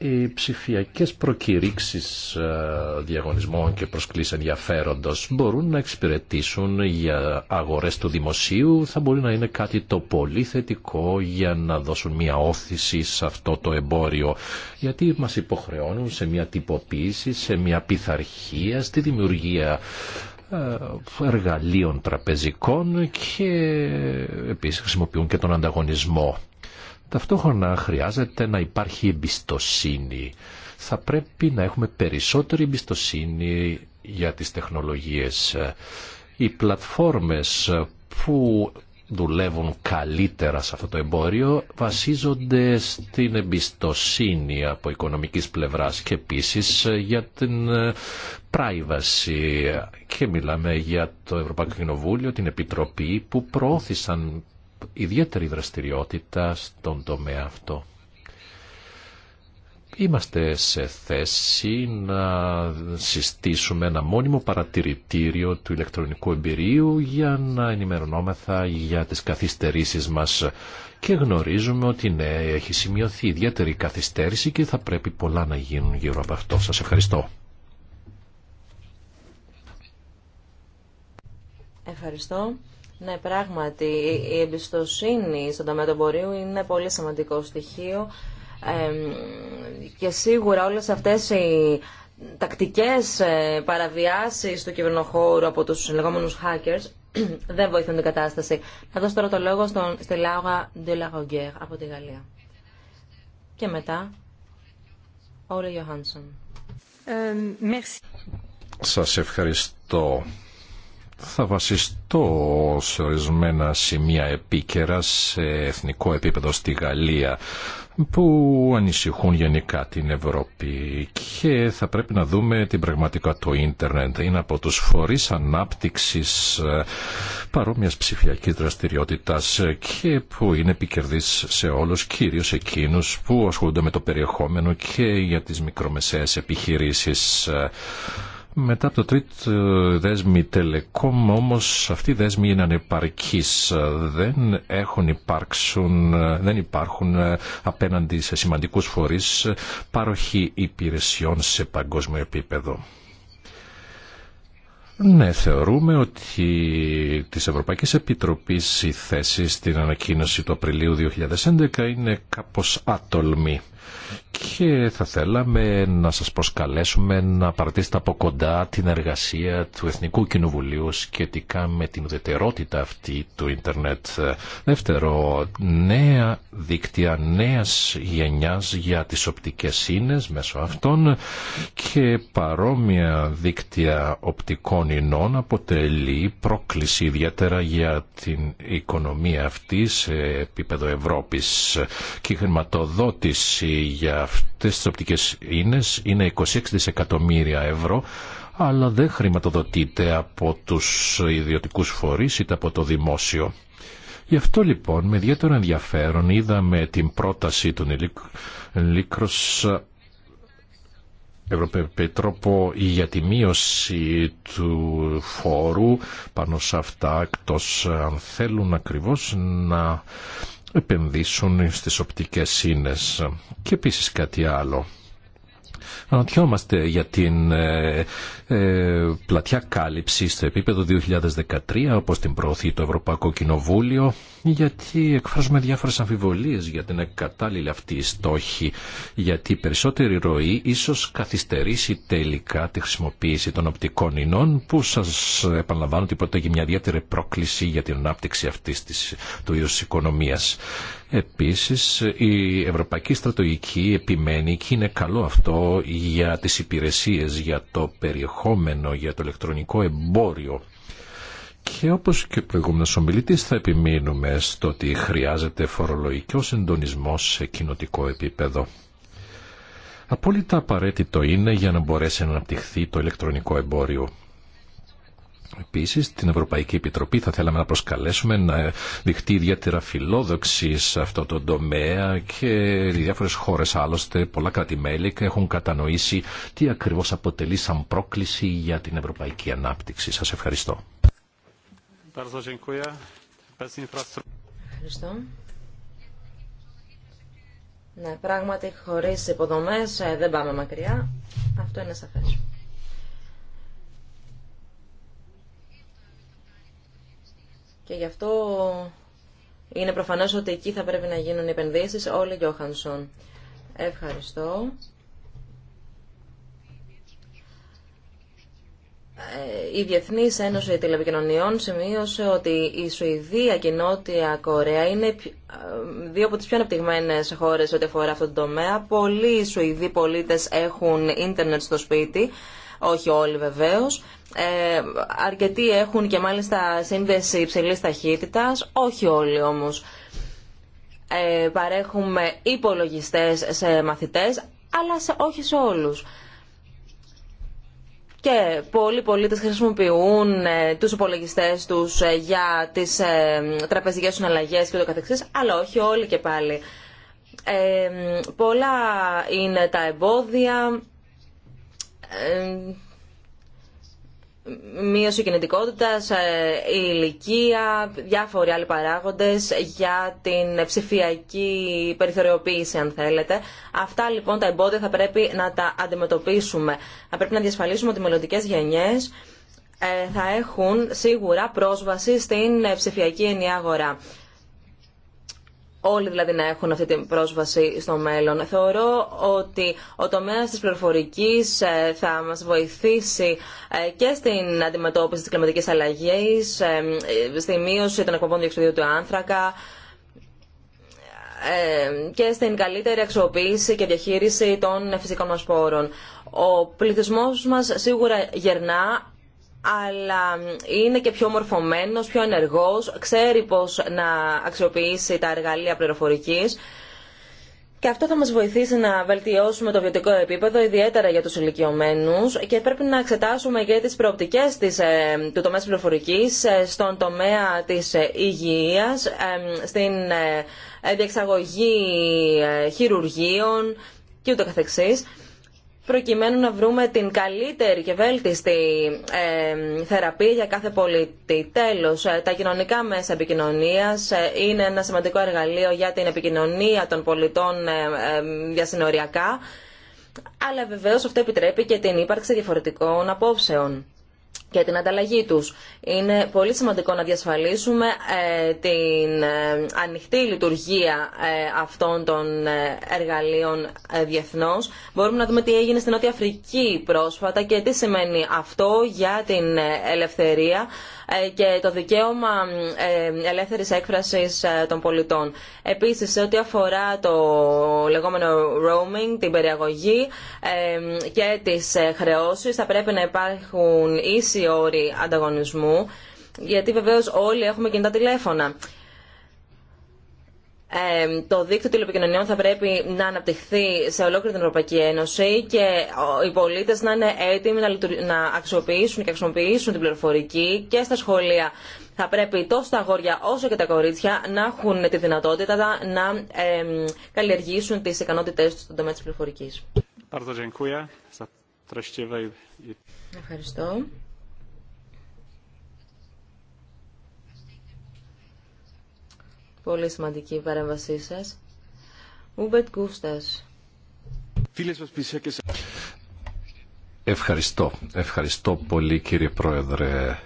οι ψηφιακές προκηρύξεις ε, διαγωνισμών και προσκλήσεις ενδιαφέροντος μπορούν να εξυπηρετήσουν για αγορές του δημοσίου, θα μπορεί να είναι κάτι το πολύ θετικό για να δώσουν μια όθηση σε αυτό το εμπόριο, γιατί μας υποχρεώνουν σε μια τυποποίηση, σε μια πειθαρχία, στη δημιουργία ε, εργαλείων τραπεζικών και επίσης χρησιμοποιούν και τον ανταγωνισμό. Ταυτόχρονα χρειάζεται να υπάρχει εμπιστοσύνη. Θα πρέπει να έχουμε περισσότερη εμπιστοσύνη για τις τεχνολογίες. Οι πλατφόρμες που δουλεύουν καλύτερα σε αυτό το εμπόριο βασίζονται στην εμπιστοσύνη από οικονομικής πλευράς και επίσης για την ε, privacy και μιλάμε για το Ευρωπαϊκό Κοινοβούλιο, την Επιτροπή που προώθησαν ιδιαίτερη δραστηριότητα στον τομέα αυτό. Είμαστε σε θέση να συστήσουμε ένα μόνιμο παρατηρητήριο του ηλεκτρονικού εμπειρίου για να ενημερωνόμεθα για τις καθυστερήσεις μας και γνωρίζουμε ότι ναι, έχει σημειωθεί ιδιαίτερη καθυστέρηση και θα πρέπει πολλά να γίνουν γύρω από αυτό. Σας ευχαριστώ. Ευχαριστώ. Ναι, πράγματι, η εμπιστοσύνη στον τομέα του εμπορίου είναι πολύ σημαντικό στοιχείο και σίγουρα όλες αυτές οι τακτικές ε, παραβιάσεις του κυβερνοχώρου από τους λεγόμενους hackers δεν βοηθούν την κατάσταση. Θα δώσω τώρα το λόγο στον, στη Λάγα από τη Γαλλία. Και μετά, Όλε Johansson. Ε, Σας ευχαριστώ θα βασιστώ σε ορισμένα σημεία επίκαιρα σε εθνικό επίπεδο στη Γαλλία που ανησυχούν γενικά την Ευρώπη και θα πρέπει να δούμε την πραγματικά το ίντερνετ είναι από τους φορείς ανάπτυξης ε, παρόμοιας ψηφιακής δραστηριότητας ε, και που είναι επικερδής σε όλους κυρίως εκείνους που ασχολούνται με το περιεχόμενο και για τις μικρομεσαίες επιχειρήσεις ε. Μετά από το τρίτο ε, δέσμι Telecom όμως αυτοί οι δέσμοι είναι ανεπαρκείς. Δεν έχουν υπάρξουν, ε, δεν υπάρχουν ε, απέναντι σε σημαντικούς φορείς παροχή υπηρεσιών σε παγκόσμιο επίπεδο. Ναι, θεωρούμε ότι της Ευρωπαϊκής Επιτροπής η θέση στην ανακοίνωση του Απριλίου 2011 είναι κάπως άτολμη και θα θέλαμε να σας προσκαλέσουμε να παρατήσετε από κοντά την εργασία του Εθνικού Κοινοβουλίου σχετικά με την ουδετερότητα αυτή του ίντερνετ. Δεύτερο, νέα δίκτυα νέας γενιάς για τις οπτικές ίνες μέσω αυτών και παρόμοια δίκτυα οπτικών ινών αποτελεί πρόκληση ιδιαίτερα για την οικονομία αυτή σε επίπεδο Ευρώπης και χρηματοδότηση για αυτές τις οπτικές ίνες είναι 26 δισεκατομμύρια ευρώ αλλά δεν χρηματοδοτείται από τους ιδιωτικούς φορείς είτε από το δημόσιο. Γι' αυτό λοιπόν με ιδιαίτερο ενδιαφέρον είδαμε την πρόταση του Λίκρος Ευρωπαϊκό η για τη μείωση του φόρου πάνω σε αυτά εκτός αν θέλουν ακριβώς να επενδύσουν στις οπτικές σύνες. Και επίσης κάτι άλλο. Αναρωτιόμαστε για την ε, ε, πλατιά κάλυψη στο επίπεδο 2013, όπως την προωθεί το Ευρωπαϊκό Κοινοβούλιο, γιατί εκφράζουμε διάφορες αμφιβολίες για την κατάλληλη αυτή η στόχη, γιατί η περισσότερη ροή ίσως καθυστερήσει τελικά τη χρησιμοποίηση των οπτικών ινών, που σας επαναλαμβάνω ότι υποτέχει μια ιδιαίτερη πρόκληση για την ανάπτυξη αυτής της, του είδους της οικονομίας. Επίσης η Ευρωπαϊκή Στρατογική επιμένει και είναι καλό αυτό για τις υπηρεσίες, για το περιεχόμενο, για το ηλεκτρονικό εμπόριο. Και όπως και ο προηγούμενος ομιλητής θα επιμείνουμε στο ότι χρειάζεται φορολογικό συντονισμό σε κοινοτικό επίπεδο. Απόλυτα απαραίτητο είναι για να μπορέσει να αναπτυχθεί το ηλεκτρονικό εμπόριο. Επίσης, την Ευρωπαϊκή Επιτροπή θα θέλαμε να προσκαλέσουμε να δειχτεί ιδιαίτερα φιλόδοξη σε αυτό το τομέα και διάφορες χώρες άλλωστε, πολλά κράτη-μέλη έχουν κατανοήσει τι ακριβώς αποτελεί σαν πρόκληση για την ευρωπαϊκή ανάπτυξη. Σας ευχαριστώ. Ευχαριστώ. Ναι, πράγματι χωρίς υποδομές ε, δεν πάμε μακριά. Αυτό είναι σαφές. Και γι' αυτό είναι προφανώς ότι εκεί θα πρέπει να γίνουν οι επενδύσεις. Όλοι Γιώχανσον. Ευχαριστώ. Ε, η Διεθνής Ένωση Τηλεπικοινωνιών σημείωσε ότι η Σουηδία και η Νότια Κορέα είναι ε, δύο από τις πιο αναπτυγμένες χώρες ό,τι αφορά αυτόν τον τομέα. Πολλοί Σουηδοί πολίτες έχουν ίντερνετ στο σπίτι, όχι όλοι βεβαίως. Ε, αρκετοί έχουν και μάλιστα σύνδεση υψηλή ταχύτητα, όχι όλοι όμως. Ε, παρέχουμε υπολογιστές σε μαθητές, αλλά σε, όχι σε όλους. Και πολλοί πολίτε χρησιμοποιούν ε, τους του τους ε, για τις ε, τραπεζικές συναλλαγές και το καθεξής, αλλά όχι όλοι και πάλι. Ε, πολλά είναι τα εμπόδια μείωση κινητικότητα, ε, ηλικία, διάφοροι άλλοι παράγοντε για την ψηφιακή περιθωριοποίηση αν θέλετε. Αυτά λοιπόν τα εμπόδια θα πρέπει να τα αντιμετωπίσουμε. Θα πρέπει να διασφαλίσουμε ότι οι μελλοντικές γενιές ε, θα έχουν σίγουρα πρόσβαση στην ψηφιακή ενιαία αγορά όλοι δηλαδή να έχουν αυτή την πρόσβαση στο μέλλον. Θεωρώ ότι ο τομέας της πληροφορικής ε, θα μας βοηθήσει ε, και στην αντιμετώπιση της κλιματικής αλλαγής, ε, στη μείωση των εκπομπών διοξειδίου του άνθρακα, και στην καλύτερη αξιοποίηση και διαχείριση των φυσικών μας πόρων. Ο πληθυσμός μας σίγουρα γερνά, αλλά είναι και πιο μορφωμένος, πιο ενεργός, ξέρει πώς να αξιοποιήσει τα εργαλεία πληροφορικής και αυτό θα μας βοηθήσει να βελτιώσουμε το βιωτικό επίπεδο, ιδιαίτερα για τους ηλικιωμένου. και πρέπει να εξετάσουμε και τις προοπτικές της, ε, του τομέα της πληροφορικής ε, στον τομέα της ε, υγείας, στην διεξαγωγή χειρουργείων και ούτω καθεξής προκειμένου να βρούμε την καλύτερη και βέλτιστη ε, θεραπεία για κάθε πολίτη. Τέλος, ε, τα κοινωνικά μέσα επικοινωνίας ε, είναι ένα σημαντικό εργαλείο για την επικοινωνία των πολιτών διασυνοριακά, αλλά βεβαίως αυτό επιτρέπει και την ύπαρξη διαφορετικών απόψεων και την ανταλλαγή τους. Είναι πολύ σημαντικό να διασφαλίσουμε ε, την ε, ανοιχτή λειτουργία ε, αυτών των εργαλείων διεθνώς. Μπορούμε να δούμε τι έγινε στην Νότια Αφρική πρόσφατα και τι σημαίνει αυτό για την ελευθερία ε, και το δικαίωμα ε, ελεύθερης έκφρασης ε, των πολιτών. Επίσης, σε ό,τι αφορά το λεγόμενο roaming, την περιαγωγή και τις χρεώσεις, θα πρέπει να υπάρχουν ίσοι όροι ανταγωνισμού, γιατί βεβαίως όλοι έχουμε κινητά τηλέφωνα το δίκτυο τηλεπικοινωνιών θα πρέπει να αναπτυχθεί σε ολόκληρη την Ευρωπαϊκή Ένωση και οι πολίτες να είναι έτοιμοι να αξιοποιήσουν και αξιοποιήσουν την πληροφορική και στα σχολεία. Θα πρέπει τόσο τα αγόρια όσο και τα κορίτσια να έχουν τη δυνατότητα να καλλιεργήσουν τις ικανότητε του στον τομέα της πληροφορική. Πολύ σημαντική η παρέμβασή σα. Ούμπερτ Κούστα. Ευχαριστώ. Ευχαριστώ πολύ κύριε Πρόεδρε.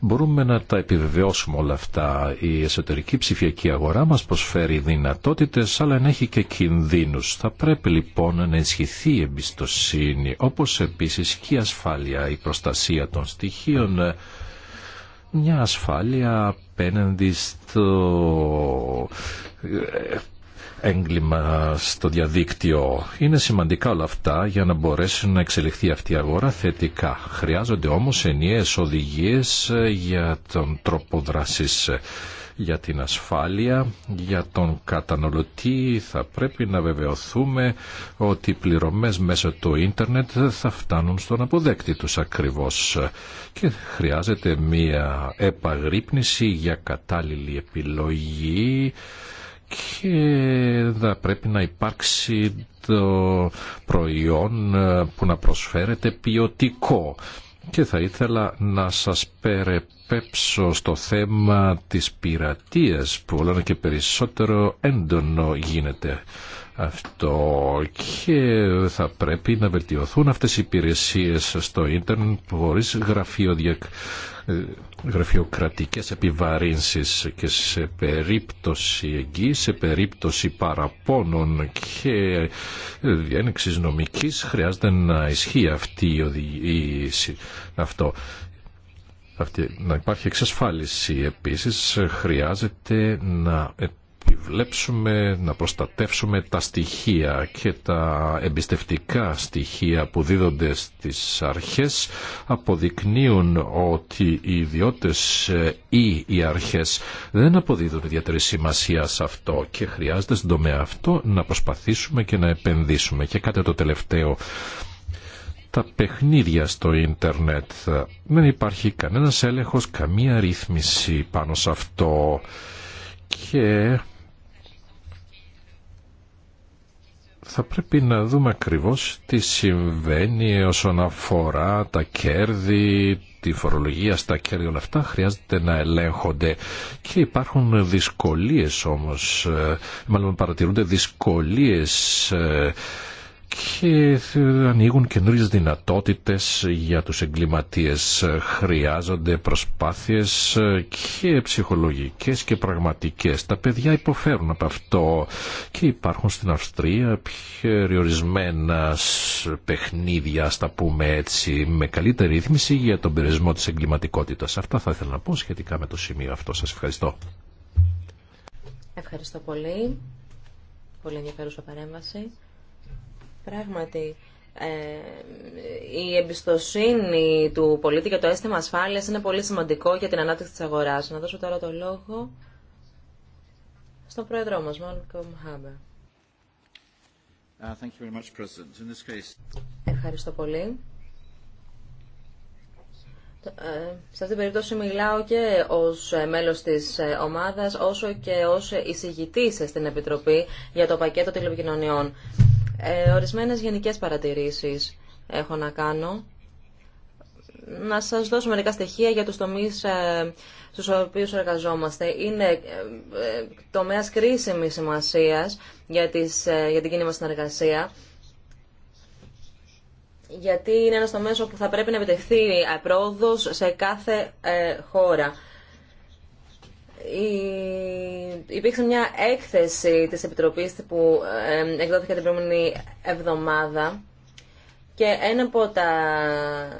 Μπορούμε να τα επιβεβαιώσουμε όλα αυτά. Η εσωτερική ψηφιακή αγορά μας προσφέρει δυνατότητες αλλά ενέχει έχει και κινδύνους. Θα πρέπει λοιπόν να ενισχυθεί η εμπιστοσύνη όπως επίσης και η ασφάλεια, η προστασία των στοιχείων μια ασφάλεια απέναντι στο ε, έγκλημα στο διαδίκτυο. Είναι σημαντικά όλα αυτά για να μπορέσει να εξελιχθεί αυτή η αγορά θετικά. Χρειάζονται όμως ενιαίες οδηγίες ε, για τον τρόπο δράσης για την ασφάλεια, για τον καταναλωτή. Θα πρέπει να βεβαιωθούμε ότι οι πληρωμές μέσω του ίντερνετ θα φτάνουν στον αποδέκτη τους ακριβώς. Και χρειάζεται μία επαγρύπνηση για κατάλληλη επιλογή και θα πρέπει να υπάρξει το προϊόν που να προσφέρεται ποιοτικό και θα ήθελα να σας περεπέψω στο θέμα της πειρατείας που όλο και περισσότερο έντονο γίνεται αυτό και θα πρέπει να βελτιωθούν αυτές οι υπηρεσίες στο ίντερνετ χωρίς γραφειοδιακ ε, γραφειοκρατικές επιβαρύνσεις και σε περίπτωση εγγύη, σε περίπτωση παραπώνων και διένεξης νομικής χρειάζεται να ισχύει αυτή η οδηγήση. Αυτό. να υπάρχει εξασφάλιση επίσης χρειάζεται να επιβλέψουμε, να προστατεύσουμε τα στοιχεία και τα εμπιστευτικά στοιχεία που δίδονται στις αρχές αποδεικνύουν ότι οι ιδιώτες ε, ή οι αρχές δεν αποδίδουν ιδιαίτερη σημασία σε αυτό και χρειάζεται στον τομέα αυτό να προσπαθήσουμε και να επενδύσουμε. Και κάτι το τελευταίο τα παιχνίδια στο ίντερνετ. Δεν υπάρχει κανένας έλεγχος, καμία ρύθμιση πάνω σε αυτό και θα πρέπει να δούμε ακριβώς τι συμβαίνει όσον αφορά τα κέρδη, τη φορολογία στα κέρδη, όλα αυτά χρειάζεται να ελέγχονται και υπάρχουν δυσκολίες όμως, ε, μάλλον παρατηρούνται δυσκολίες ε, και ανοίγουν καινούριε δυνατότητες για τους εγκληματίες. Χρειάζονται προσπάθειες και ψυχολογικές και πραγματικές. Τα παιδιά υποφέρουν από αυτό και υπάρχουν στην Αυστρία περιορισμένα παιχνίδια, τα πούμε έτσι, με καλύτερη ρύθμιση για τον περιορισμό της εγκληματικότητας. Αυτά θα ήθελα να πω σχετικά με το σημείο αυτό. Σας ευχαριστώ. Ευχαριστώ πολύ. Πολύ ενδιαφέρουσα παρέμβαση. Πράγματι, ε, η εμπιστοσύνη του πολίτη και το αίσθημα ασφάλεια είναι πολύ σημαντικό για την ανάπτυξη τη αγορά. Να δώσω τώρα το λόγο στον πρόεδρό μα. Μόλκο Μουχάμπε. Ευχαριστώ πολύ. Ε, σε αυτήν την περίπτωση μιλάω και ως ε, μέλος της ομάδας, όσο και ως εισηγητής στην Επιτροπή για το πακέτο τηλεπικοινωνιών. Ε, ορισμένες γενικές παρατηρήσεις έχω να κάνω. Να σας δώσω μερικά στοιχεία για τους τομείς ε, στους οποίους εργαζόμαστε. Είναι ε, ε, τομέας κρίσιμης σημασίας για, τις, για την κοινή μας συνεργασία γιατί είναι ένας τομέας όπου θα πρέπει να επιτευχθεί πρόοδος σε κάθε χώρα. Η υπήρξε μια έκθεση της Επιτροπής που εκδόθηκε την προηγούμενη εβδομάδα και ένα από τα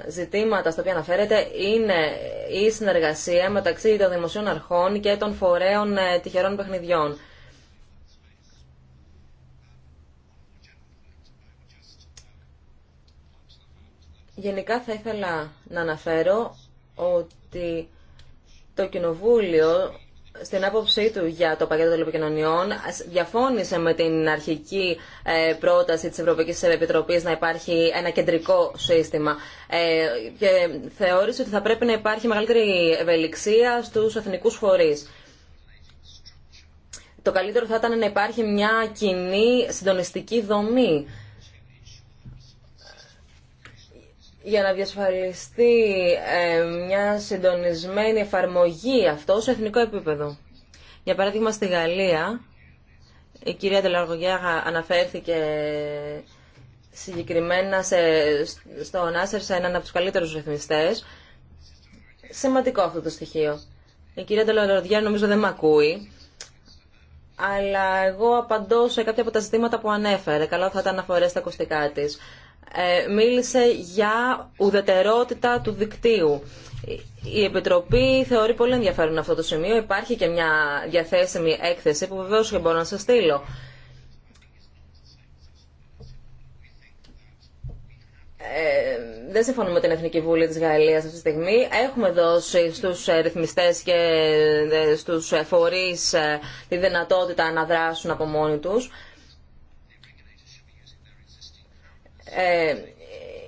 ζητήματα στα οποία αναφέρεται είναι η συνεργασία μεταξύ των δημοσίων αρχών και των φορέων ε, τυχερών παιχνιδιών. Γενικά θα ήθελα να αναφέρω ότι το Κοινοβούλιο στην άποψή του για το πακέτο των επικοινωνιών διαφώνησε με την αρχική ε, πρόταση της Ευρωπαϊκής Επιτροπής να υπάρχει ένα κεντρικό σύστημα ε, και θεώρησε ότι θα πρέπει να υπάρχει μεγαλύτερη ευελιξία στους εθνικούς φορείς. Το καλύτερο θα ήταν να υπάρχει μια κοινή συντονιστική δομή για να διασφαλιστεί ε, μια συντονισμένη εφαρμογή αυτό σε εθνικό επίπεδο. Για παράδειγμα, στη Γαλλία, η κυρία Τελαργογιά αναφέρθηκε συγκεκριμένα σε, στο Νάσερ, σε έναν από τους καλύτερους ρυθμιστές. Σημαντικό αυτό το στοιχείο. Η κυρία Τελαργογιά νομίζω δεν με ακούει, αλλά εγώ απαντώ σε κάποια από τα ζητήματα που ανέφερε. Καλό θα ήταν να φορέσει τα ακουστικά της. Ε, μίλησε για ουδετερότητα του δικτύου. Η Επιτροπή θεωρεί πολύ ενδιαφέρον αυτό το σημείο. Υπάρχει και μια διαθέσιμη έκθεση που βεβαίω και μπορώ να σα στείλω. Ε, δεν συμφωνούμε με την Εθνική Βουλή της Γαλλίας αυτή τη στιγμή. Έχουμε δώσει στους ε, ρυθμιστές και ε, στους φορείς τη δυνατότητα να δράσουν από μόνοι τους. η ε,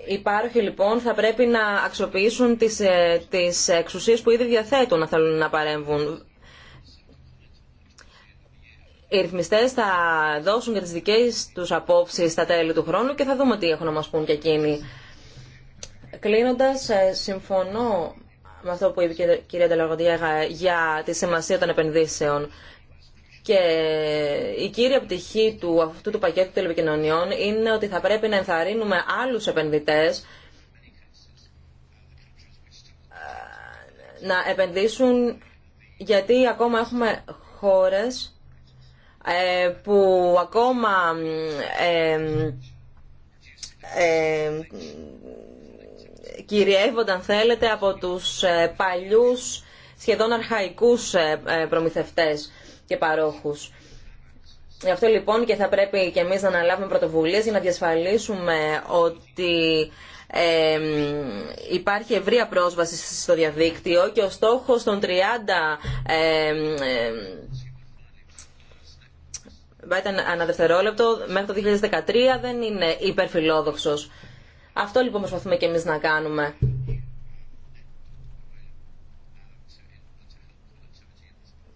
Υπάρχει λοιπόν θα πρέπει να αξιοποιήσουν τις, ε, τις εξουσίες που ήδη διαθέτουν να θέλουν να παρέμβουν. Οι ρυθμιστέ θα δώσουν και τις δικές τους απόψει στα τέλη του χρόνου και θα δούμε τι έχουν να μας πούν και εκείνοι. Κλείνοντα, ε, συμφωνώ με αυτό που είπε η κυρία Ντελαγοντιέγα για τη σημασία των επενδύσεων. Και η κύρια πτυχή του αυτού του πακέτου τηλεπικοινωνιών είναι ότι θα πρέπει να ενθαρρύνουμε άλλους επενδυτές ε, να επενδύσουν γιατί ακόμα έχουμε χώρες ε, που ακόμα ε, κυριεύονται αν θέλετε από τους παλιούς σχεδόν αρχαϊκούς προμηθευτές και παρόχους. Γι' αυτό λοιπόν και θα πρέπει και εμείς να αναλάβουμε πρωτοβουλίες για να διασφαλίσουμε ότι υπάρχει ευρεία πρόσβαση στο διαδίκτυο και ο στόχος των 30 ε, ε, μέχρι το 2013 δεν είναι υπερφιλόδοξος. Αυτό λοιπόν προσπαθούμε και εμείς να κάνουμε.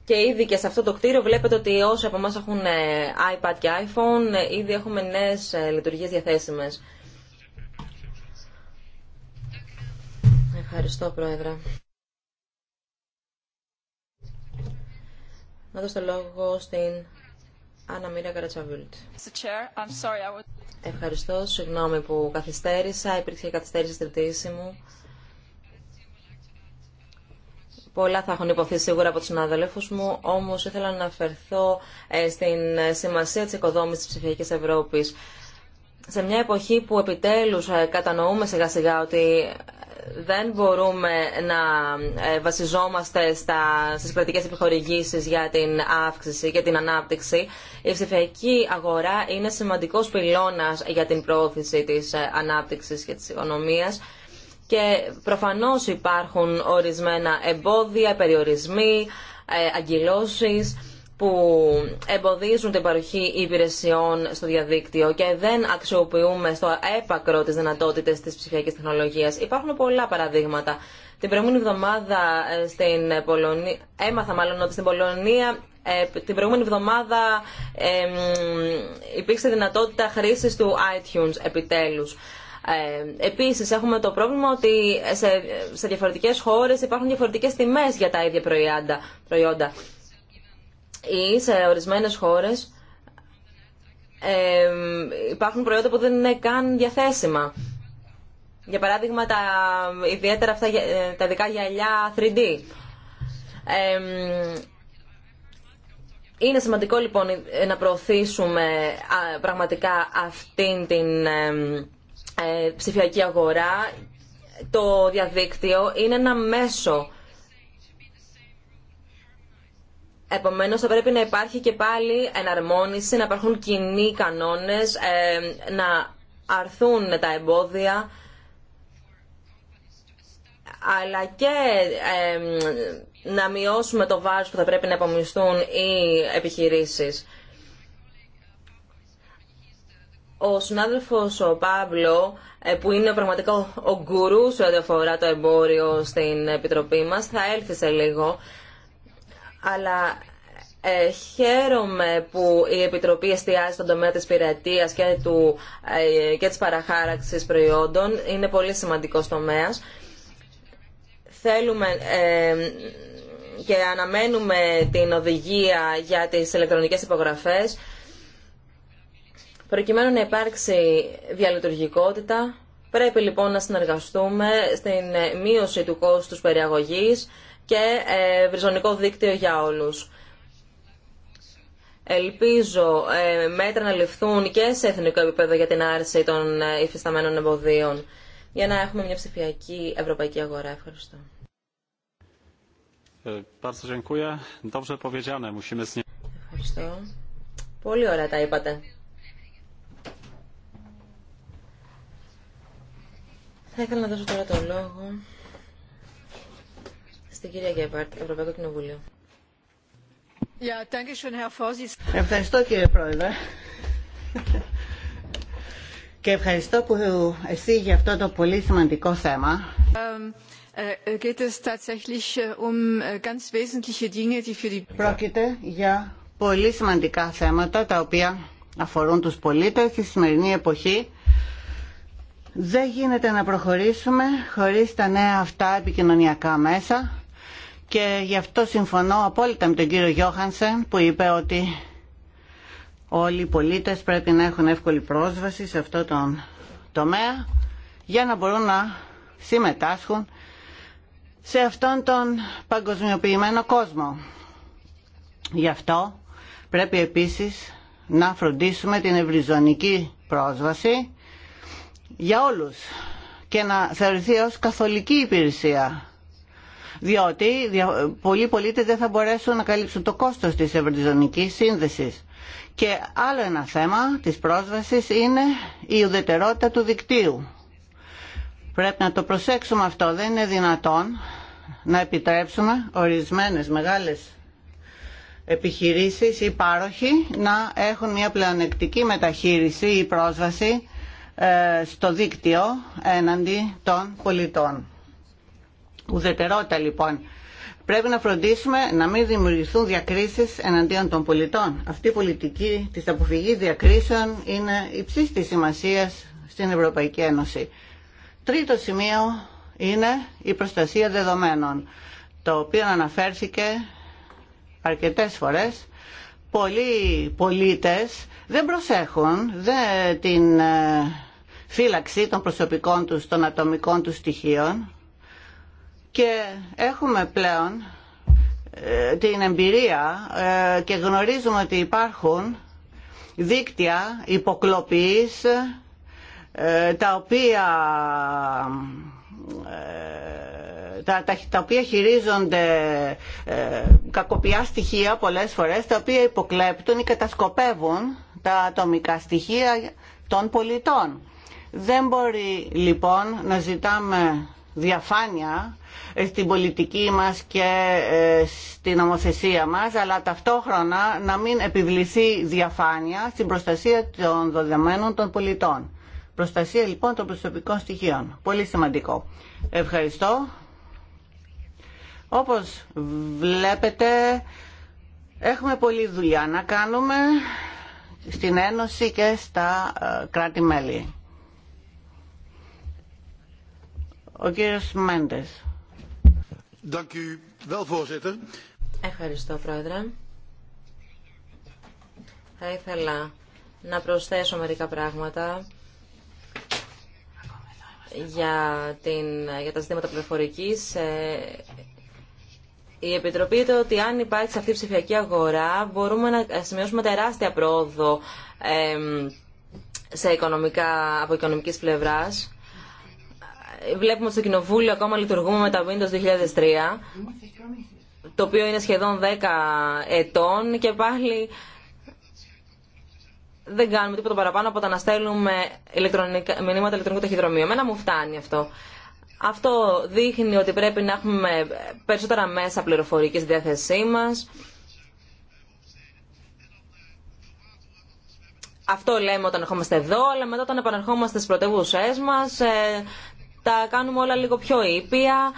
Και ήδη και σε αυτό το κτίριο βλέπετε ότι όσοι από εμά έχουν ε, iPad και iPhone, ε, ήδη έχουμε νέε λειτουργίε διαθέσιμε. Ευχαριστώ, Πρόεδρε. Να δώσω το λόγο στην Άννα Μύρια Καρατσαβούλτ. Ευχαριστώ, συγγνώμη που καθυστέρησα, υπήρξε η καθυστέρηση στη μου. Πολλά θα έχουν υποθεί σίγουρα από του συναδέλφου μου, όμως ήθελα να αναφερθώ ε, στην σημασία της οικοδόμηση τη ψηφιακή Ευρώπη Σε μια εποχή που επιτέλους ε, κατανοούμε σιγά σιγά ότι ε, δεν μπορούμε να βασιζόμαστε στα, στις κρατικές επιχορηγήσεις για την αύξηση και την ανάπτυξη. Η ψηφιακή αγορά είναι σημαντικός πυλώνας για την πρόθεση της ανάπτυξης και της οικονομία και προφανώς υπάρχουν ορισμένα εμπόδια, περιορισμοί, ε, αγκυλώσεις που εμποδίζουν την παροχή υπηρεσιών στο διαδίκτυο και δεν αξιοποιούμε στο έπακρο τις δυνατότητες της ψηφιακής τεχνολογίας. Υπάρχουν πολλά παραδείγματα. Την προηγούμενη εβδομάδα ε, στην Πολωνία, έμαθα μάλλον ότι στην Πολωνία ε, την προηγούμενη εβδομάδα ε, υπήρξε δυνατότητα χρήσης του iTunes επιτέλους. Ε, επίσης έχουμε το πρόβλημα ότι σε, σε διαφορετικές χώρες υπάρχουν διαφορετικές τιμές για τα ίδια προϊόντα. προϊόντα. Ή σε ορισμένες χώρες ε, υπάρχουν προϊόντα που δεν είναι καν διαθέσιμα. Για παράδειγμα τα ιδιαίτερα αυτά ε, τα δικά γυαλιά 3D. είναι σημαντικό λοιπόν να προωθήσουμε πραγματικά αυτήν την ε, ψηφιακή αγορά, το διαδίκτυο είναι ένα μέσο. Επομένως θα πρέπει να υπάρχει και πάλι εναρμόνιση, να υπάρχουν κοινοί κανόνες, ε, να αρθούν τα εμπόδια, αλλά και ε, να μειώσουμε το βάρος που θα πρέπει να επομιστούν οι επιχειρήσεις ο συνάδελφος ο Παύλο, ε, που είναι πραγματικά ο γκουρού σε ό,τι αφορά το εμπόριο στην Επιτροπή μας, θα έλθει σε λίγο. Αλλά ε, χαίρομαι που η Επιτροπή εστιάζει στον τομέα της πειρατείας και, του, ε, και της παραχάραξης προϊόντων. Είναι πολύ σημαντικός τομέας. Θέλουμε και αναμένουμε την οδηγία για τις ηλεκτρονικές υπογραφές Προκειμένου να υπάρξει διαλειτουργικότητα, πρέπει λοιπόν να συνεργαστούμε στην ε, μείωση του κόστους περιαγωγής και ε, βριζονικό δίκτυο για όλους. Ελπίζω ε, μέτρα να ληφθούν και σε εθνικό επίπεδο για την άρση των υφισταμένων εμποδίων για να έχουμε μια ψηφιακή ευρωπαϊκή αγορά. Ευχαριστώ. Ευχαριστώ. Πολύ ωραία τα είπατε. Θα ήθελα να δώσω τώρα το λόγο στην κυρία Γκέμπαρτ, Ευρωπαϊκό Κοινοβούλιο. Ευχαριστώ κύριε Πρόεδρε. Και ευχαριστώ που εσύ για αυτό το πολύ σημαντικό θέμα. Πρόκειται για πολύ σημαντικά θέματα τα οποία αφορούν τους πολίτες στη σημερινή εποχή δεν γίνεται να προχωρήσουμε χωρίς τα νέα αυτά επικοινωνιακά μέσα και γι' αυτό συμφωνώ απόλυτα με τον κύριο Γιώχανσεν που είπε ότι όλοι οι πολίτες πρέπει να έχουν εύκολη πρόσβαση σε αυτό το τομέα για να μπορούν να συμμετάσχουν σε αυτόν τον παγκοσμιοποιημένο κόσμο. Γι' αυτό πρέπει επίσης να φροντίσουμε την ευρυζωνική πρόσβαση για όλους και να θεωρηθεί ως καθολική υπηρεσία διότι πολλοί πολίτες δεν θα μπορέσουν να καλύψουν το κόστος της ευρωτιζωνικής σύνδεσης. Και άλλο ένα θέμα της πρόσβασης είναι η ουδετερότητα του δικτύου. Πρέπει να το προσέξουμε αυτό. Δεν είναι δυνατόν να επιτρέψουμε ορισμένες μεγάλες επιχειρήσεις ή πάροχοι να έχουν μια πλεονεκτική μεταχείριση ή πρόσβαση ε, στο δίκτυο έναντι των πολιτών. Ουδετερότητα λοιπόν. Πρέπει να φροντίσουμε να μην δημιουργηθούν διακρίσεις εναντίον των πολιτών. Αυτή η πολιτική της αποφυγής διακρίσεων είναι υψίστης σημασίας στην Ευρωπαϊκή Ένωση. Τρίτο σημείο είναι η προστασία δεδομένων, το οποίο αναφέρθηκε αρκετές φορές. Πολλοί πολίτες δεν προσέχουν δεν την ε, φύλαξη των προσωπικών τους, των ατομικών τους στοιχείων και έχουμε πλέον ε, την εμπειρία ε, και γνωρίζουμε ότι υπάρχουν δίκτυα υποκλοπής ε, τα οποία τα, τα, οποία χειρίζονται κακοποιά στοιχεία πολλές φορές τα οποία υποκλέπτουν ή κατασκοπεύουν τα ατομικά στοιχεία των πολιτών. Δεν μπορεί λοιπόν να ζητάμε διαφάνεια ε, στην πολιτική μας και ε, στην νομοθεσία μας, αλλά ταυτόχρονα να μην επιβληθεί διαφάνεια στην προστασία των δεδομένων των πολιτών. Προστασία λοιπόν των προσωπικών στοιχείων. Πολύ σημαντικό. Ευχαριστώ. Όπως βλέπετε, έχουμε πολλή δουλειά να κάνουμε στην Ένωση και στα ε, κράτη-μέλη. Ο Ευχαριστώ, Πρόεδρε. Θα ήθελα να προσθέσω μερικά πράγματα για, τα ζητήματα πληροφορική. Ε, η Επιτροπή είπε ότι αν σε αυτή η ψηφιακή αγορά μπορούμε να σημειώσουμε τεράστια πρόοδο σε οικονομικά, από οικονομικής πλευράς βλέπουμε στο Κοινοβούλιο ακόμα λειτουργούμε με τα Windows 2003, το οποίο είναι σχεδόν 10 ετών και πάλι δεν κάνουμε τίποτα παραπάνω από τα να στέλνουμε μηνύματα ηλεκτρονικού ταχυδρομείου. Εμένα μου φτάνει αυτό. Αυτό δείχνει ότι πρέπει να έχουμε περισσότερα μέσα πληροφορική στη διάθεσή μα. Αυτό λέμε όταν ερχόμαστε εδώ, αλλά μετά όταν επαναρχόμαστε στι πρωτεύουσέ μα. Ε, τα κάνουμε όλα λίγο πιο ήπια.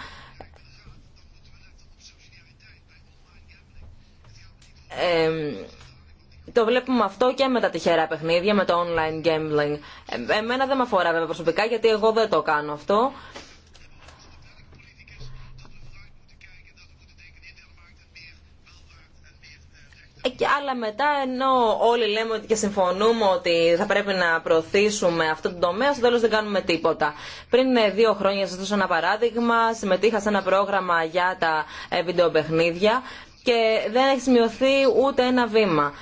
το βλέπουμε αυτό και με τα τυχερά παιχνίδια, με το online gambling. Ε, εμένα δεν με αφορά βέβαια προσωπικά γιατί εγώ δεν το κάνω αυτό. Ε, και άλλα μετά, ενώ όλοι λέμε ότι και συμφωνούμε ότι θα πρέπει να προωθήσουμε αυτό το τομέα, στο τέλο δεν κάνουμε τίποτα. Πριν ε, δύο χρόνια, σα δώσω ένα παράδειγμα, συμμετείχα σε ένα πρόγραμμα για τα ε, βιντεοπαιχνίδια και δεν έχει σημειωθεί ούτε ένα βήμα.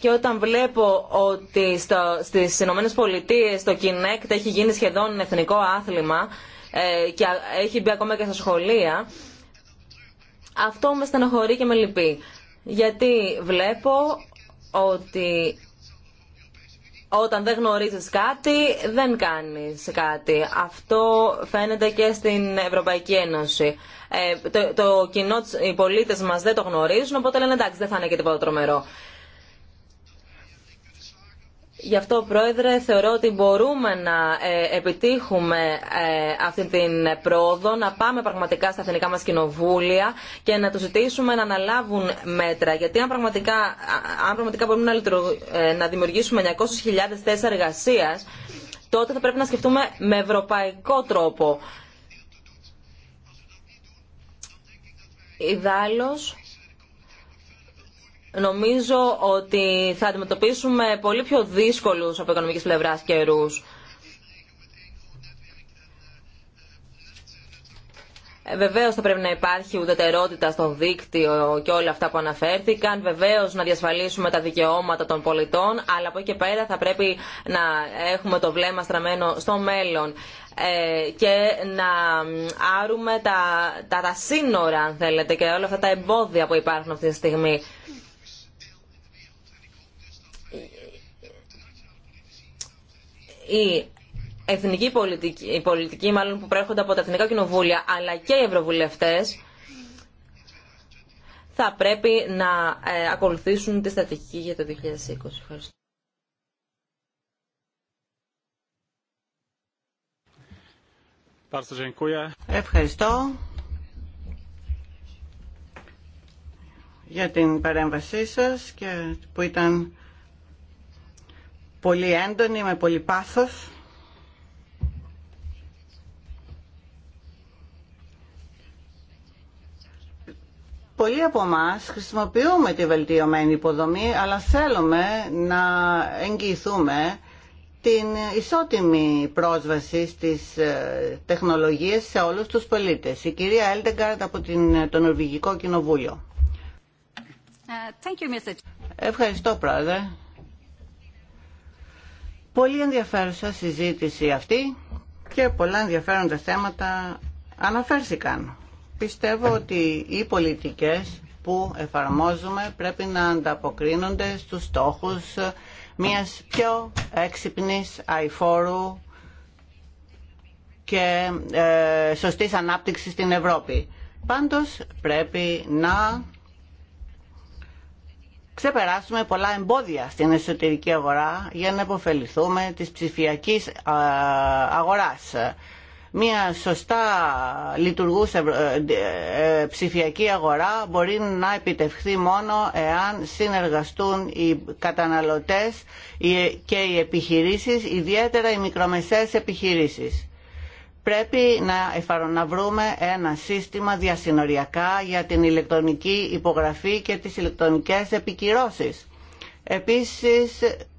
Και όταν βλέπω ότι στο, στις Ηνωμένες Πολιτείες το Kinect έχει γίνει σχεδόν εθνικό άθλημα ε, και έχει μπει ακόμα και στα σχολεία, αυτό με στενοχωρεί και με λυπεί γιατί βλέπω ότι όταν δεν γνωρίζεις κάτι, δεν κάνεις κάτι. Αυτό φαίνεται και στην Ευρωπαϊκή Ένωση. Ε, το, το οι πολίτες μας δεν το γνωρίζουν, οπότε λένε εντάξει δεν θα είναι και τίποτα τρομερό. Γι' αυτό, Πρόεδρε, θεωρώ ότι μπορούμε να ε, επιτύχουμε ε, αυτή την πρόοδο, να πάμε πραγματικά στα εθνικά μας κοινοβούλια και να τους ζητήσουμε να αναλάβουν μέτρα. Γιατί αν πραγματικά, αν πραγματικά μπορούμε να, ε, δημιουργήσουμε 900.000 θέσεις εργασία, τότε θα πρέπει να σκεφτούμε με ευρωπαϊκό τρόπο νομίζω ότι θα αντιμετωπίσουμε πολύ πιο δύσκολους από οικονομικής πλευράς καιρούς. Ε, Βεβαίω θα πρέπει να υπάρχει ουδετερότητα στο δίκτυο και όλα αυτά που αναφέρθηκαν. Βεβαίω να διασφαλίσουμε τα δικαιώματα των πολιτών, αλλά από εκεί και πέρα θα πρέπει να έχουμε το βλέμμα στραμμένο στο μέλλον ε, και να άρουμε τα, τα σύνορα, αν θέλετε, και όλα αυτά τα εμπόδια που υπάρχουν αυτή τη στιγμή. η εθνική πολιτική, οι πολιτικοί μάλλον που προέρχονται από τα εθνικά κοινοβούλια, αλλά και οι ευρωβουλευτές, θα πρέπει να ε, ακολουθήσουν τη στρατηγική για το 2020. Ευχαριστώ. Ευχαριστώ για την παρέμβασή σας και που ήταν πολύ έντονη, με πολύ πάθος. Πολλοί από εμά χρησιμοποιούμε τη βελτιωμένη υποδομή, αλλά θέλουμε να εγγυηθούμε την ισότιμη πρόσβαση στις ε, τεχνολογίες σε όλους τους πολίτες. Η κυρία Έλτεγκάρτ από την, το Νορβηγικό Κοινοβούλιο. Ε, thank you, Ευχαριστώ, Πρόεδρε. Πολύ ενδιαφέρουσα συζήτηση αυτή και πολλά ενδιαφέροντα θέματα αναφέρθηκαν. Πιστεύω ότι οι πολιτικές που εφαρμόζουμε πρέπει να ανταποκρίνονται στους στόχους μιας πιο έξυπνης αηφόρου και ε, σωστής ανάπτυξης στην Ευρώπη. Πάντως πρέπει να ξεπεράσουμε πολλά εμπόδια στην εσωτερική αγορά για να υποφεληθούμε της ψηφιακής αγοράς. Μια σωστά λειτουργούσα ε, ε, ψηφιακή αγορά μπορεί να επιτευχθεί μόνο εάν συνεργαστούν οι καταναλωτές και οι επιχειρήσεις, ιδιαίτερα οι μικρομεσαίες επιχειρήσεις πρέπει να, να βρούμε ένα σύστημα διασυνοριακά για την ηλεκτρονική υπογραφή και τις ηλεκτρονικές επικυρώσεις. Επίσης,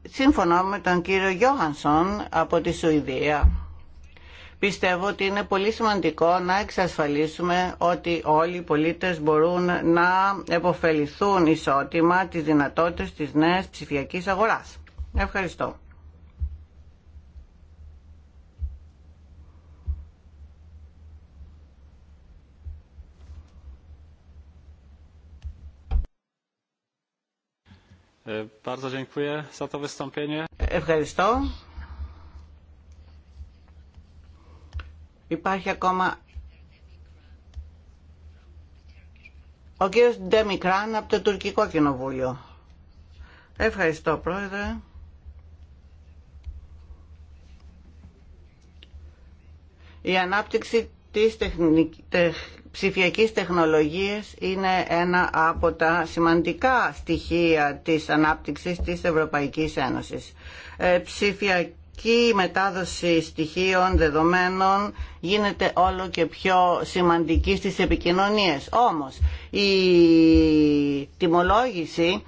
σύμφωνα με τον κύριο Γιώχανσον από τη Σουηδία, πιστεύω ότι είναι πολύ σημαντικό να εξασφαλίσουμε ότι όλοι οι πολίτες μπορούν να επωφεληθούν ισότιμα τις δυνατότητες της νέας ψηφιακής αγοράς. Ευχαριστώ. E, Ευχαριστώ. Υπάρχει ακόμα ο κύριος Ντεμικράν από το Τουρκικό Κοινοβούλιο. Ευχαριστώ πρόεδρε. Η ανάπτυξη της ψηφιακής τεχνολογίας είναι ένα από τα σημαντικά στοιχεία της ανάπτυξης της Ευρωπαϊκής Ένωσης. Ε, ψηφιακή μετάδοση στοιχείων, δεδομένων γίνεται όλο και πιο σημαντική στις επικοινωνίες. Όμως η τιμολόγηση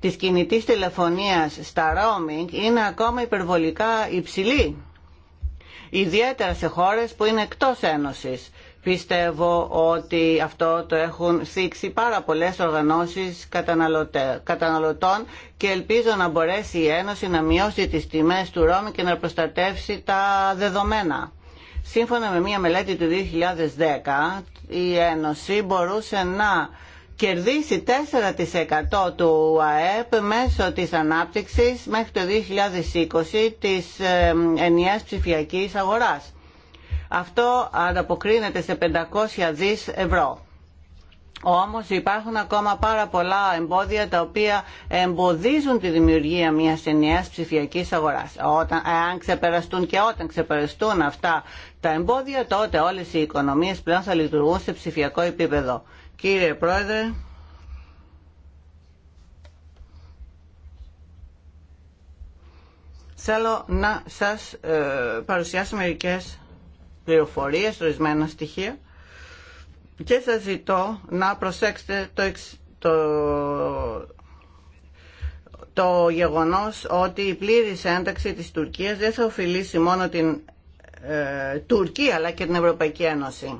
της κινητής τηλεφωνίας στα roaming είναι ακόμα υπερβολικά υψηλή ιδιαίτερα σε χώρες που είναι εκτός Ένωσης. Πιστεύω ότι αυτό το έχουν θίξει πάρα πολλές οργανώσεις καταναλωτών και ελπίζω να μπορέσει η Ένωση να μειώσει τις τιμές του Ρώμη και να προστατεύσει τα δεδομένα. Σύμφωνα με μία μελέτη του 2010, η Ένωση μπορούσε να κερδίσει 4% του ΑΕΠ μέσω της ανάπτυξης μέχρι το 2020 της ενιαίας ψηφιακής αγοράς. Αυτό ανταποκρίνεται σε 500 δις ευρώ. Όμως υπάρχουν ακόμα πάρα πολλά εμπόδια τα οποία εμποδίζουν τη δημιουργία μιας ενιαίας ψηφιακής αγοράς. Όταν, αν ξεπεραστούν και όταν ξεπεραστούν αυτά τα εμπόδια, τότε όλες οι οικονομίες πλέον θα λειτουργούν σε ψηφιακό επίπεδο. Κύριε Πρόεδρε, θέλω να σας ε, παρουσιάσω μερικές πληροφορίες, ορισμένα στοιχεία και σας ζητώ να προσέξετε το, το, το γεγονός ότι η πλήρης ένταξη της Τουρκίας δεν θα ωφελήσει μόνο την ε, Τουρκία αλλά και την Ευρωπαϊκή Ένωση.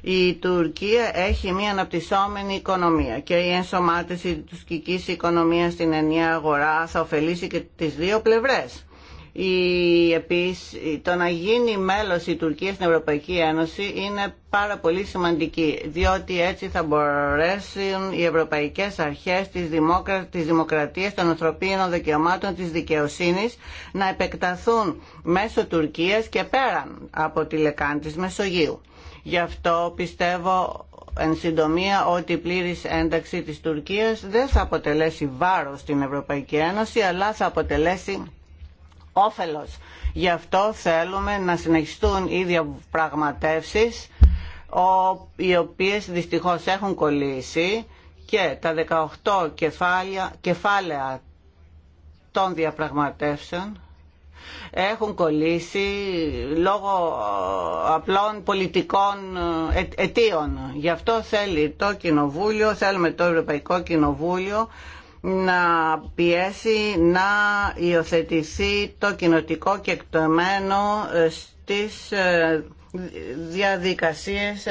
Η Τουρκία έχει μια αναπτυσσόμενη οικονομία και η ενσωμάτωση της τουρκικής οικονομίας στην ενιαία αγορά θα ωφελήσει και τις δύο πλευρές η, επίσης, το να γίνει μέλος η Τουρκία στην Ευρωπαϊκή Ένωση είναι πάρα πολύ σημαντική, διότι έτσι θα μπορέσουν οι ευρωπαϊκές αρχές της, δημοκρα... της δημοκρατίας, των ανθρωπίνων δικαιωμάτων, της δικαιοσύνης να επεκταθούν μέσω Τουρκίας και πέραν από τη λεκάνη της Μεσογείου. Γι' αυτό πιστεύω εν συντομία ότι η πλήρης ένταξη της Τουρκίας δεν θα αποτελέσει βάρος στην Ευρωπαϊκή Ένωση αλλά θα αποτελέσει όφελος. Γι' αυτό θέλουμε να συνεχιστούν οι διαπραγματεύσεις οι οποίες δυστυχώς έχουν κολλήσει και τα 18 κεφάλαια, κεφάλαια των διαπραγματεύσεων έχουν κολλήσει λόγω απλών πολιτικών ε, ε, αιτίων. Γι' αυτό θέλει το Κοινοβούλιο, θέλουμε το Ευρωπαϊκό Κοινοβούλιο να πιέσει να υιοθετηθεί το κοινοτικό κεκτομένο ε, στις ε, διαδικασίες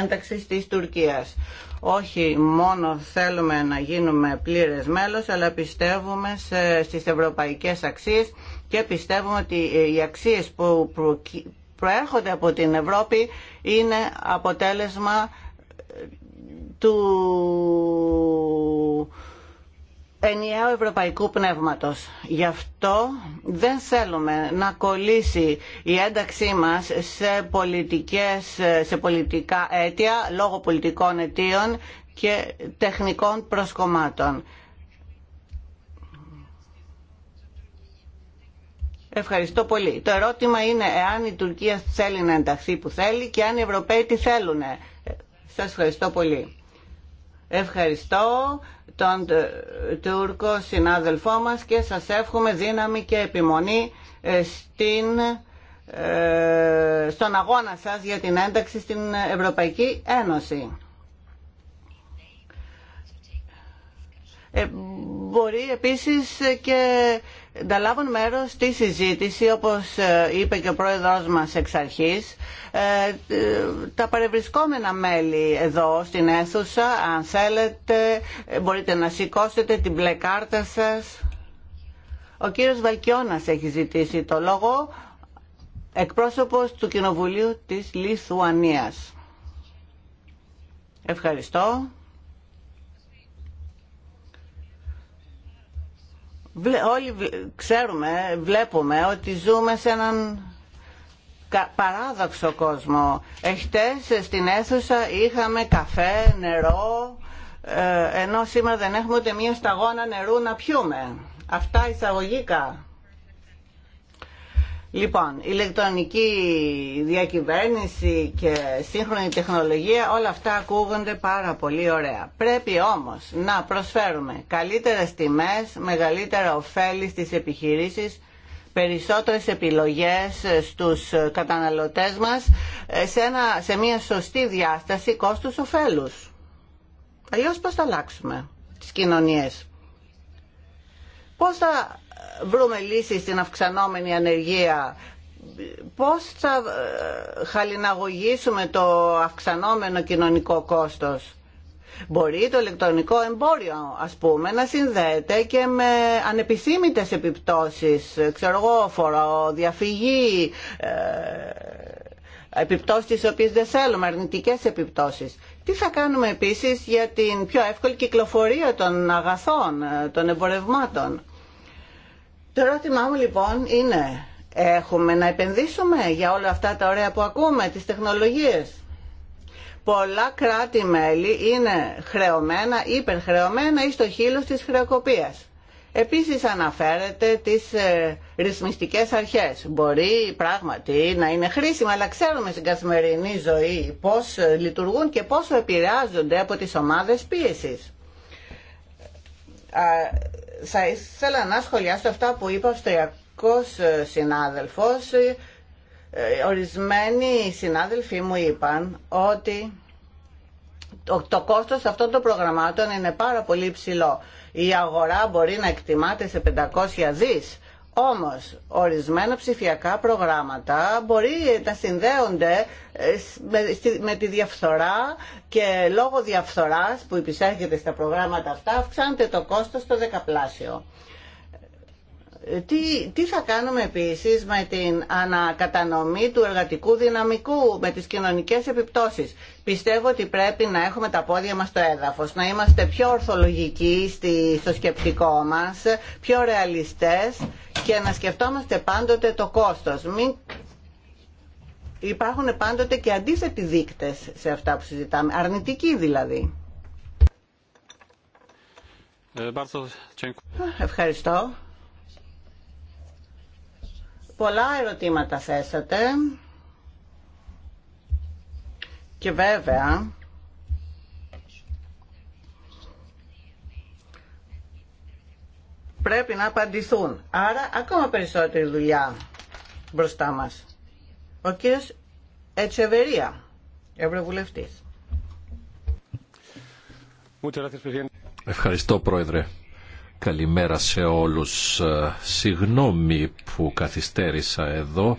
ένταξης της Τουρκίας. Όχι μόνο θέλουμε να γίνουμε πλήρες μέλος, αλλά πιστεύουμε στις ευρωπαϊκές αξίες και πιστεύουμε ότι ε, οι αξίες που προέρχονται από την Ευρώπη είναι αποτέλεσμα του ενιαίο ευρωπαϊκού πνεύματος. Γι' αυτό δεν θέλουμε να κολλήσει η ένταξή μας σε, πολιτικές, σε πολιτικά αίτια, λόγω πολιτικών αιτίων και τεχνικών προσκομμάτων. Ευχαριστώ πολύ. Το ερώτημα είναι εάν η Τουρκία θέλει να ενταχθεί που θέλει και αν οι Ευρωπαίοι τι θέλουν. Σας ευχαριστώ πολύ. Ευχαριστώ τον Τούρκο συνάδελφό μας και σας εύχομαι δύναμη και επιμονή ε, στην, ε, στον αγώνα σας για την ένταξη στην Ευρωπαϊκή Ένωση. Ε, μπορεί επίσης και λάβουν μέρος στη συζήτηση, όπως ε, είπε και ο πρόεδρος μας εξ αρχής, ε, ε, τα παρευρισκόμενα μέλη εδώ στην αίθουσα, αν θέλετε, μπορείτε να σηκώσετε την μπλε κάρτα σας. Ο κύριος Βαλκιώνας έχει ζητήσει το λόγο, εκπρόσωπος του Κοινοβουλίου της Λιθουανίας. Ευχαριστώ. όλοι ξέρουμε, βλέπουμε ότι ζούμε σε έναν παράδοξο κόσμο. Εχθές στην αίθουσα είχαμε καφέ, νερό, ε, ενώ σήμερα δεν έχουμε ούτε μία σταγόνα νερού να πιούμε. Αυτά εισαγωγικά. Λοιπόν, ηλεκτρονική διακυβέρνηση και σύγχρονη τεχνολογία, όλα αυτά ακούγονται πάρα πολύ ωραία. Πρέπει όμως να προσφέρουμε καλύτερες τιμές, μεγαλύτερα ωφέλη στις επιχειρήσεις, περισσότερες επιλογές στους καταναλωτές μας ε, σε, μια σωστή διάσταση κόστους ωφέλους. Αλλιώς πώς θα αλλάξουμε τις κοινωνίες. Πώς θα βρούμε λύσεις στην αυξανόμενη ανεργία πώς θα ε, χαλιναγωγήσουμε το αυξανόμενο κοινωνικό κόστος. Μπορεί το ηλεκτρονικό εμπόριο, ας πούμε, να συνδέεται και με ανεπιθύμητες επιπτώσεις, ξέρω εγώ, φοροδιαφυγή, ε, επιπτώσεις τις οποίες δεν θέλουμε, αρνητικές επιπτώσεις. Τι θα κάνουμε επίσης για την πιο εύκολη κυκλοφορία των αγαθών, ε, των εμπορευμάτων. Το ερώτημά μου λοιπόν είναι, έχουμε να επενδύσουμε για όλα αυτά τα ωραία που ακούμε, τις τεχνολογίες. Πολλά κράτη-μέλη είναι χρεωμένα, υπερχρεωμένα ή στο χείλος της χρεοκοπίας. Επίσης αναφέρεται τις ε, ρυθμιστικές αρχές. Μπορεί πράγματι να είναι χρήσιμα, αλλά ξέρουμε στην καθημερινή ζωή πώς ε, λειτουργούν και πόσο επηρεάζονται από τις ομάδες πίεσης θα ήθελα να σχολιάσω αυτά που είπε ο Αυστριακός ε, συνάδελφος. Ε, ορισμένοι συνάδελφοί μου είπαν ότι το, το κόστος αυτών των προγραμμάτων είναι πάρα πολύ ψηλό. Η αγορά μπορεί να εκτιμάται σε 500 δις όμως, ορισμένα ψηφιακά προγράμματα μπορεί να συνδέονται ε, με τη διαφθορά και λόγω διαφθοράς που υπησέρχεται στα προγράμματα αυτά αυξάνεται το κόστος στο δεκαπλάσιο. Τι, τι θα κάνουμε επίσης με την ανακατανομή του εργατικού δυναμικού, με τις κοινωνικές επιπτώσεις. Πιστεύω ότι πρέπει να έχουμε τα πόδια μας στο έδαφος, να είμαστε πιο ορθολογικοί στη, στο σκεπτικό μας, πιο ρεαλιστές και να σκεφτόμαστε πάντοτε το κόστος. Μην... Υπάρχουν πάντοτε και αντίθετοι δείκτες σε αυτά που συζητάμε, αρνητικοί δηλαδή. Ε, ευχαριστώ. Πολλά ερωτήματα θέσατε και βέβαια πρέπει να απαντηθούν. Άρα ακόμα περισσότερη δουλειά μπροστά μας. Ο κύριος Ετσεβερία, Ευρωβουλευτής. Ευχαριστώ Πρόεδρε. Καλημέρα σε όλους. Ε, συγγνώμη που καθυστέρησα εδώ,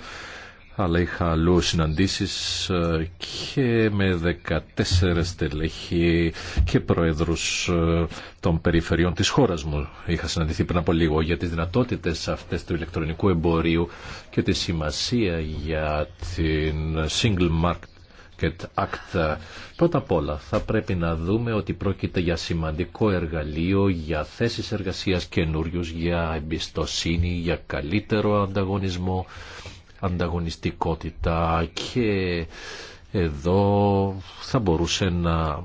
αλλά είχα αλλού συναντήσεις ε, και με 14 στελέχη και πρόεδρους ε, των περιφερειών της χώρας μου. Είχα συναντηθεί πριν από λίγο για τις δυνατότητες αυτές του ηλεκτρονικού εμπορίου και τη σημασία για την Single Market Act. Πρώτα απ' όλα θα πρέπει να δούμε ότι πρόκειται για σημαντικό εργαλείο για θέσεις εργασίας καινούριου, για εμπιστοσύνη, για καλύτερο ανταγωνισμό, ανταγωνιστικότητα και εδώ θα μπορούσε να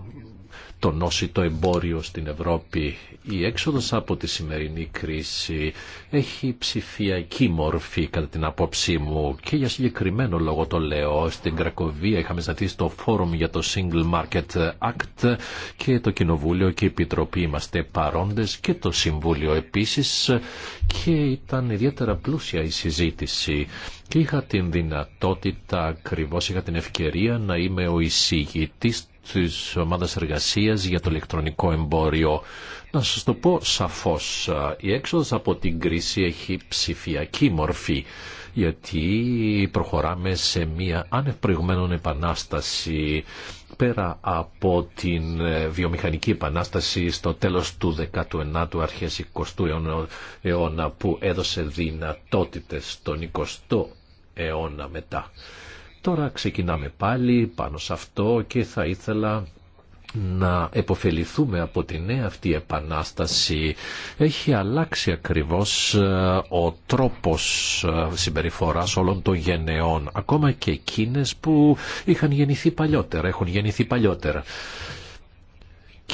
τονώσει το εμπόριο στην Ευρώπη. Η έξοδος από τη σημερινή κρίση έχει ψηφιακή μορφή κατά την απόψή μου και για συγκεκριμένο λόγο το λέω. Στην Κρακοβία είχαμε ζητήσει το φόρουμ για το Single Market Act και το Κοινοβούλιο και η Επιτροπή είμαστε παρόντες και το Συμβούλιο επίσης και ήταν ιδιαίτερα πλούσια η συζήτηση και είχα την δυνατότητα ακριβώς είχα την ευκαιρία να είμαι ο εισηγητής Τη ομάδα εργασίας για το ηλεκτρονικό εμπόριο. Να σα το πω σαφώς, η έξοδος από την κρίση έχει ψηφιακή μορφή γιατί προχωράμε σε μια ανευπροηγουμένων επανάσταση πέρα από την ε, βιομηχανική επανάσταση στο τέλος του 19ου αρχές 20ου αιώνα που έδωσε δυνατότητες στον 20ο αιώνα μετά. Τώρα ξεκινάμε πάλι πάνω σε αυτό και θα ήθελα να επωφεληθούμε από τη νέα αυτή επανάσταση. Έχει αλλάξει ακριβώς ε, ο τρόπος ε, συμπεριφοράς όλων των γενεών, ακόμα και εκείνες που είχαν γεννηθεί παλιότερα, έχουν γεννηθεί παλιότερα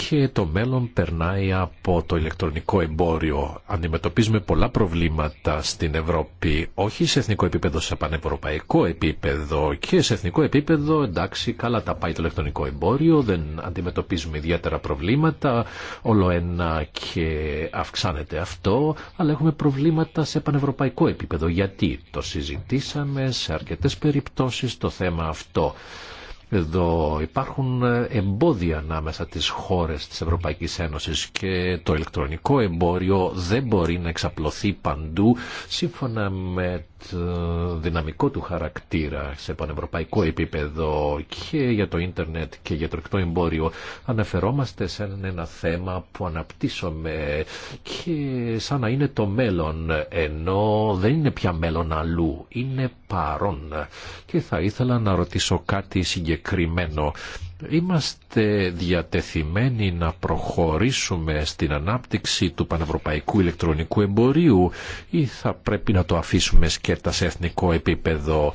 και το μέλλον περνάει από το ηλεκτρονικό εμπόριο. Αντιμετωπίζουμε πολλά προβλήματα στην Ευρώπη, όχι σε εθνικό επίπεδο, σε πανευρωπαϊκό επίπεδο και σε εθνικό επίπεδο, εντάξει, καλά τα πάει το ηλεκτρονικό εμπόριο, δεν αντιμετωπίζουμε ιδιαίτερα προβλήματα, όλο ένα και αυξάνεται αυτό, αλλά έχουμε προβλήματα σε πανευρωπαϊκό επίπεδο. Γιατί το συζητήσαμε σε αρκετές περιπτώσεις το θέμα αυτό. Εδώ υπάρχουν ε, εμπόδια ανάμεσα τις χώρες της Ευρωπαϊκής Ένωσης και το ηλεκτρονικό εμπόριο δεν μπορεί να εξαπλωθεί παντού σύμφωνα με το δυναμικό του χαρακτήρα σε πανευρωπαϊκό επίπεδο και για το ίντερνετ και για το εκτό εμπόριο. Αναφερόμαστε σε ένα θέμα που αναπτύσσομαι και σαν να είναι το μέλλον ενώ δεν είναι πια μέλλον αλλού, είναι παρόν. Και θα ήθελα να ρωτήσω κάτι συγκεκριμένο συγκεκριμένο Είμαστε διατεθειμένοι να προχωρήσουμε στην ανάπτυξη του πανευρωπαϊκού ηλεκτρονικού εμπορίου ή θα πρέπει να το αφήσουμε σκέτα σε εθνικό επίπεδο.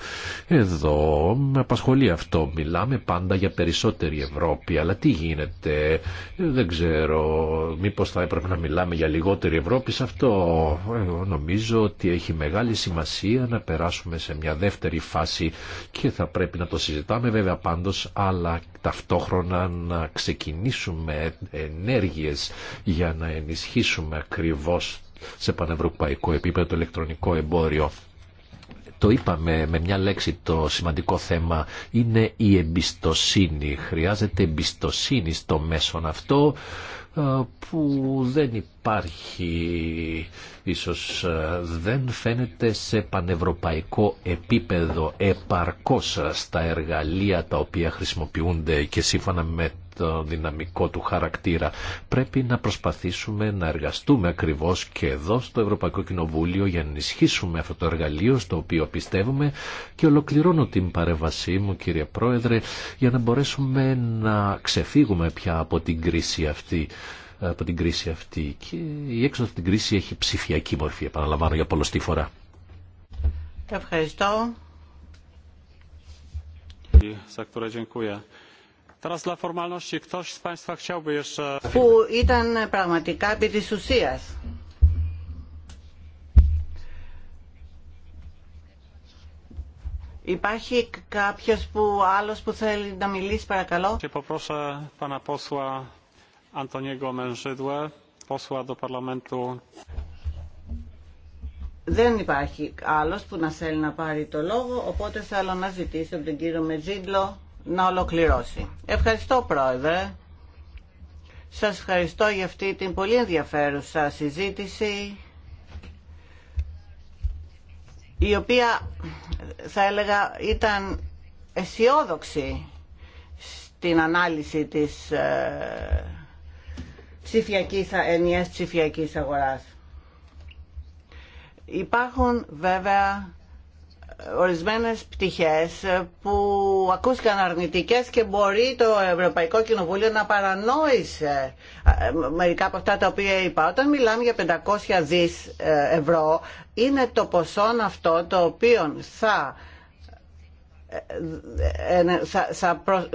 Εδώ με απασχολεί αυτό. Μιλάμε πάντα για περισσότερη Ευρώπη, αλλά τι γίνεται. Δεν ξέρω. Μήπως θα έπρεπε να μιλάμε για λιγότερη Ευρώπη σε αυτό. νομίζω ότι έχει μεγάλη σημασία να περάσουμε σε μια δεύτερη φάση και θα πρέπει να το συζητάμε βέβαια πάντως, αλλά τα ταυτόχρονα να ξεκινήσουμε ενέργειες για να ενισχύσουμε ακριβώς σε πανευρωπαϊκό επίπεδο το ηλεκτρονικό εμπόριο. Το είπαμε με μια λέξη το σημαντικό θέμα είναι η εμπιστοσύνη. Χρειάζεται εμπιστοσύνη στο μέσον αυτό που δεν υπάρχει, ίσως δεν φαίνεται σε πανευρωπαϊκό επίπεδο επαρκώς στα εργαλεία τα οποία χρησιμοποιούνται και σύμφωνα με το δυναμικό του χαρακτήρα. Πρέπει να προσπαθήσουμε να εργαστούμε ακριβώς και εδώ στο Ευρωπαϊκό Κοινοβούλιο για να ενισχύσουμε αυτό το εργαλείο στο οποίο πιστεύουμε και ολοκληρώνω την παρέμβασή μου κύριε Πρόεδρε για να μπορέσουμε να ξεφύγουμε πια από την κρίση αυτή από την κρίση αυτή και η έξοδο από την κρίση έχει ψηφιακή μορφή επαναλαμβάνω για πολλωστή φορά Ευχαριστώ που ήταν πραγματικά επί της ουσίας. Υπάρχει κάποιος που, άλλος που θέλει να μιλήσει παρακαλώ. Δεν υπάρχει άλλος που να θέλει να πάρει το λόγο, οπότε θέλω να ζητήσω από τον κύριο Μετζίντλο να ολοκληρώσει. Ευχαριστώ Πρόεδρε. Σας ευχαριστώ για αυτή την πολύ ενδιαφέρουσα συζήτηση η οποία θα έλεγα ήταν αισιόδοξη στην ανάλυση της ε, ψηφιακής, ενιαίας ψηφιακής αγοράς. Υπάρχουν βέβαια ορισμένες πτυχές που ακούστηκαν αρνητικές και μπορεί το Ευρωπαϊκό Κοινοβούλιο να παρανόησε ε, μερικά από αυτά τα οποία είπα. Όταν μιλάμε για 500 δις ε, ευρώ είναι το ποσό αυτό το οποίο θα ε,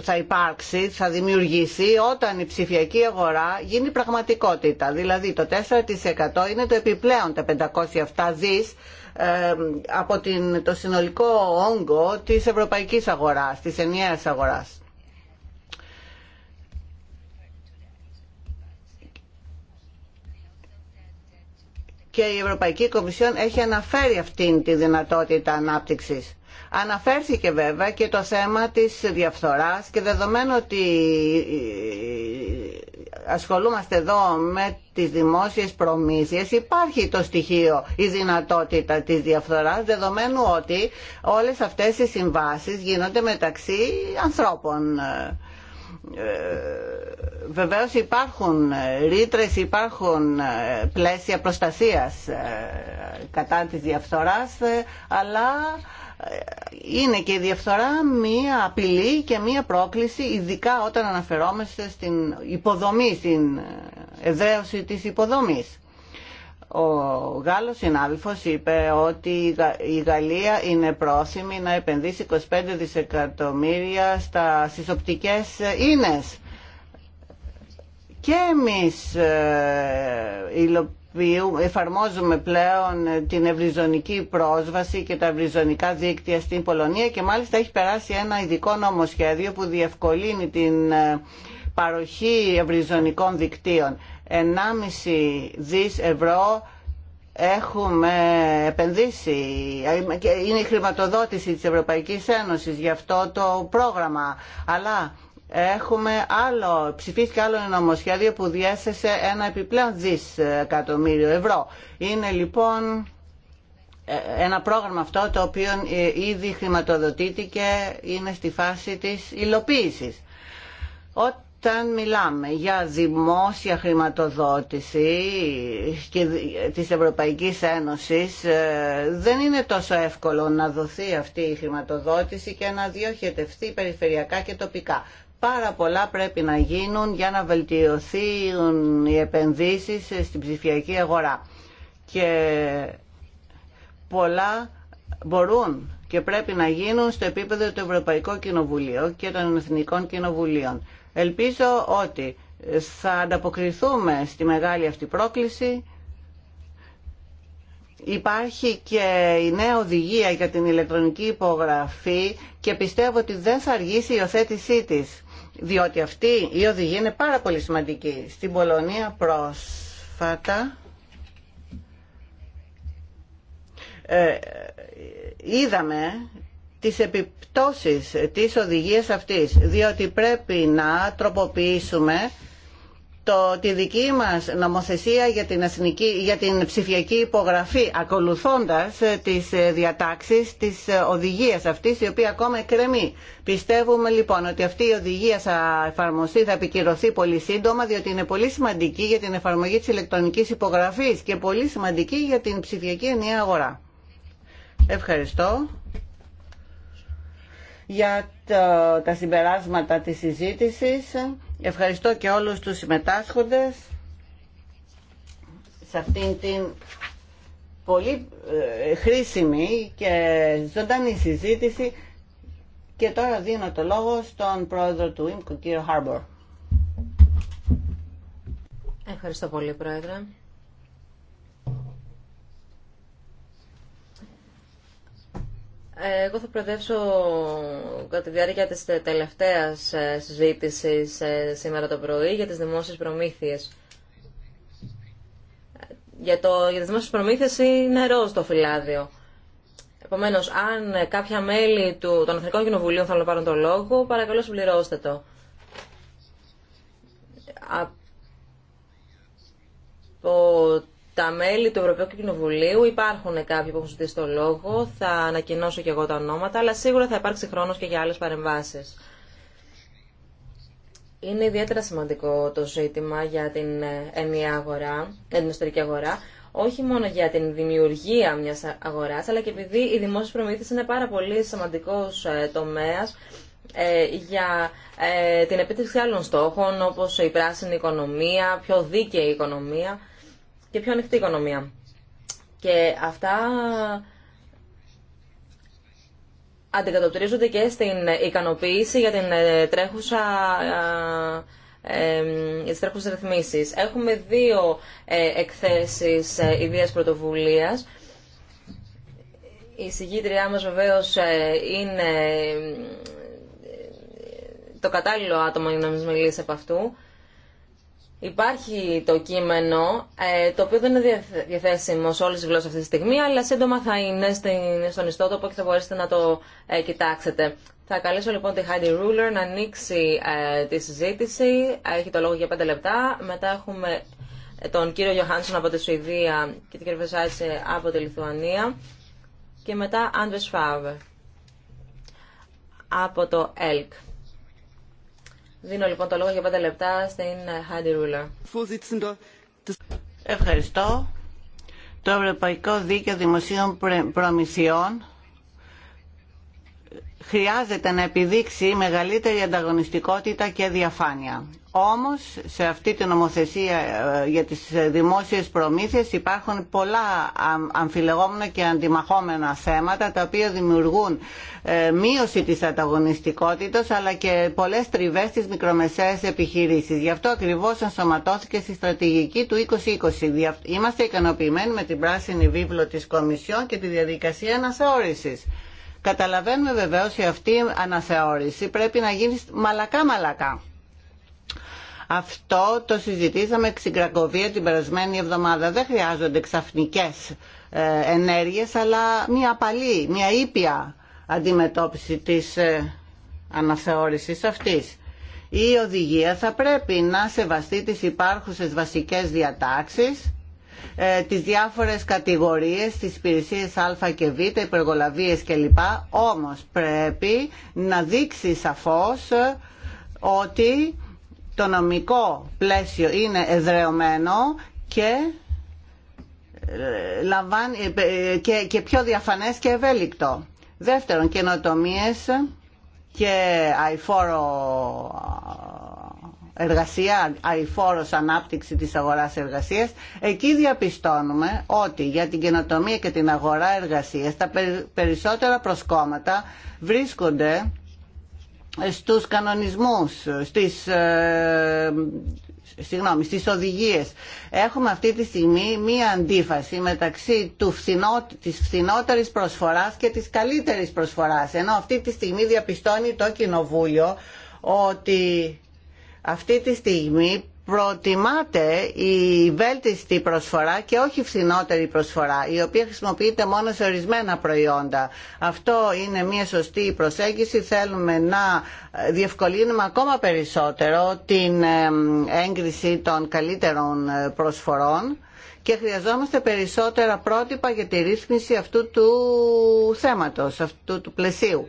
θα υπάρξει, θα δημιουργήσει όταν η ψηφιακή αγορά γίνει πραγματικότητα. Δηλαδή το 4% είναι το επιπλέον τα 507 δις από το συνολικό όγκο της ευρωπαϊκής αγοράς, της ενιαίας αγοράς. Και η Ευρωπαϊκή Κομισιόν έχει αναφέρει αυτήν τη δυνατότητα ανάπτυξης. Αναφέρθηκε βέβαια και το θέμα της διαφθοράς και δεδομένου ότι ασχολούμαστε εδώ με τις δημόσιες προμήθειες υπάρχει το στοιχείο, η δυνατότητα της διαφθοράς δεδομένου ότι όλες αυτές οι συμβάσεις γίνονται μεταξύ ανθρώπων. Ε, ε, βεβαίως υπάρχουν ρήτρες, υπάρχουν ε, πλαίσια προστασίας κατά της διαφθοράς αλλά είναι και η διαφθορά μία απειλή και μία πρόκληση, ειδικά όταν αναφερόμαστε στην υποδομή, στην εδραίωση της υποδομής. Ο Γάλλος συνάδελφος είπε ότι η Γαλλία είναι πρόθυμη να επενδύσει 25 δισεκατομμύρια στα, στις οπτικές ίνες. Και εμείς ε, οποίου εφαρμόζουμε πλέον ε, την ευρυζωνική πρόσβαση και τα ευρυζωνικά δίκτυα στην Πολωνία και μάλιστα έχει περάσει ένα ειδικό νομοσχέδιο που διευκολύνει την ε, παροχή ευρυζωνικών δικτύων. 1,5 δις ευρώ έχουμε επενδύσει ε, και είναι η χρηματοδότηση της Ευρωπαϊκής Ένωσης για αυτό το πρόγραμμα. Αλλά Έχουμε άλλο, ψηφίστηκε άλλο ένα νομοσχέδιο που διέθεσε ένα επιπλέον δισεκατομμύριο ευρώ. Είναι λοιπόν ε, ένα πρόγραμμα αυτό το οποίο ε, ήδη χρηματοδοτήθηκε, είναι στη φάση της υλοποίησης. Όταν μιλάμε για δημόσια χρηματοδότηση και της Ευρωπαϊκής Ένωσης ε, δεν είναι τόσο εύκολο να δοθεί αυτή η χρηματοδότηση και να διοχετευτεί περιφερειακά και τοπικά. Πάρα πολλά πρέπει να γίνουν για να βελτιωθούν οι επενδύσεις στην ψηφιακή αγορά. Και πολλά μπορούν και πρέπει να γίνουν στο επίπεδο του Ευρωπαϊκού Κοινοβουλίου και των Εθνικών Κοινοβουλίων. Ελπίζω ότι θα ανταποκριθούμε στη μεγάλη αυτή πρόκληση. Υπάρχει και η νέα οδηγία για την ηλεκτρονική υπογραφή και πιστεύω ότι δεν θα αργήσει η υιοθέτησή της διότι αυτή η οδηγία είναι πάρα πολύ σημαντική. Στην Πολωνία πρόσφατα ε, είδαμε τις επιπτώσεις της οδηγίας αυτής, διότι πρέπει να τροποποιήσουμε το, τη δική μας νομοθεσία για την, εθνική, για την ψηφιακή υπογραφή ακολουθώντας ε, τις ε, διατάξεις της ε, οδηγίας αυτής η οποία ακόμα εκκρεμεί. Πιστεύουμε λοιπόν ότι αυτή η οδηγία θα εφαρμοστεί, θα επικυρωθεί πολύ σύντομα διότι είναι πολύ σημαντική για την εφαρμογή της ηλεκτρονικής υπογραφής και πολύ σημαντική για την ψηφιακή ενιαία αγορά. Ευχαριστώ για τα συμπεράσματα της συζήτησης. Ευχαριστώ και όλους τους συμμετάσχοντες σε αυτήν την πολύ ε, χρήσιμη και ζωντανή συζήτηση και τώρα δίνω το λόγο στον πρόεδρο του ΙΜΚΟ, κύριο Χάρμπορ. Ευχαριστώ πολύ, πρόεδρε. Εγώ θα προεδρεύσω κατά τη διάρκεια της τελευταίας ε, συζήτησης ε, σήμερα το πρωί για τις δημόσιες προμήθειες. Για, το, για τις δημόσιες προμήθειες είναι νερό το φυλάδιο. Επομένως, αν κάποια μέλη του, των Εθνικών Κοινοβουλίων θέλουν να πάρουν το λόγο, παρακαλώ συμπληρώστε το. Από τα μέλη του Ευρωπαϊκού Κοινοβουλίου. Υπάρχουν κάποιοι που έχουν ζητήσει το λόγο. Θα ανακοινώσω και εγώ τα ονόματα, αλλά σίγουρα θα υπάρξει χρόνο και για άλλε παρεμβάσει. Είναι ιδιαίτερα σημαντικό το ζήτημα για την ενιαία αγορά, την ιστορική αγορά, όχι μόνο για την δημιουργία μια αγορά, αλλά και επειδή η δημόσια προμήθεια είναι πάρα πολύ σημαντικό ε, τομέας ε, για ε, την επίτευξη άλλων στόχων, όπω η πράσινη οικονομία, πιο δίκαιη οικονομία και πιο ανοιχτή οικονομία. Και αυτά αντικατοπτρίζονται και στην ικανοποίηση για την ε, τρέχουσα ε, ε τις τρέχουσες ρυθμίσεις. Έχουμε δύο ε, εκθέσεις ε, ιδίας πρωτοβουλίας. Η συγκίτριά μας βεβαίως ε, είναι το κατάλληλο άτομο για να μας μιλήσει από αυτού. Υπάρχει το κείμενο, ε, το οποίο δεν είναι διαθέσιμο σε όλες τις γλώσσες αυτή τη στιγμή, αλλά σύντομα θα είναι στον ιστότοπο και θα μπορέσετε να το ε, κοιτάξετε. Θα καλέσω λοιπόν τη Heidi Ruler να ανοίξει ε, τη συζήτηση. Έχει το λόγο για πέντε λεπτά. Μετά έχουμε τον κύριο Γιωχάνσον από τη Σουηδία και την κυρία Φεσάιτσε από τη Λιθουανία. Και μετά Άντβες Φάβε από το ΕΛΚ. Δίνω λοιπόν το λόγο για πέντε λεπτά στην Χάντι Ρούλα. Ευχαριστώ. Το Ευρωπαϊκό Δίκαιο Δημοσίων Προμηθειών χρειάζεται να επιδείξει μεγαλύτερη ανταγωνιστικότητα και διαφάνεια. Όμως σε αυτή την νομοθεσία ε, για τις δημόσιες προμήθειες υπάρχουν πολλά αμφιλεγόμενα και αντιμαχόμενα θέματα τα οποία δημιουργούν ε, μείωση της ανταγωνιστικότητας αλλά και πολλές τριβές στις μικρομεσαίες επιχειρήσεις. Γι' αυτό ακριβώς ενσωματώθηκε στη στρατηγική του 2020. Είμαστε ικανοποιημένοι με την πράσινη βίβλο της Κομισιόν και τη διαδικασία αναθεώρησης. Καταλαβαίνουμε βεβαίως ότι αυτή η αναθεώρηση πρέπει να γίνει μαλακά μαλακά. Αυτό το συζητήσαμε στην Κρακοβία την περασμένη εβδομάδα. Δεν χρειάζονται ξαφνικές ε, ενέργειες, αλλά μια απαλή, μια ήπια αντιμετώπιση της ε, αναθεώρησης αυτής. Η οδηγία θα πρέπει να σεβαστεί τις υπάρχουσες βασικές διατάξεις ε, τις διάφορες κατηγορίες, τις υπηρεσίες Α και Β, υπεργολαβίες κλπ. Όμως πρέπει να δείξει σαφώς ότι το νομικό πλαίσιο είναι εδρεωμένο και, ε, ε, και, και πιο διαφανές και ευέλικτο. Δεύτερον, καινοτομίες και αηφόρο εργασία, αιφόρος ανάπτυξη της αγοράς εργασίας, εκεί διαπιστώνουμε ότι για την καινοτομία και την αγορά εργασίας τα περισσότερα προσκόμματα βρίσκονται στους κανονισμούς, στις, ε, συγγνώμη, οδηγίες. Έχουμε αυτή τη στιγμή μία αντίφαση μεταξύ του φθηνό, της φθηνότερης προσφοράς και της καλύτερης προσφοράς. Ενώ αυτή τη στιγμή διαπιστώνει το Κοινοβούλιο ότι αυτή τη στιγμή προτιμάται η βέλτιστη προσφορά και όχι φθηνότερη προσφορά, η οποία χρησιμοποιείται μόνο σε ορισμένα προϊόντα. Αυτό είναι μια σωστή προσέγγιση. Θέλουμε να διευκολύνουμε ακόμα περισσότερο την ε, έγκριση των καλύτερων ε, προσφορών και χρειαζόμαστε περισσότερα πρότυπα για τη ρύθμιση αυτού του θέματος, αυτού του πλαισίου.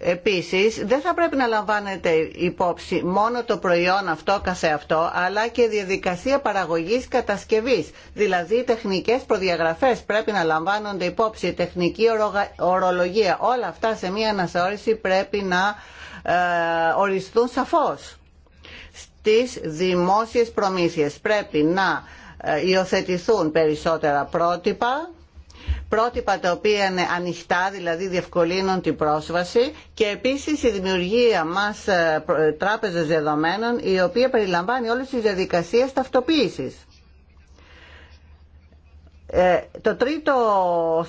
Επίσης, δεν θα πρέπει να λαμβάνεται υπόψη μόνο το προϊόν αυτό αυτό, αλλά και διαδικασία παραγωγής κατασκευής. Δηλαδή, τεχνικές προδιαγραφές πρέπει να λαμβάνονται υπόψη, τεχνική ορολογία. Όλα αυτά σε μία αναθεώρηση πρέπει να ε, οριστούν σαφώς. Στις δημόσιες προμήθειες πρέπει να ε, υιοθετηθούν περισσότερα πρότυπα πρότυπα τα οποία είναι ανοιχτά, δηλαδή διευκολύνουν την πρόσβαση και επίσης η δημιουργία μας ε, ε, τράπεζες δεδομένων η οποία περιλαμβάνει όλες τις διαδικασίες ταυτοποίησης. Ε, το τρίτο,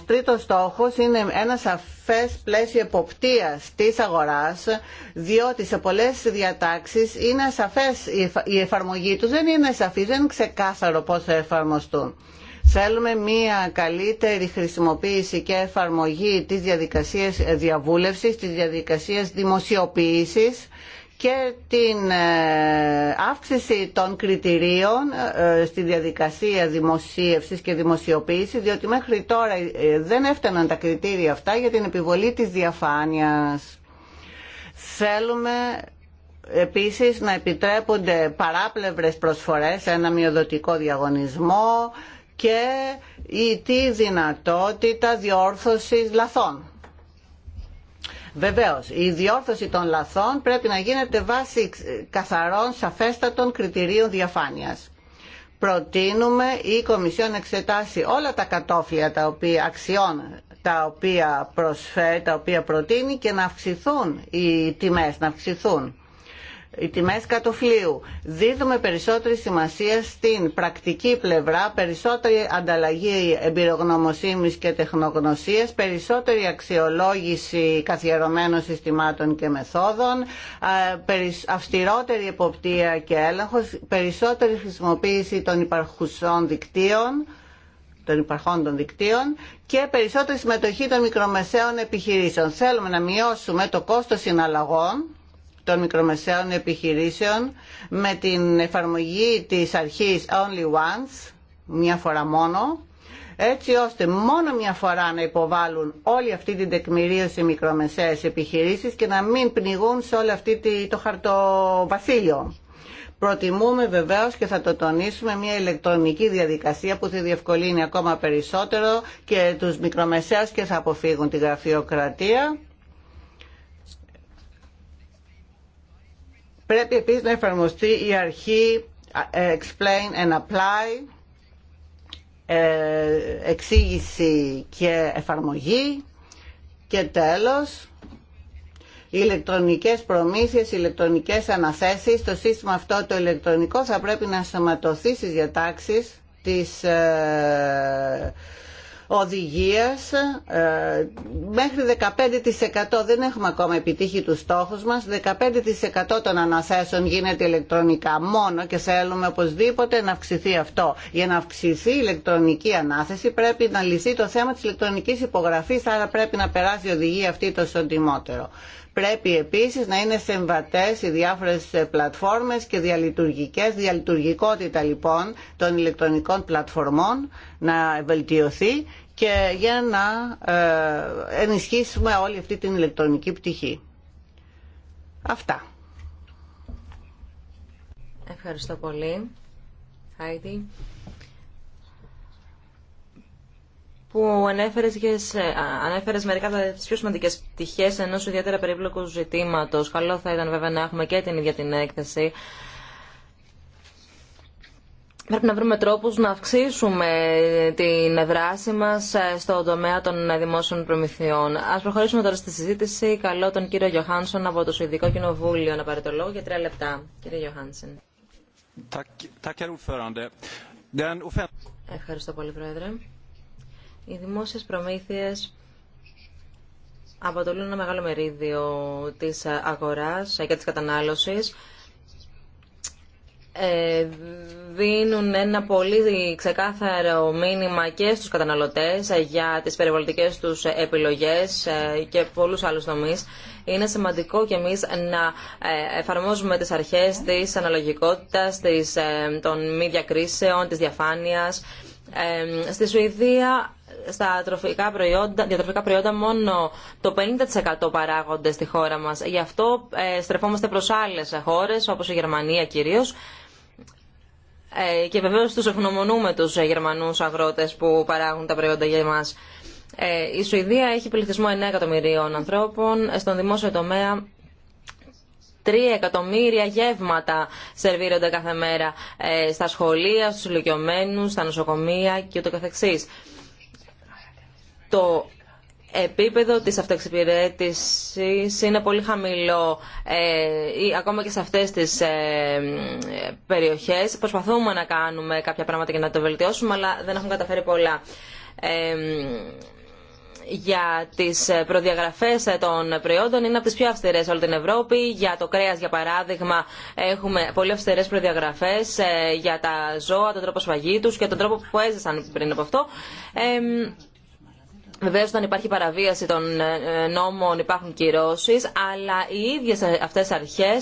τρίτο στόχος είναι ένα σαφές πλαίσιο εποπτείας της αγοράς διότι σε πολλές διατάξεις είναι σαφές η εφαρμογή τους δεν είναι σαφή, δεν είναι ξεκάθαρο πώς θα εφαρμοστούν. Θέλουμε μία καλύτερη χρησιμοποίηση και εφαρμογή της διαδικασίας διαβούλευσης, της διαδικασίας δημοσιοποίησης και την ε, αύξηση των κριτηρίων ε, στη διαδικασία δημοσίευσης και δημοσιοποίησης, διότι μέχρι τώρα ε, δεν έφταναν τα κριτήρια αυτά για την επιβολή της διαφάνειας. Θέλουμε επίσης να επιτρέπονται παράπλευρες προσφορές σε ένα μειοδοτικό διαγωνισμό, και τι δυνατότητα διόρθωσης λαθών. Βεβαίως, η διόρθωση των λαθών πρέπει να γίνεται βάσει καθαρών, σαφέστατων κριτηρίων διαφάνειας. Προτείνουμε η Κομισιόν να εξετάσει όλα τα κατόφλια τα οποία αξιών τα οποία προσφέρει, τα οποία προτείνει και να αυξηθούν οι τιμές, να αυξηθούν οι τιμές κατοφλίου. Δίδουμε περισσότερη σημασία στην πρακτική πλευρά, περισσότερη ανταλλαγή εμπειρογνωμοσύνης και τεχνογνωσίας, περισσότερη αξιολόγηση καθιερωμένων συστημάτων και μεθόδων, αυστηρότερη εποπτεία και έλεγχος, περισσότερη χρησιμοποίηση των υπαρχουσών δικτύων, των υπαρχόντων δικτύων και περισσότερη συμμετοχή των μικρομεσαίων επιχειρήσεων. Θέλουμε να μειώσουμε το κόστος συναλλαγών των μικρομεσαίων επιχειρήσεων με την εφαρμογή της αρχής Only Once, μια φορά μόνο, έτσι ώστε μόνο μια φορά να υποβάλουν όλη αυτή την τεκμηρίωση μικρομεσαίες επιχειρήσεις και να μην πνιγούν σε όλο αυτή το χαρτοβασίλειο. Προτιμούμε βεβαίως και θα το τονίσουμε μια ηλεκτρονική διαδικασία που θα διευκολύνει ακόμα περισσότερο και τους μικρομεσαίους και θα αποφύγουν τη γραφειοκρατία Πρέπει επίσης να εφαρμοστεί η αρχή ε, explain and apply, ε, εξήγηση και εφαρμογή και τέλος ηλεκτρονικές προμήθειες, ηλεκτρονικές αναθέσεις. Το σύστημα αυτό το ηλεκτρονικό θα πρέπει να σωματωθεί στις διατάξεις της ε, οδηγίας ε, μέχρι 15% δεν έχουμε ακόμα επιτύχει τους στόχους μας 15% των αναθέσεων γίνεται ηλεκτρονικά μόνο και θέλουμε οπωσδήποτε να αυξηθεί αυτό για να αυξηθεί η ηλεκτρονική ανάθεση πρέπει να λυθεί το θέμα της ηλεκτρονικής υπογραφής άρα πρέπει να περάσει η οδηγία αυτή το σοντιμότερο Πρέπει επίσης να είναι συμβατές οι διάφορες πλατφόρμες και διαλειτουργικές, διαλειτουργικότητα λοιπόν των ηλεκτρονικών πλατφορμών να βελτιωθεί και για να ε, ενισχύσουμε όλη αυτή την ηλεκτρονική πτυχή. Αυτά. Ευχαριστώ πολύ. Heidi. που ανέφερες, ανέφερες μερικά από τις πιο σημαντικές πτυχές ενός ιδιαίτερα περίπλοκου ζητήματος. Καλό θα ήταν βέβαια να έχουμε και την ίδια την έκθεση. Πρέπει να βρούμε τρόπους να αυξήσουμε την δράση μας ε, στον τομέα των δημόσιων προμηθειών. Ας προχωρήσουμε τώρα στη συζήτηση. Καλό τον κύριο Γιωχάνσον από το Σουηδικό Κοινοβούλιο να πάρει το λόγο για τρία λεπτά. Κύριε Γιωχάνσον. Ευχαριστώ πολύ, Πρόεδρε. Οι δημόσιες προμήθειες αποτελούν ένα μεγάλο μερίδιο της αγοράς και της κατανάλωσης. Ε, δίνουν ένα πολύ ξεκάθαρο μήνυμα και στους καταναλωτές για τις περιβαλλοντικές τους επιλογές ε, και πολλούς άλλους τομείς. Είναι σημαντικό και εμείς να ε, εφαρμόζουμε τις αρχές της αναλογικότητας, της, των μη διακρίσεων, της διαφάνειας. στη Σουηδία στα προϊόντα, διατροφικά προϊόντα μόνο το 50% παράγονται στη χώρα μας. Γι' αυτό ε, στρεφόμαστε προς άλλες χώρες, όπως η Γερμανία κυρίως. Ε, και βεβαίως τους ευγνωμονούμε τους Γερμανούς αγρότες που παράγουν τα προϊόντα για εμάς. Ε, η Σουηδία έχει πληθυσμό 9 εκατομμυρίων ανθρώπων. Στον δημόσιο τομέα 3 εκατομμύρια γεύματα σερβίρονται κάθε μέρα ε, στα σχολεία, στους ηλικιωμένους, στα νοσοκομεία και ούτω καθεξής το επίπεδο της αυτοεξυπηρέτησης είναι πολύ χαμηλό ε, ή ακόμα και σε αυτές τις ε, περιοχές. Προσπαθούμε να κάνουμε κάποια πράγματα για να το βελτιώσουμε, αλλά δεν έχουμε καταφέρει πολλά. Ε, για τις προδιαγραφές των προϊόντων είναι από τις πιο αυστηρές όλη την Ευρώπη. Για το κρέας, για παράδειγμα, έχουμε πολύ αυστηρές προδιαγραφές ε, για τα ζώα, τον τρόπο σφαγή τους και τον τρόπο που έζησαν πριν από αυτό. Ε, Βεβαίω, όταν υπάρχει παραβίαση των ε, ε, νόμων υπάρχουν κυρώσει, αλλά οι ίδιε αυτέ αρχέ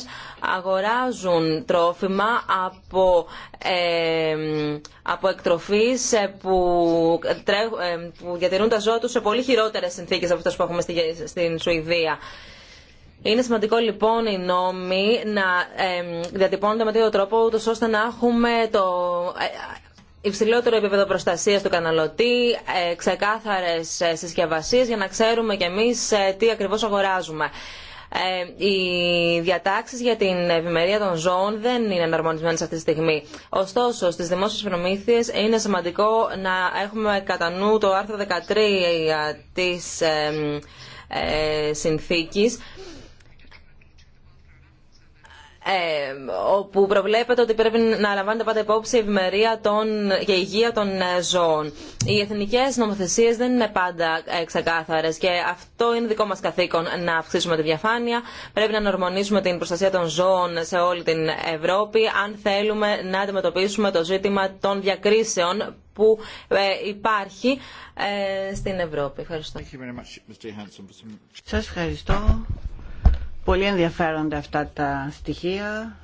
αγοράζουν τρόφιμα από, ε, από εκτροφεί που, ε, διατηρούν τα ζώα του σε πολύ χειρότερε συνθήκε από αυτέ που έχουμε στη, στην Σουηδία. Είναι σημαντικό λοιπόν οι νόμοι να ε, διατυπώνονται με τέτοιο τρόπο, ώστε να έχουμε το ε, υψηλότερο επίπεδο προστασία του καταναλωτή, ε, ξεκάθαρε συσκευασίε για να ξέρουμε κι εμεί ε, τι ακριβώ αγοράζουμε. Ε, οι διατάξεις για την ευημερία των ζώων δεν είναι εναρμονισμένες αυτή τη στιγμή. Ωστόσο, στις δημόσιες προμήθειες είναι σημαντικό να έχουμε κατά νου το άρθρο 13 της ε, ε συνθήκης ε, όπου προβλέπεται ότι πρέπει να λαμβάνεται πάντα υπόψη η ευημερία των, και η υγεία των ε, ζώων. Οι εθνικέ νομοθεσίε δεν είναι πάντα ε, ξεκάθαρε και αυτό είναι δικό μα καθήκον να αυξήσουμε τη διαφάνεια. Πρέπει να νορμονίσουμε την προστασία των ζώων σε όλη την Ευρώπη, αν θέλουμε να αντιμετωπίσουμε το ζήτημα των διακρίσεων που υπάρχει στην Ευρώπη. Ευχαριστώ. Σας ευχαριστώ. Πολύ ενδιαφέρονται αυτά τα στοιχεία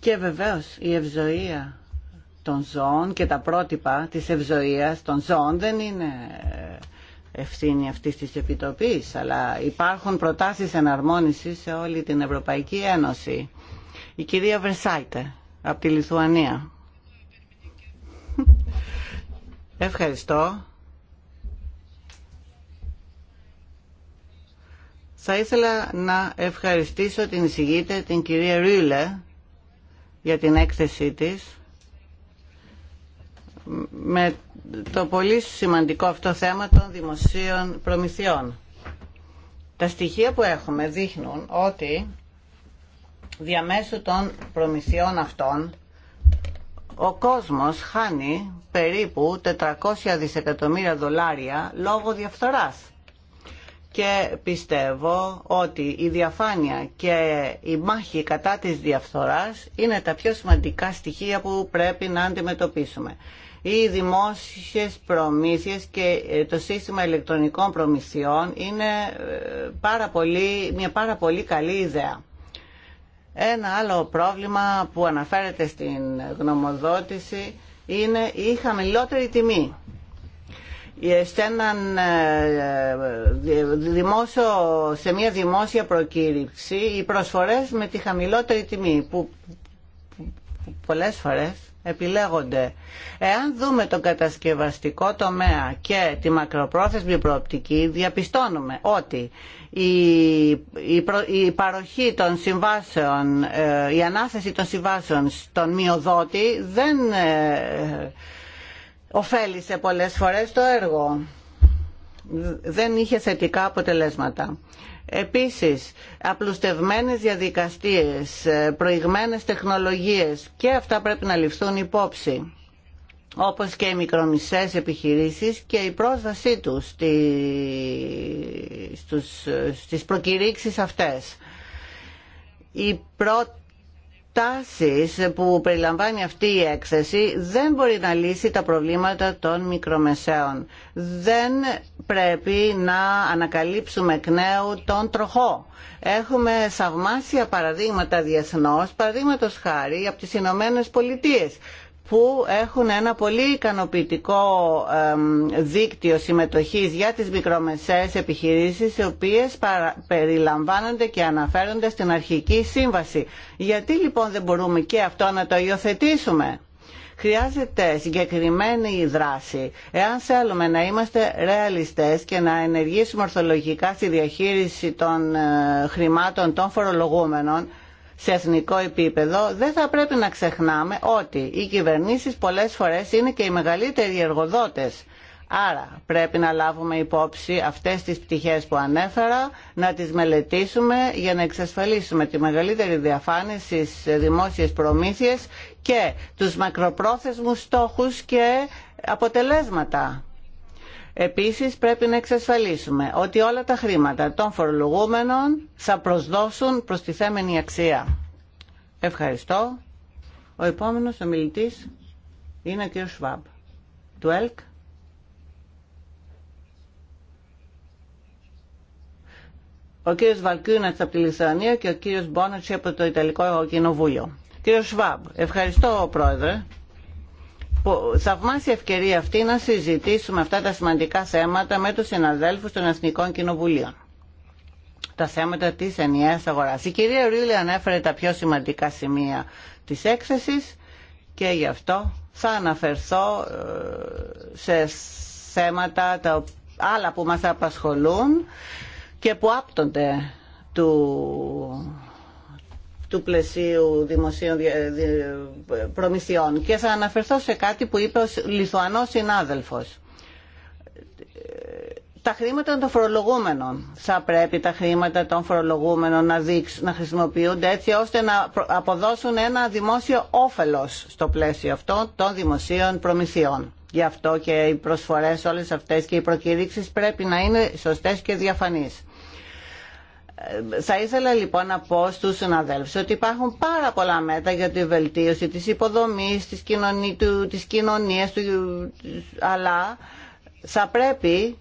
και βεβαίως η ευζοία των ζώων και τα πρότυπα της ευζοίας των ζώων δεν είναι ευθύνη αυτή της επιτροπής αλλά υπάρχουν προτάσεις εναρμόνισης σε όλη την Ευρωπαϊκή Ένωση. Η κυρία Βερσάιτε από τη Λιθουανία. Ευχαριστώ. Θα ήθελα να ευχαριστήσω την εισηγήτρια, την κυρία Ρίλε, για την έκθεσή της με το πολύ σημαντικό αυτό θέμα των δημοσίων προμηθειών. Τα στοιχεία που έχουμε δείχνουν ότι διαμέσου των προμηθειών αυτών ο κόσμος χάνει περίπου 400 δισεκατομμύρια δολάρια λόγω διαφθοράς και πιστεύω ότι η διαφάνεια και η μάχη κατά της διαφθοράς είναι τα πιο σημαντικά στοιχεία που πρέπει να αντιμετωπίσουμε. Οι δημόσιες προμήθειες και ε, το σύστημα ηλεκτρονικών προμηθειών είναι ε, πάρα μια πάρα πολύ καλή ιδέα. Ένα άλλο πρόβλημα που αναφέρεται στην γνωμοδότηση είναι η χαμηλότερη τιμή ε, σε, έναν ε, ε, δημόσιο, σε μια δημόσια προκήρυξη οι προσφορές με τη χαμηλότερη τιμή που πολλές φορές επιλέγονται. Εάν δούμε τον κατασκευαστικό τομέα και τη μακροπρόθεσμη προοπτική, διαπιστώνουμε ότι η, η, η παροχή των συμβάσεων, η ανάθεση των συμβάσεων στον μειοδότη δεν Οφέλησε πολλές φορές το έργο. Δεν είχε θετικά αποτελέσματα. Επίσης, απλουστευμένες διαδικασίες, προηγμένες τεχνολογίες και αυτά πρέπει να ληφθούν υπόψη όπως και οι μικρομισές επιχειρήσεις και η πρόσβασή τους στη, στους, στις προκηρύξεις αυτές. Η πρώτη τάσεις που περιλαμβάνει αυτή η έκθεση δεν μπορεί να λύσει τα προβλήματα των μικρομεσαίων. Δεν πρέπει να ανακαλύψουμε εκ νέου τον τροχό. Έχουμε θαυμάσια παραδείγματα διεθνώς, παραδείγματο χάρη από τις Ηνωμένε Πολιτείες που έχουν ένα πολύ ικανοποιητικό δίκτυο συμμετοχής για τις μικρομεσαίες επιχειρήσεις οι οποίες περιλαμβάνονται και αναφέρονται στην αρχική σύμβαση. Γιατί λοιπόν δεν μπορούμε και αυτό να το υιοθετήσουμε. Χρειάζεται συγκεκριμένη δράση. Εάν θέλουμε να είμαστε ρεαλιστές και να ενεργήσουμε ορθολογικά στη διαχείριση των ε, χρημάτων των φορολογούμενων, σε εθνικό επίπεδο, δεν θα πρέπει να ξεχνάμε ότι οι κυβερνήσεις πολλές φορές είναι και οι μεγαλύτεροι εργοδότες. Άρα πρέπει να λάβουμε υπόψη αυτές τις πτυχές που ανέφερα, να τις μελετήσουμε για να εξασφαλίσουμε τη μεγαλύτερη διαφάνεια στις δημόσιες προμήθειες και τους μακροπρόθεσμους στόχους και αποτελέσματα Επίσης πρέπει να εξασφαλίσουμε ότι όλα τα χρήματα των φορολογούμενων θα προσδώσουν τη θέμενη αξία. Ευχαριστώ. Ο επόμενος ομιλητής είναι ο κ. Σβάμπ. Του ΕΛΚ. Ο κ. Βαλκούνατς από τη Λιθανία και ο κ. Μπόνατς από το Ιταλικό Κοινοβούλιο. Κύριο Σβάμπ, ευχαριστώ πρόεδρε η ευκαιρία αυτή να συζητήσουμε αυτά τα σημαντικά θέματα με τους συναδέλφους των Εθνικών Κοινοβουλίων. Τα θέματα της ενιαίας αγοράς. Η κυρία Ρίλη ανέφερε τα πιο σημαντικά σημεία της έκθεσης και γι' αυτό θα αναφερθώ ε, σε θέματα τα άλλα που μας απασχολούν και που άπτονται του του πλαισίου δημοσίων προμηθειών και θα αναφερθώ σε κάτι που είπε ο Λιθουανός συνάδελφος. Τα χρήματα των φορολογούμενων. Θα πρέπει τα χρήματα των φορολογούμενων να, δείξουν, να χρησιμοποιούνται έτσι ώστε να αποδώσουν ένα δημόσιο όφελος στο πλαίσιο αυτό των δημοσίων προμηθειών. Γι' αυτό και οι προσφορές όλες αυτές και οι προκηρύξεις πρέπει να είναι σωστές και διαφανείς θα ήθελα λοιπόν να πω στους συναδέλφους ότι υπάρχουν πάρα πολλά μέτρα για τη βελτίωση της υποδομής, της, κοινωνίας, της κοινωνίας, του, αλλά θα πρέπει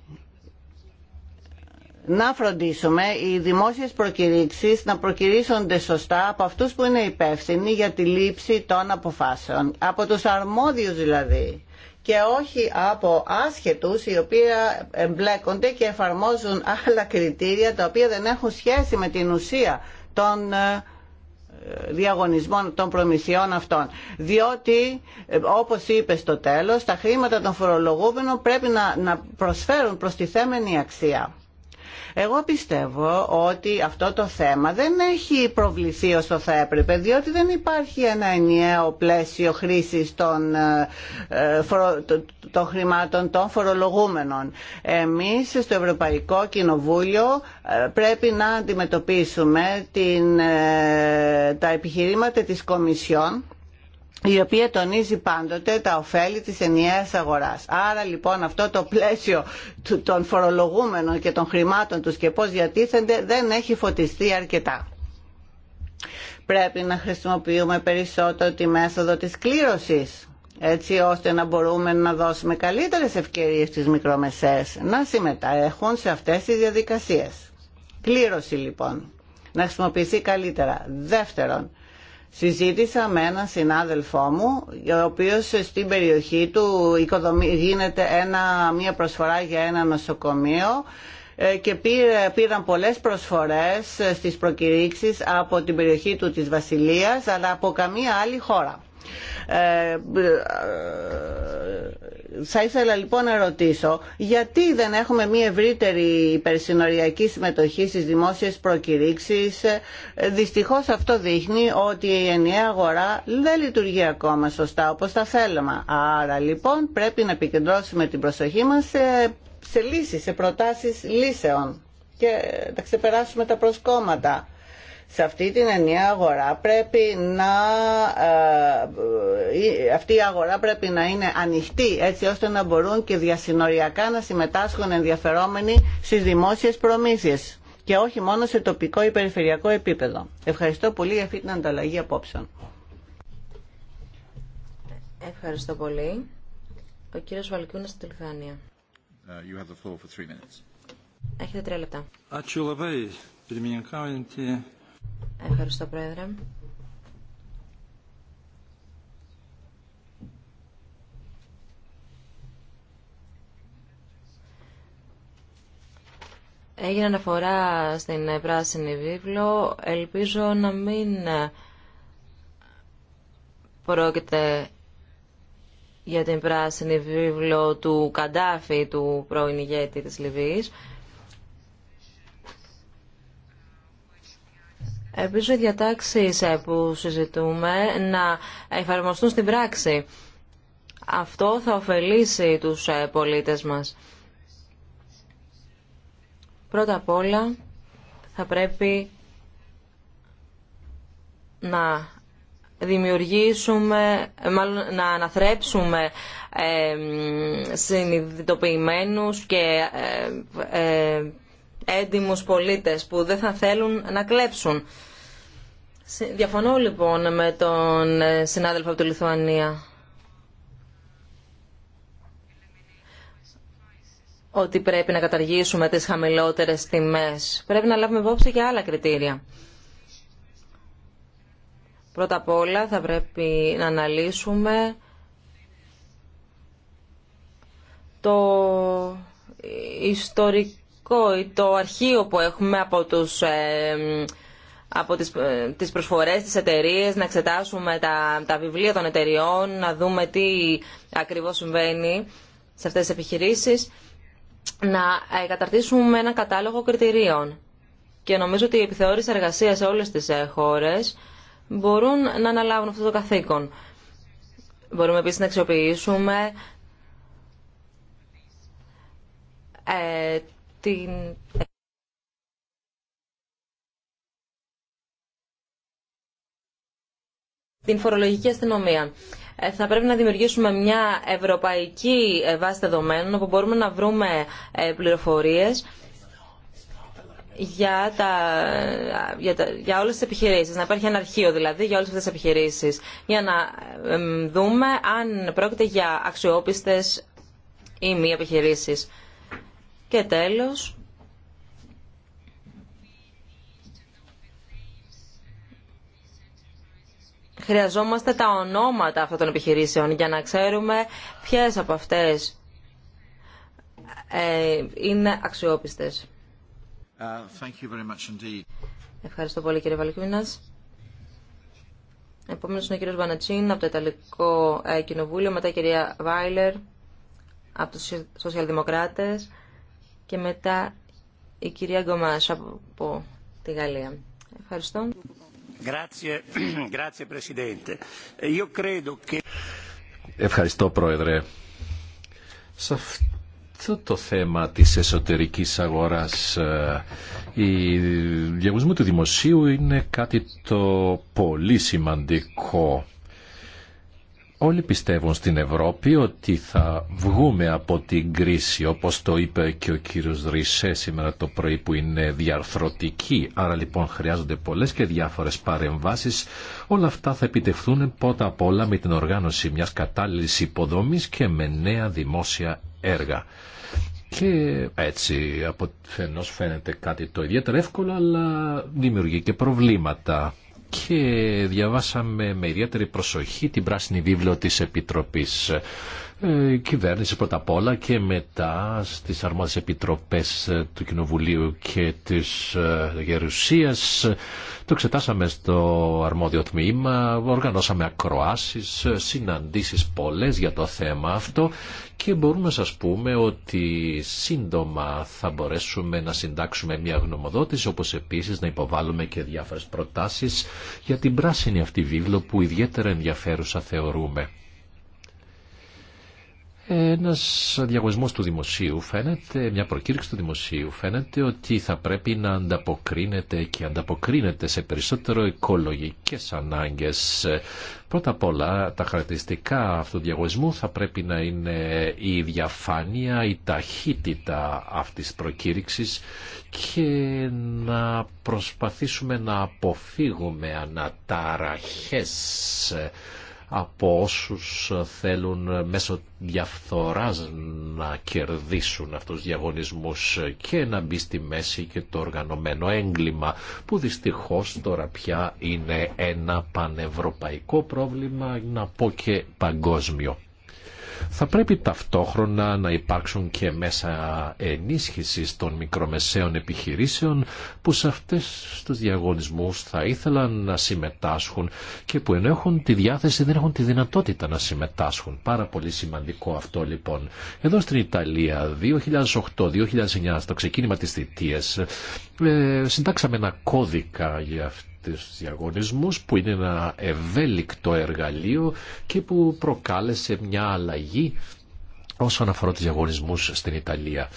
να φροντίσουμε οι δημόσιες προκηρύξεις να προκηρύσσονται σωστά από αυτούς που είναι υπεύθυνοι για τη λήψη των αποφάσεων, από τους αρμόδιους δηλαδή και όχι από άσχετους οι οποίοι εμπλέκονται και εφαρμόζουν άλλα κριτήρια τα οποία δεν έχουν σχέση με την ουσία των ε, διαγωνισμών των προμηθειών αυτών. Διότι, ε, όπως είπε στο τέλος, τα χρήματα των φορολογούμενων πρέπει να, προσφέρουν θέμενη αξία. Εγώ πιστεύω ότι αυτό το θέμα δεν έχει προβληθεί όσο θα έπρεπε, διότι δεν υπάρχει ένα ενιαίο πλαίσιο χρήσης των, ε, ε, των χρημάτων των φορολογούμενων. Εμείς στο Ευρωπαϊκό Κοινοβούλιο ε, πρέπει να αντιμετωπίσουμε την, τα επιχειρήματα της Κομισιόν η οποία τονίζει πάντοτε τα ωφέλη της ενιαίας αγοράς. Άρα λοιπόν αυτό το πλαίσιο των φορολογούμενων και των χρημάτων τους και πώς διατίθενται δεν έχει φωτιστεί αρκετά. Πρέπει να χρησιμοποιούμε περισσότερο τη μέθοδο της κλήρωσης έτσι ώστε να μπορούμε να δώσουμε καλύτερες ευκαιρίες στις μικρομεσαίες να συμμετέχουν σε αυτές τις διαδικασίες. Κλήρωση λοιπόν, να χρησιμοποιηθεί καλύτερα. Δεύτερον, συζήτησα με έναν συνάδελφό μου, ο οποίος στην περιοχή του γίνεται ένα, μια προσφορά για ένα νοσοκομείο ε, και πήραν πολλές προσφορές ε, στις προκηρύξεις από την περιοχή του της Βασιλείας αλλά από καμία άλλη χώρα. Ε, ε, θα ήθελα λοιπόν να ρωτήσω γιατί δεν έχουμε μια ευρύτερη υπερσυνοριακή συμμετοχή στις δημόσιες προκηρύξεις. Ε, δυστυχώς αυτό δείχνει ότι η ενιαία αγορά δεν λειτουργεί ακόμα σωστά όπως τα θέλαμε. Άρα λοιπόν πρέπει να επικεντρώσουμε την προσοχή μας σε, σε λύσεις, σε προτάσεις λύσεων και να ξεπεράσουμε τα προσκόμματα σε αυτή την ενιαία αγορά πρέπει να, ε, ε, ε, αυτή η αγορά πρέπει να είναι ανοιχτή έτσι ώστε να μπορούν και διασυνοριακά να συμμετάσχουν ενδιαφερόμενοι στις δημόσιες προμήθειες και όχι μόνο σε τοπικό ή περιφερειακό επίπεδο. Ευχαριστώ πολύ για αυτή την ανταλλαγή απόψεων. Ευχαριστώ πολύ. Ο κύριος Βαλκούνας στην Τελφάνεια. Uh, Έχετε τρία λεπτά. Ευχαριστώ, Πρόεδρε. Έγινε αναφορά στην πράσινη βίβλο. Ελπίζω να μην πρόκειται για την πράσινη βίβλο του Καντάφη, του πρώην ηγέτη της Λιβύης. Επίσης, οι διατάξεις ε, που συζητούμε να εφαρμοστούν στην πράξη. Αυτό θα ωφελήσει τους ε, πολίτες μας. Πρώτα απ' όλα θα πρέπει να δημιουργήσουμε, μάλλον να αναθρέψουμε ε, συνειδητοποιημένους και ε, ε έντιμους πολίτες που δεν θα θέλουν να κλέψουν. Διαφωνώ λοιπόν με τον ε, συνάδελφο από τη Λιθουανία. ότι πρέπει να καταργήσουμε τις χαμηλότερες τιμές. Πρέπει να λάβουμε υπόψη και άλλα κριτήρια. Πρώτα απ' όλα θα πρέπει να αναλύσουμε το ε, ιστορικό το αρχείο που έχουμε από, τους, από τις, ε, τις προσφορές της εταιρείε, να εξετάσουμε τα, τα βιβλία των εταιριών, να δούμε τι ακριβώς συμβαίνει σε αυτές τις επιχειρήσεις, να ε, καταρτήσουμε ένα κατάλογο κριτηρίων. Και νομίζω ότι οι επιθεώρηση εργασία σε όλες τις ε, χώρες μπορούν να αναλάβουν αυτό το καθήκον. Μπορούμε επίσης να αξιοποιήσουμε την την φορολογική αστυνομία. Ε, θα πρέπει να δημιουργήσουμε μια ευρωπαϊκή ε, βάση δεδομένων όπου μπορούμε να βρούμε ε, πληροφορίες για, τα, για, τα, για όλες τις επιχειρήσεις. Να υπάρχει ένα αρχείο δηλαδή για όλες αυτές τις επιχειρήσεις. Για να δούμε αν πρόκειται για αξιόπιστες ή μη επιχειρήσεις. Και τέλος, χρειαζόμαστε τα ονόματα αυτών των επιχειρήσεων για να ξέρουμε ποιες από αυτές ε, είναι αξιόπιστες. Uh, Ευχαριστώ πολύ κύριε Βαλκούνας. Επόμενος είναι ο κύριος Βανατσίν από το Ιταλικό ε, Κοινοβούλιο, μετά η κυρία Βάιλερ από τους Σοσιαλδημοκράτες, και μετά η κυρία Γκομάς από τη Γαλλία. Ευχαριστώ. Ευχαριστώ, Πρόεδρε. Σε αυτό το θέμα της εσωτερικής αγοράς, η ε, διαγωνισμό του δημοσίου είναι κάτι το πολύ σημαντικό. Όλοι πιστεύουν στην Ευρώπη ότι θα βγούμε από την κρίση, όπως το είπε και ο κύριος Ρισέ σήμερα το πρωί που είναι διαρθρωτική. Άρα λοιπόν χρειάζονται πολλές και διάφορες παρεμβάσεις. Όλα αυτά θα επιτευχθούν πρώτα απ' όλα με την οργάνωση μιας κατάλληλης υποδομής και με νέα δημόσια έργα. Και έτσι από φαινός φαίνεται κάτι το ιδιαίτερα εύκολο, αλλά δημιουργεί και προβλήματα και διαβάσαμε με ιδιαίτερη προσοχή την πράσινη βίβλο της Επιτροπής. Ε, κυβέρνηση πρώτα απ' όλα και μετά στις αρμόδιες επιτροπές ε, του Κοινοβουλίου και της ε, Γερουσίας. Το εξετάσαμε στο αρμόδιο τμήμα, οργανώσαμε ακροάσεις, συναντήσεις πολλές για το θέμα αυτό και μπορούμε να σας πούμε ότι σύντομα θα μπορέσουμε να συντάξουμε μια γνωμοδότηση όπως επίσης να υποβάλουμε και διάφορες προτάσεις για την πράσινη αυτή βίβλο που ιδιαίτερα ενδιαφέρουσα θεωρούμε. Ένας διαγωνισμός του δημοσίου φαίνεται, μια προκήρυξη του δημοσίου φαίνεται ότι θα πρέπει να ανταποκρίνεται και ανταποκρίνεται σε περισσότερο οικολογικές ανάγκες. Πρώτα απ' όλα τα χαρακτηριστικά αυτού του διαγωνισμού θα πρέπει να είναι η διαφάνεια, η ταχύτητα αυτής της προκήρυξης και να προσπαθήσουμε να αποφύγουμε αναταραχές από όσους θέλουν μέσω διαφθοράς να κερδίσουν αυτούς τους διαγωνισμούς και να μπει στη μέση και το οργανωμένο έγκλημα που δυστυχώς τώρα πια είναι ένα πανευρωπαϊκό πρόβλημα να πω και παγκόσμιο θα πρέπει ταυτόχρονα να υπάρξουν και μέσα ενίσχυσης των μικρομεσαίων επιχειρήσεων που σε αυτές τους διαγωνισμούς θα ήθελαν να συμμετάσχουν και που ενώ έχουν τη διάθεση δεν έχουν τη δυνατότητα να συμμετάσχουν. Πάρα πολύ σημαντικό αυτό λοιπόν. Εδώ στην Ιταλία 2008-2009 στο ξεκίνημα της θητείας ε, συντάξαμε ένα κώδικα για αυτό τους διαγωνισμούς που είναι ένα ευέλικτο εργαλείο και που προκάλεσε μια αλλαγή όσον αφορά τους διαγωνισμούς στην Ιταλία.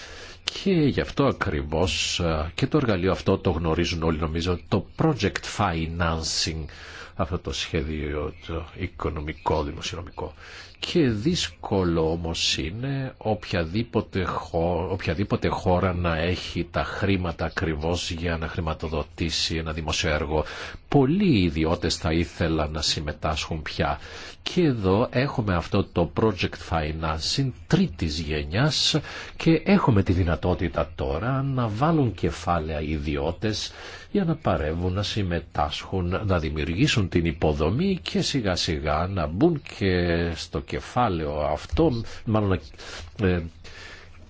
Και γι' αυτό ακριβώς και το εργαλείο αυτό το γνωρίζουν όλοι νομίζω το project financing αυτό το σχέδιο το οικονομικό, δημοσιονομικό και δύσκολο όμως είναι οποιαδήποτε χώρα, να έχει τα χρήματα ακριβώ για να χρηματοδοτήσει ένα δημοσιοέργο. Πολλοί ιδιώτες θα ήθελα να συμμετάσχουν πια. Και εδώ έχουμε αυτό το project financing τρίτης γενιάς και έχουμε τη δυνατότητα τώρα να βάλουν κεφάλαια ιδιώτες για να παρεύουν, να συμμετάσχουν, να δημιουργήσουν την υποδομή και σιγά σιγά να μπουν και στο κεφάλαιο αυτό, μάλλον να ε,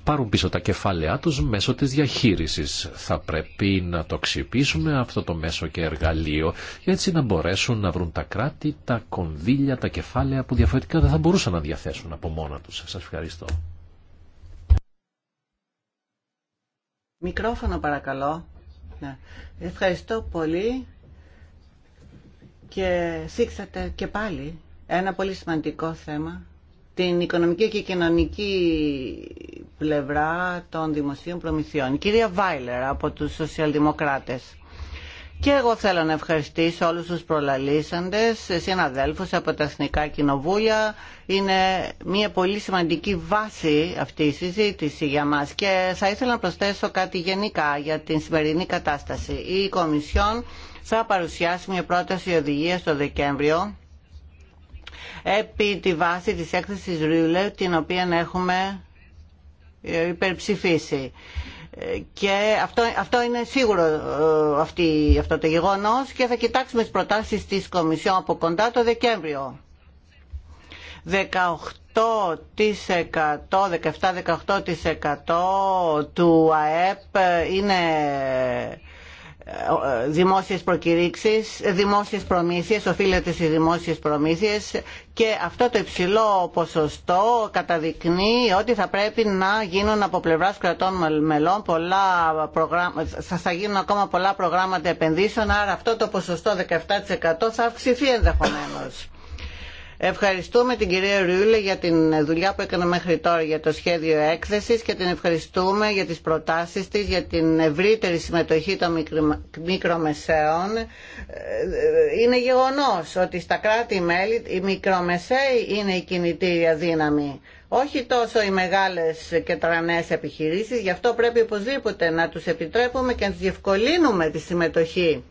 πάρουν πίσω τα κεφάλαιά τους μέσω της διαχείρισης. Θα πρέπει να το ξυπήσουμε αυτό το μέσο και εργαλείο έτσι να μπορέσουν να βρουν τα κράτη, τα κονδύλια, τα κεφάλαια που διαφορετικά δεν θα μπορούσαν να διαθέσουν από μόνα τους. Σας ευχαριστώ. Μικρόφωνο παρακαλώ. Ναι. Ευχαριστώ πολύ και σήξατε και πάλι ένα πολύ σημαντικό θέμα την οικονομική και κοινωνική πλευρά των δημοσίων προμηθειών. Κυρία Βάιλερ από τους Σοσιαλδημοκράτες. Και εγώ θέλω να ευχαριστήσω όλους τους προλαλήσαντες, συναδέλφους από τα Εθνικά Κοινοβούλια. Είναι μια πολύ σημαντική βάση αυτή η συζήτηση για μας και θα ήθελα να προσθέσω κάτι γενικά για την σημερινή κατάσταση. Η Κομισιόν θα παρουσιάσει μια πρόταση οδηγίας το Δεκέμβριο επί τη βάση της έκθεσης Ρούλε, την οποία έχουμε υπερψηφίσει και αυτό, αυτό είναι σίγουρο ε, αυτό το γεγονός και θα κοιτάξουμε τις προτάσεις της Κομισιόν από κοντά το Δεκέμβριο. 18%, 17-18% του ΑΕΠ είναι δημόσιες προκηρύξεις, δημόσιες προμήθειες, οφείλεται στις δημόσιες προμήθειες και αυτό το υψηλό ποσοστό καταδεικνύει ότι θα πρέπει να γίνουν από πλευρά κρατών μελών πολλά προγράμματα, θα γίνουν ακόμα πολλά προγράμματα επενδύσεων, άρα αυτό το ποσοστό 17% θα αυξηθεί ενδεχομένως. Ευχαριστούμε την κυρία Ρούλε για την δουλειά που έκανε μέχρι τώρα για το σχέδιο έκθεσης και την ευχαριστούμε για τις προτάσεις της, για την ευρύτερη συμμετοχή των μικρομεσαίων. Ε, είναι γεγονός ότι στα κράτη-μέλη οι μικρομεσαίοι είναι η κινητήρια δύναμη. Όχι τόσο οι μεγάλες και τρανές επιχειρήσεις, γι' αυτό πρέπει οπωσδήποτε να τους επιτρέπουμε και να τους διευκολύνουμε τη συμμετοχή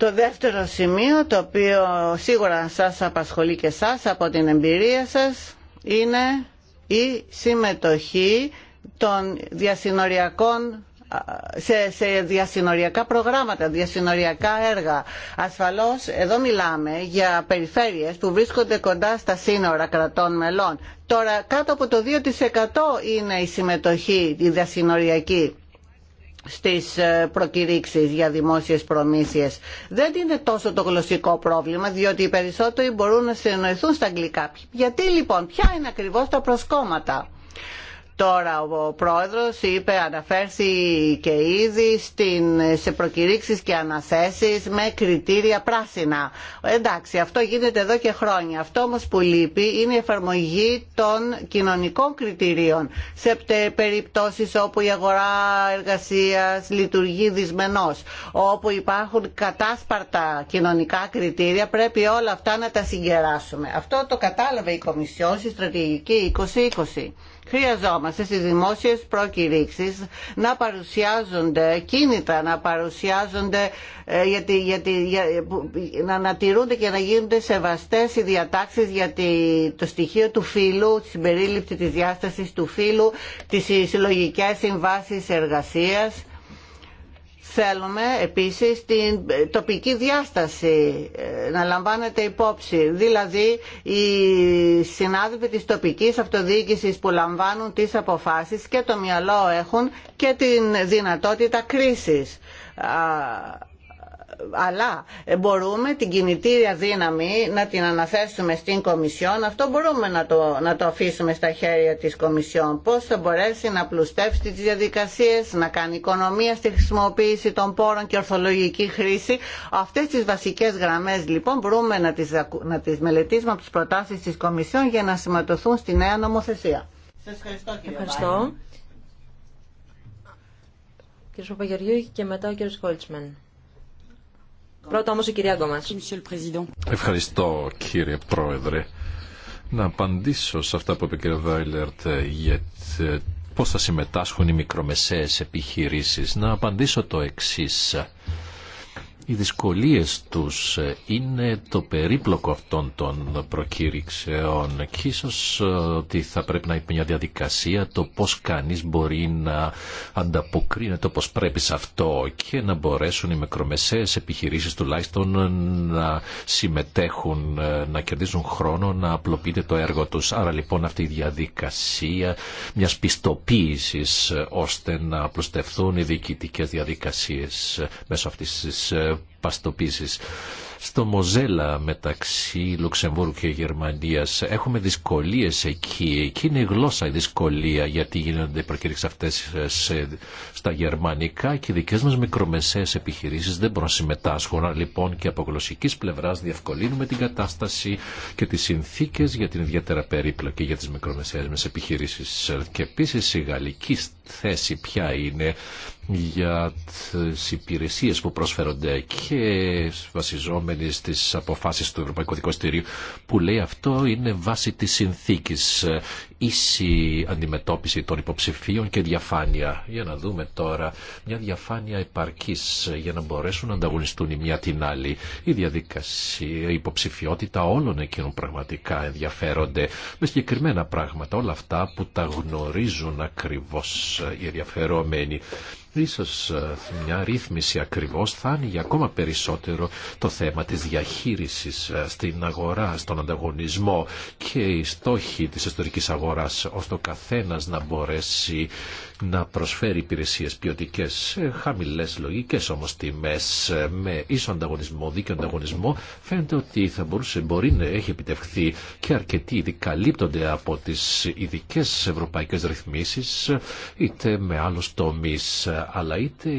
το δεύτερο σημείο το οποίο σίγουρα σας απασχολεί και σας από την εμπειρία σας είναι η συμμετοχή των διασυνοριακών σε, σε διασυνοριακά προγράμματα, διασυνοριακά έργα. Ασφαλώς εδώ μιλάμε για περιφέρειες που βρίσκονται κοντά στα σύνορα κρατών μελών. Τώρα κάτω από το 2% είναι η συμμετοχή, η διασυνοριακή στις ε, προκηρύξεις για δημόσιες προμήθειες. Δεν είναι τόσο το γλωσσικό πρόβλημα, διότι οι περισσότεροι μπορούν να συνεννοηθούν στα αγγλικά. Γιατί λοιπόν, ποια είναι ακριβώς τα προσκόμματα. Τώρα ο πρόεδρος είπε, αναφέρθηκε ήδη στην, σε προκηρύξεις και αναθέσεις με κριτήρια πράσινα. Εντάξει, αυτό γίνεται εδώ και χρόνια. Αυτό όμως που λείπει είναι η εφαρμογή των κοινωνικών κριτηρίων σε περιπτώσεις όπου η αγορά εργασίας λειτουργεί δυσμενώς, όπου υπάρχουν κατάσπαρτα κοινωνικά κριτήρια, πρέπει όλα αυτά να τα συγκεράσουμε. Αυτό το κατάλαβε η Κομισιόν στη στρατηγική 2020. Χρειαζόμαστε στις δημόσιες προκηρύξεις να παρουσιάζονται κίνητα, να παρουσιάζονται ε, γιατί, γιατί, να ανατηρούνται και να γίνονται σεβαστές οι διατάξεις για το στοιχείο του φύλου, τη συμπερίληψη της διάστασης του φύλου, τις συλλογικές συμβάσεις εργασίας Θέλουμε επίσης την τοπική διάσταση ε, να λαμβάνεται υπόψη, δηλαδή οι συνάδελφοι της τοπικής αυτοδιοίκησης που λαμβάνουν τις αποφάσεις και το μυαλό έχουν και την δυνατότητα κρίσης αλλά μπορούμε την κινητήρια δύναμη να την αναθέσουμε στην Κομισιόν. Αυτό μπορούμε να το, να το αφήσουμε στα χέρια της Κομισιόν. Πώς θα μπορέσει να πλουστεύσει τις διαδικασίες, να κάνει οικονομία στη χρησιμοποίηση των πόρων και ορθολογική χρήση. Αυτές τις βασικές γραμμές λοιπόν μπορούμε να τις, να τις μελετήσουμε από τις προτάσεις της Κομισιόν για να σηματοθούν στη νέα νομοθεσία. Σας ευχαριστώ κύριε Ευχαριστώ. Κύριε Παπαγεωργίου και μετά ο κύριος Ευχαριστώ κύριε Πρόεδρε. Να απαντήσω σε αυτά που είπε κύριε Βάιλερτ για πώς θα συμμετάσχουν οι μικρομεσαίες επιχειρήσεις. Να απαντήσω το εξής. Οι δυσκολίες τους ε, είναι το περίπλοκο αυτών των προκήρυξεων και ίσως ε, ότι θα πρέπει να υπάρχει μια διαδικασία το πώς κανείς μπορεί να ανταποκρίνεται όπως πρέπει σε αυτό και να μπορέσουν οι μικρομεσαίες επιχειρήσεις τουλάχιστον να συμμετέχουν, ε, να κερδίζουν χρόνο, να απλοποιείται το έργο τους. Άρα λοιπόν αυτή η διαδικασία μιας πιστοποίησης ώστε να απλουστευτούν οι διοικητικές διαδικασίες μέσω αυτής της στο Μοζέλα μεταξύ Λουξεμβούργου και Γερμανίας έχουμε δυσκολίες εκεί. Εκεί είναι η γλώσσα η δυσκολία γιατί γίνονται οι αυτές στα γερμανικά και οι δικές μας μικρομεσαίες επιχειρήσεις δεν μπορούν να συμμετάσχουν. Λοιπόν και από γλωσσικής πλευράς διευκολύνουμε την κατάσταση και τις συνθήκες για την ιδιαίτερα περίπλοκη για τις μικρομεσαίες μας επιχειρήσεις. Και επίση η γαλλική θέση ποια είναι για τις υπηρεσίες που προσφέρονται και βασιζόμενοι στις αποφάσεις του Ευρωπαϊκού Δικαστηρίου που λέει αυτό είναι βάση της συνθήκης ίση αντιμετώπιση των υποψηφίων και διαφάνεια. Για να δούμε τώρα μια διαφάνεια επαρκής για να μπορέσουν να ανταγωνιστούν η μια την άλλη. Η διαδικασία, η υποψηφιότητα όλων εκείνων πραγματικά ενδιαφέρονται με συγκεκριμένα πράγματα. Όλα αυτά που τα γνωρίζουν ακριβώς οι ενδιαφερόμενοι. Ίσως ε, μια ρύθμιση ακριβώς θα άνοιγε ακόμα περισσότερο το θέμα της διαχείρισης ε, στην αγορά, στον ανταγωνισμό και οι στόχοι της ιστορικής αγοράς ώστε ο καθένας να μπορέσει να προσφέρει υπηρεσίες ποιοτικές, χαμηλές λογικές όμως τιμές, με ίσο ανταγωνισμό, δίκαιο ανταγωνισμό, φαίνεται ότι θα μπορούσε, μπορεί να έχει επιτευχθεί και αρκετοί ήδη καλύπτονται από τις ειδικέ ευρωπαϊκές ρυθμίσεις, είτε με άλλους τομείς, αλλά είτε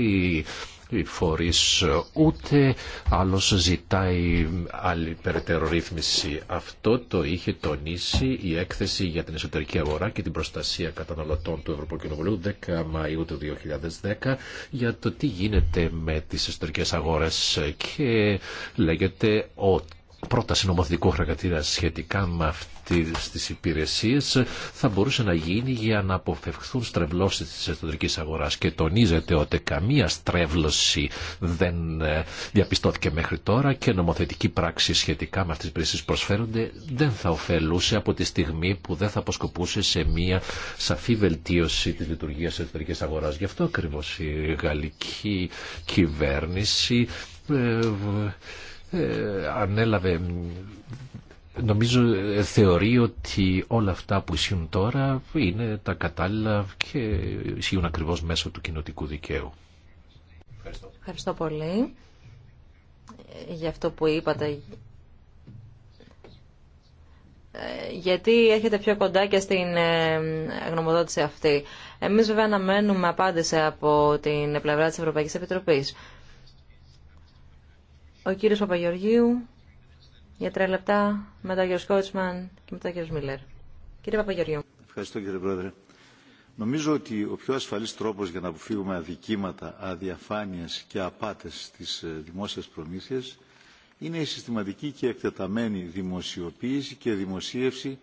φορείς ούτε άλλος ζητάει άλλη περαιτέρω ρύθμιση. Αυτό το είχε τονίσει η έκθεση για την εσωτερική αγορά και την προστασία καταναλωτών του Ευρωπαϊκού Κοινοβουλίου 10 Μαΐου του 2010 για το τι γίνεται με τις εσωτερικές αγορές και λέγεται ότι πρόταση νομοθετικού χαρακτήρα σχετικά με αυτή τι υπηρεσίες θα μπορούσε να γίνει για να αποφευχθούν στρεβλώσει τη εσωτερική αγοράς και τονίζεται ότι καμία στρέβλωση δεν ε, διαπιστώθηκε μέχρι τώρα και νομοθετική πράξη σχετικά με αυτές τι υπηρεσίες προσφέρονται δεν θα ωφελούσε από τη στιγμή που δεν θα αποσκοπούσε σε μια σαφή βελτίωση τη λειτουργία τη εσωτερική αγορά. Γι' αυτό ακριβώ η γαλλική κυβέρνηση ε, ε, ανέλαβε νομίζω ε, θεωρεί ότι όλα αυτά που ισχύουν τώρα είναι τα κατάλληλα και ισχύουν ακριβώς μέσω του κοινοτικού δικαίου. Ευχαριστώ. Ευχαριστώ πολύ για αυτό που είπατε. Ε, γιατί έρχεται πιο κοντά και στην γνωμοδότηση αυτή. Εμείς βέβαια αναμένουμε απάντηση από την πλευρά της Ευρωπαϊκής Επιτροπής. Ο κύριος Παπαγεωργίου για τρία λεπτά, μετά ο κύριος Κότσμαν και μετά ο κύριος Μιλέρ. Κύριε Παπαγεωργίου. Ευχαριστώ κύριε Πρόεδρε. Νομίζω ότι ο πιο ασφαλής τρόπος για να αποφύγουμε αδικήματα, αδιαφάνειες και απάτες στις ε, δημόσιες προμήθειες είναι η συστηματική και εκτεταμένη δημοσιοποίηση και δημοσίευση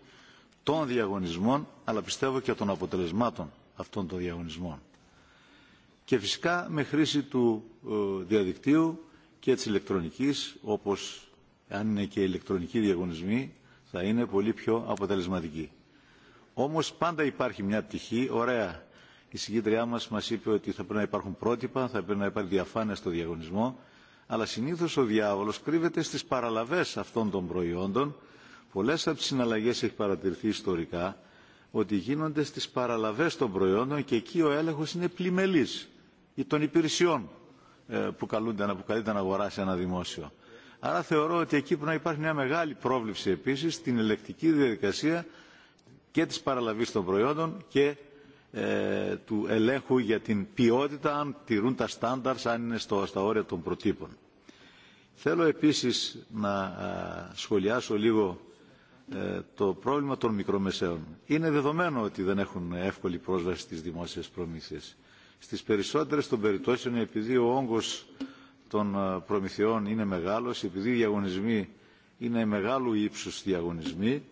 των διαγωνισμών, αλλά πιστεύω και των αποτελεσμάτων αυτών των διαγωνισμών. Και φυσικά με χρήση του ε, διαδικτύου και της ηλεκτρονικής, όπως αν είναι και ηλεκτρονικοί διαγωνισμοί, θα είναι πολύ πιο αποτελεσματική. Όμως πάντα υπάρχει μια πτυχή, ωραία, η συγκίτριά μας μας είπε ότι θα πρέπει να υπάρχουν πρότυπα, θα πρέπει να υπάρχει διαφάνεια στο διαγωνισμό, αλλά συνήθως ο διάβολος κρύβεται στις παραλαβές αυτών των προϊόντων. Πολλές από τις συναλλαγές έχει παρατηρηθεί ιστορικά ότι γίνονται στις παραλαβές των προϊόντων και εκεί ο έλεγχος είναι πλημελής ή των υπηρεσιών. Ε, που καλούνται να αποκαλείται να αγοράσει ένα δημόσιο. Άρα θεωρώ ότι εκεί που να υπάρχει μια μεγάλη πρόβληψη επίσης στην ελεκτική διαδικασία και της παραλαβής των προϊόντων και ε, του ελέγχου για την ποιότητα, αν τηρούν τα στάνταρς, αν είναι στο, στα όρια των προτύπων. Θέλω επίσης να ε, σχολιάσω λίγο το πρόβλημα των μικρομεσαίων. Είναι δεδομένο ότι δεν έχουν εύκολη πρόσβαση στις δημόσιες προμήθειες. Στις περισσότερες των περιπτώσεων, επειδή ο όγκος των ε, προμηθειών είναι μεγάλος, επειδή οι διαγωνισμοί είναι μεγάλου ύψους διαγωνισμοί,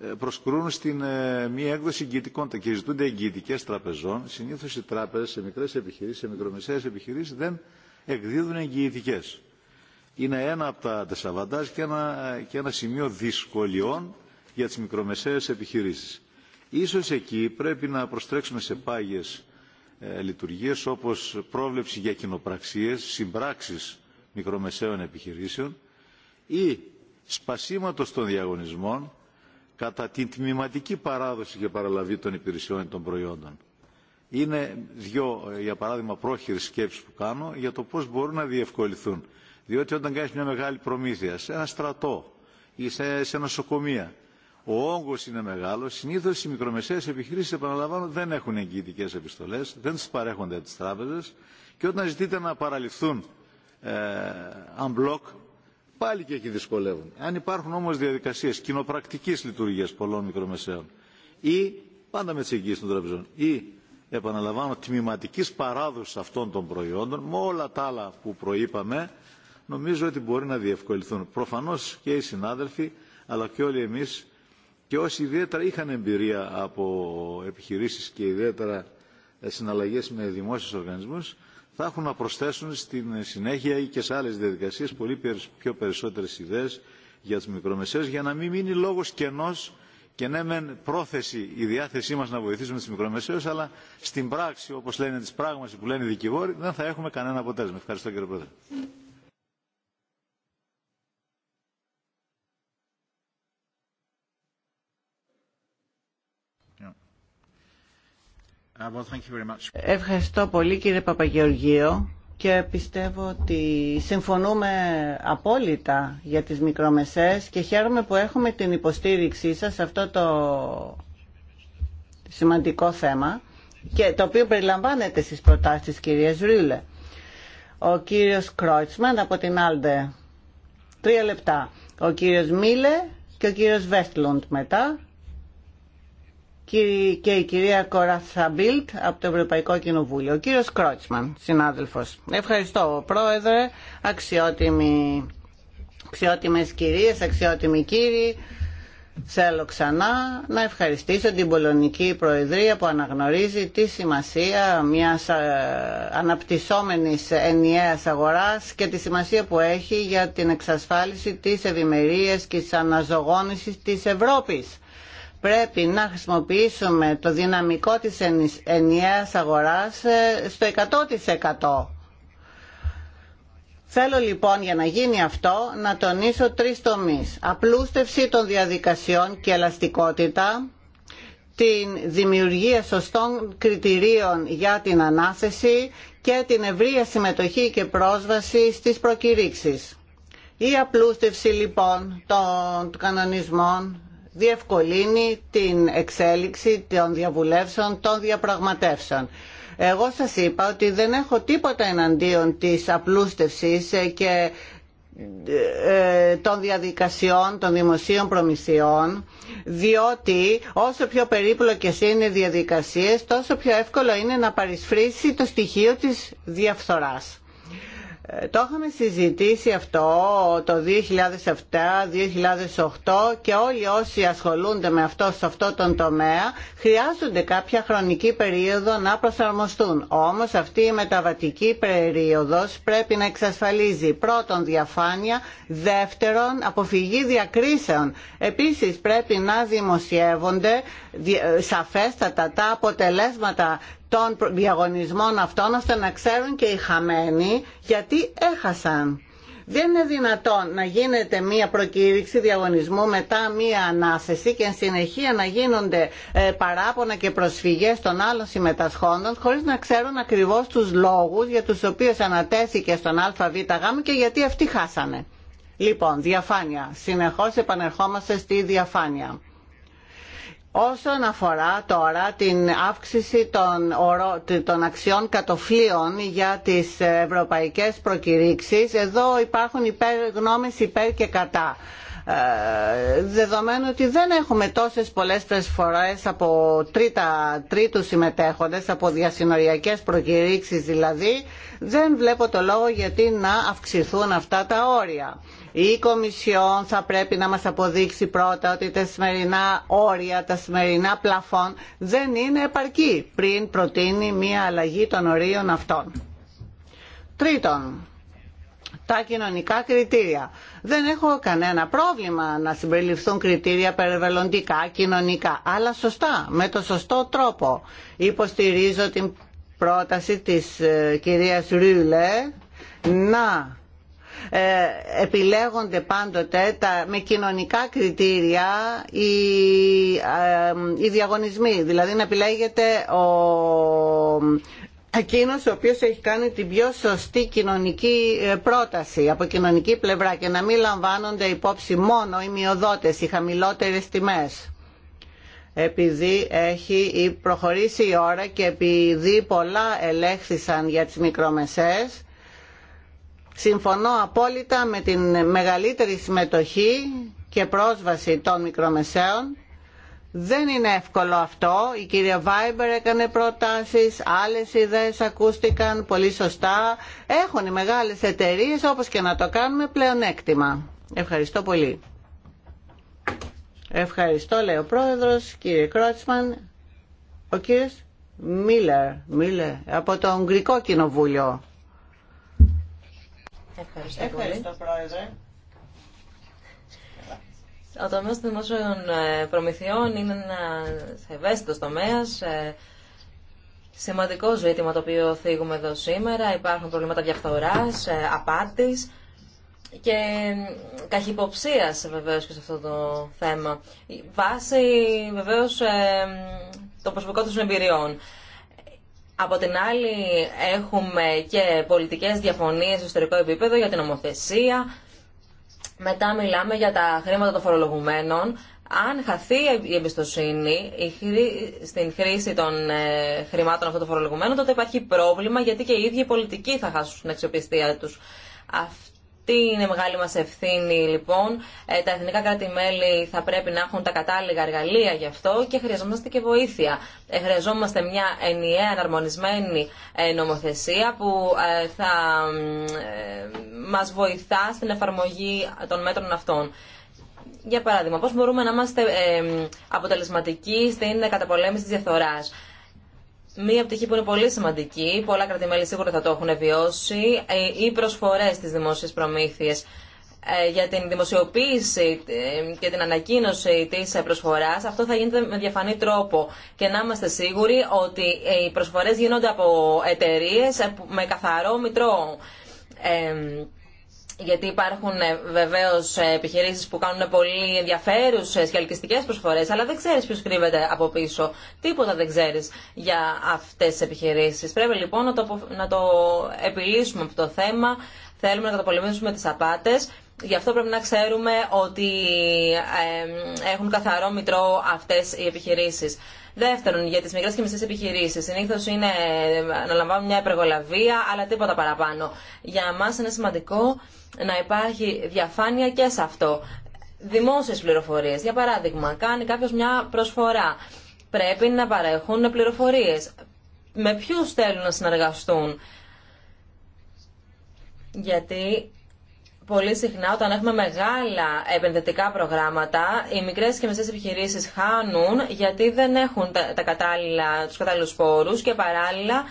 ε, προσκρούν στην ε, μία έκδοση εγγυητικών και ζητούνται εγγυητικές τραπεζών. Συνήθως οι τράπεζες σε μικρές επιχειρήσεις, σε μικρομεσαίες επιχειρήσεις δεν εκδίδουν εγγυητικές. Είναι ένα από τα τεσσαβαντάζ και ένα, και ένα σημείο δυσκολιών για τις μικρομεσαίες επιχειρήσεις. Ίσως εκεί πρέπει να προστρέξουμε σε πάγιες ε, λειτουργίες όπως πρόβλεψη για κοινοπραξίες, συμπράξεις μικρομεσαίων επιχειρήσεων ή σπασίματος των διαγωνισμών κατά την τμηματική παράδοση και παραλαβή των υπηρεσιών των προϊόντων. Είναι δύο, ε, για παράδειγμα, πρόχειρες σκέψεις που κάνω για το πώς μπορούν να διευκολυθούν. Διότι όταν κάνεις μια μεγάλη προμήθεια σε ένα στρατό ή σε νοσοκομεία ο όγκος είναι μεγάλος, συνήθως οι μικρομεσαίες επιχειρήσεις, επαναλαμβάνω, δεν έχουν εγγυητικές επιστολές, δεν τις παρέχονται από τις τράπεζες και όταν ζητείτε να παραληφθούν ε, unblock, πάλι και εκεί δυσκολεύουν. Αν υπάρχουν όμως διαδικασίες κοινοπρακτικής λειτουργίας πολλών μικρομεσαίων ή πάντα με τις εγγύησεις των τραπεζών ή επαναλαμβάνω τμηματικής παράδοσης αυτών των προϊόντων με όλα τα άλλα που προείπαμε νομίζω ότι μπορεί να διευκολυθούν. Προφανώς και οι συνάδελφοι αλλά και όλοι εμείς και όσοι ιδιαίτερα είχαν εμπειρία από επιχειρήσεις και ιδιαίτερα συναλλαγές με δημόσιους οργανισμούς θα έχουν να προσθέσουν στην συνέχεια ή και σε άλλες διαδικασίες πολύ πιο περισσότερες ιδέες για τις μικρομεσαίες για να μην μείνει λόγος κενός και ναι μεν πρόθεση η διάθεσή μας να βοηθήσουμε τις μικρομεσαίες αλλά στην πράξη όπως λένε τις πράγματα που λένε οι δικηγόροι δεν θα έχουμε κανένα αποτέλεσμα. Ευχαριστώ κύριε Πρόεδρε. Uh, Ευχαριστώ πολύ κύριε Παπαγεωργίου και πιστεύω ότι συμφωνούμε απόλυτα για τις μικρομεσές και χαίρομαι που έχουμε την υποστήριξή σας σε αυτό το σημαντικό θέμα και το οποίο περιλαμβάνεται στις προτάσεις της κυρίας Ρίλε. Ο κύριος Κρόιτσμαν από την Άλντε. Τρία λεπτά. Ο κύριος Μίλε και ο κύριος Βέστλουντ μετά και η κυρία Κοράθα από το Ευρωπαϊκό Κοινοβούλιο. Ο κύριος Κρότσμαν, συνάδελφος. Ευχαριστώ, πρόεδρε, αξιότιμοι, αξιότιμες κυρίες, αξιότιμοι κύριοι. Θέλω ξανά να ευχαριστήσω την Πολωνική Προεδρία που αναγνωρίζει τη σημασία μιας ε, αναπτυσσόμενης ενιαίας αγοράς και τη σημασία που έχει για την εξασφάλιση της ευημερίας και της αναζωγόνησης της Ευρώπης πρέπει να χρησιμοποιήσουμε το δυναμικό της ενιαίας αγοράς ε, στο 100%. Θέλω λοιπόν για να γίνει αυτό να τονίσω τρεις τομείς. Απλούστευση των διαδικασιών και ελαστικότητα, την δημιουργία σωστών κριτηρίων για την ανάθεση και την ευρεία συμμετοχή και πρόσβαση στις προκηρύξεις. Η απλούστευση λοιπόν των κανονισμών διευκολύνει την εξέλιξη των διαβουλεύσεων, των διαπραγματεύσεων. Εγώ σας είπα ότι δεν έχω τίποτα εναντίον της απλούστευσης ε, και ε, των διαδικασιών των δημοσίων προμηθειών διότι όσο πιο περίπλοκες είναι οι διαδικασίες τόσο πιο εύκολο είναι να παρισφρήσει το στοιχείο της διαφθοράς. Ε, το είχαμε συζητήσει αυτό το 2007-2008 και όλοι όσοι ασχολούνται με αυτό σε αυτό τον τομέα χρειάζονται κάποια χρονική περίοδο να προσαρμοστούν. Όμως αυτή η μεταβατική περίοδος πρέπει να εξασφαλίζει πρώτον διαφάνεια, δεύτερον αποφυγή διακρίσεων. Επίσης πρέπει να δημοσιεύονται ε, σαφέστατα τα αποτελέσματα των διαγωνισμών αυτών ώστε να ξέρουν και οι χαμένοι γιατί έχασαν. Δεν είναι δυνατόν να γίνεται μία προκήρυξη διαγωνισμού μετά μία ανάθεση και εν συνεχεία να γίνονται ε, παράπονα και προσφυγές των άλλων συμμετασχόντων χωρίς να ξέρουν ακριβώς τους λόγους για τους οποίους ανατέθηκε στον ΑΒΓ και γιατί αυτοί χάσανε. Λοιπόν, διαφάνεια. Συνεχώς επανερχόμαστε στη διαφάνεια. Όσον αφορά τώρα την αύξηση των, ορο... αξιών κατοφλίων για τις ευρωπαϊκές προκηρύξεις, εδώ υπάρχουν υπέρ, γνώμες υπέρ και κατά. Ε, δεδομένου ότι δεν έχουμε τόσες πολλές προσφορές από τρίτα, τρίτους συμμετέχοντες, από διασυνοριακές προκηρύξεις δηλαδή, δεν βλέπω το λόγο γιατί να αυξηθούν αυτά τα όρια η Κομισιόν θα πρέπει να μας αποδείξει πρώτα ότι τα σημερινά όρια, τα σημερινά πλαφόν δεν είναι επαρκή πριν προτείνει μία αλλαγή των ορίων αυτών. Τρίτον, τα κοινωνικά κριτήρια. Δεν έχω κανένα πρόβλημα να συμπεριληφθούν κριτήρια περιβαλλοντικά, κοινωνικά, αλλά σωστά, με το σωστό τρόπο. Υποστηρίζω την πρόταση της ε, κυρίας Ρούλε να ε, επιλέγονται πάντοτε τα, με κοινωνικά κριτήρια ε, οι, διαγωνισμοί. Δηλαδή να επιλέγεται ο, εκείνος ο οποίος έχει κάνει την πιο σωστή κοινωνική ε, πρόταση από κοινωνική πλευρά και να μην λαμβάνονται υπόψη μόνο οι μειοδότες, οι χαμηλότερες τιμές επειδή έχει προχωρήσει η ώρα και επειδή πολλά ελέγχθησαν για τις μικρομεσές Συμφωνώ απόλυτα με την μεγαλύτερη συμμετοχή και πρόσβαση των μικρομεσαίων. Δεν είναι εύκολο αυτό. Η κυρία Βάιμπερ έκανε προτάσεις, άλλες ιδέες ακούστηκαν πολύ σωστά. Έχουν οι μεγάλες εταιρείες, όπως και να το κάνουμε, πλεονέκτημα. Ευχαριστώ πολύ. Ευχαριστώ, λέει ο πρόεδρος, κύριε Κρότσμαν. Ο κύριος Μίλερ, από το Ουγγρικό Κοινοβούλιο. Ευχαριστώ, πολύ. Ο τομέας των δημόσιων ε, προμηθειών είναι ένα ευαίσθητος τομέας. Ε, σημαντικό ζήτημα το οποίο θίγουμε εδώ σήμερα. Υπάρχουν προβλήματα διαφθοράς, ε, απάτης και καχυποψίας βεβαίως και σε αυτό το θέμα. Βάσει βεβαίως των προσωπικών τους εμπειριών. Από την άλλη έχουμε και πολιτικές διαφωνίες στο ιστορικό επίπεδο για την ομοθεσία. Μετά μιλάμε για τα χρήματα των φορολογουμένων. Αν χαθεί η εμπιστοσύνη στην χρήση των ε, χρημάτων αυτών των φορολογουμένων, τότε υπάρχει πρόβλημα γιατί και οι ίδιοι οι πολιτικοί θα χάσουν την αξιοπιστία τους. Τι είναι μεγάλη μας ευθύνη λοιπόν. Ε, τα εθνικά κράτη-μέλη θα πρέπει να έχουν τα κατάλληλα εργαλεία γι' αυτό και χρειαζόμαστε και βοήθεια. Ε, χρειαζόμαστε μια ενιαία αναρμονισμένη ε, νομοθεσία που θα μας βοηθά στην εφαρμογή των μέτρων αυτών. Για παράδειγμα, πώς μπορούμε να είμαστε αποτελεσματικοί στην καταπολέμηση της διαφθοράς. Μία πτυχή που είναι πολύ σημαντική, πολλά κρατημέλη σίγουρα θα το έχουν βιώσει, ε, οι προσφορές στις δημόσιες προμήθειες ε, για την δημοσιοποίηση ε, και την ανακοίνωση της προσφοράς. Αυτό θα γίνεται με διαφανή τρόπο και να είμαστε σίγουροι ότι οι προσφορές γίνονται από εταιρείε με καθαρό μητρό γιατί υπάρχουν ε, βεβαίω ε, επιχειρήσει που κάνουν πολύ ενδιαφέρουσε ε, και ελκυστικέ προσφορέ, αλλά δεν ξέρει ποιο κρύβεται από πίσω. Τίποτα δεν ξέρει για αυτέ τι επιχειρήσει. Πρέπει λοιπόν να το, να το επιλύσουμε αυτό το θέμα. Θέλουμε να καταπολεμήσουμε τι απάτε. Γι' αυτό πρέπει να ξέρουμε ότι ε, έχουν καθαρό μητρό αυτέ οι επιχειρήσει. Δεύτερον, για τι μικρέ και μισέ επιχειρήσει. Συνήθω είναι να λαμβάνουν μια υπεργολαβία, αλλά τίποτα παραπάνω. Για μα είναι σημαντικό να υπάρχει διαφάνεια και σε αυτό. Δημόσιες πληροφορίες. Για παράδειγμα, κάνει κάποιος μια προσφορά. Πρέπει να παρέχουν πληροφορίες. Με ποιους θέλουν να συνεργαστούν. Γιατί πολύ συχνά όταν έχουμε μεγάλα επενδυτικά προγράμματα, οι μικρές και μεσαίες επιχειρήσεις χάνουν γιατί δεν έχουν τα, κατάλληλα, τους κατάλληλους πόρους και παράλληλα...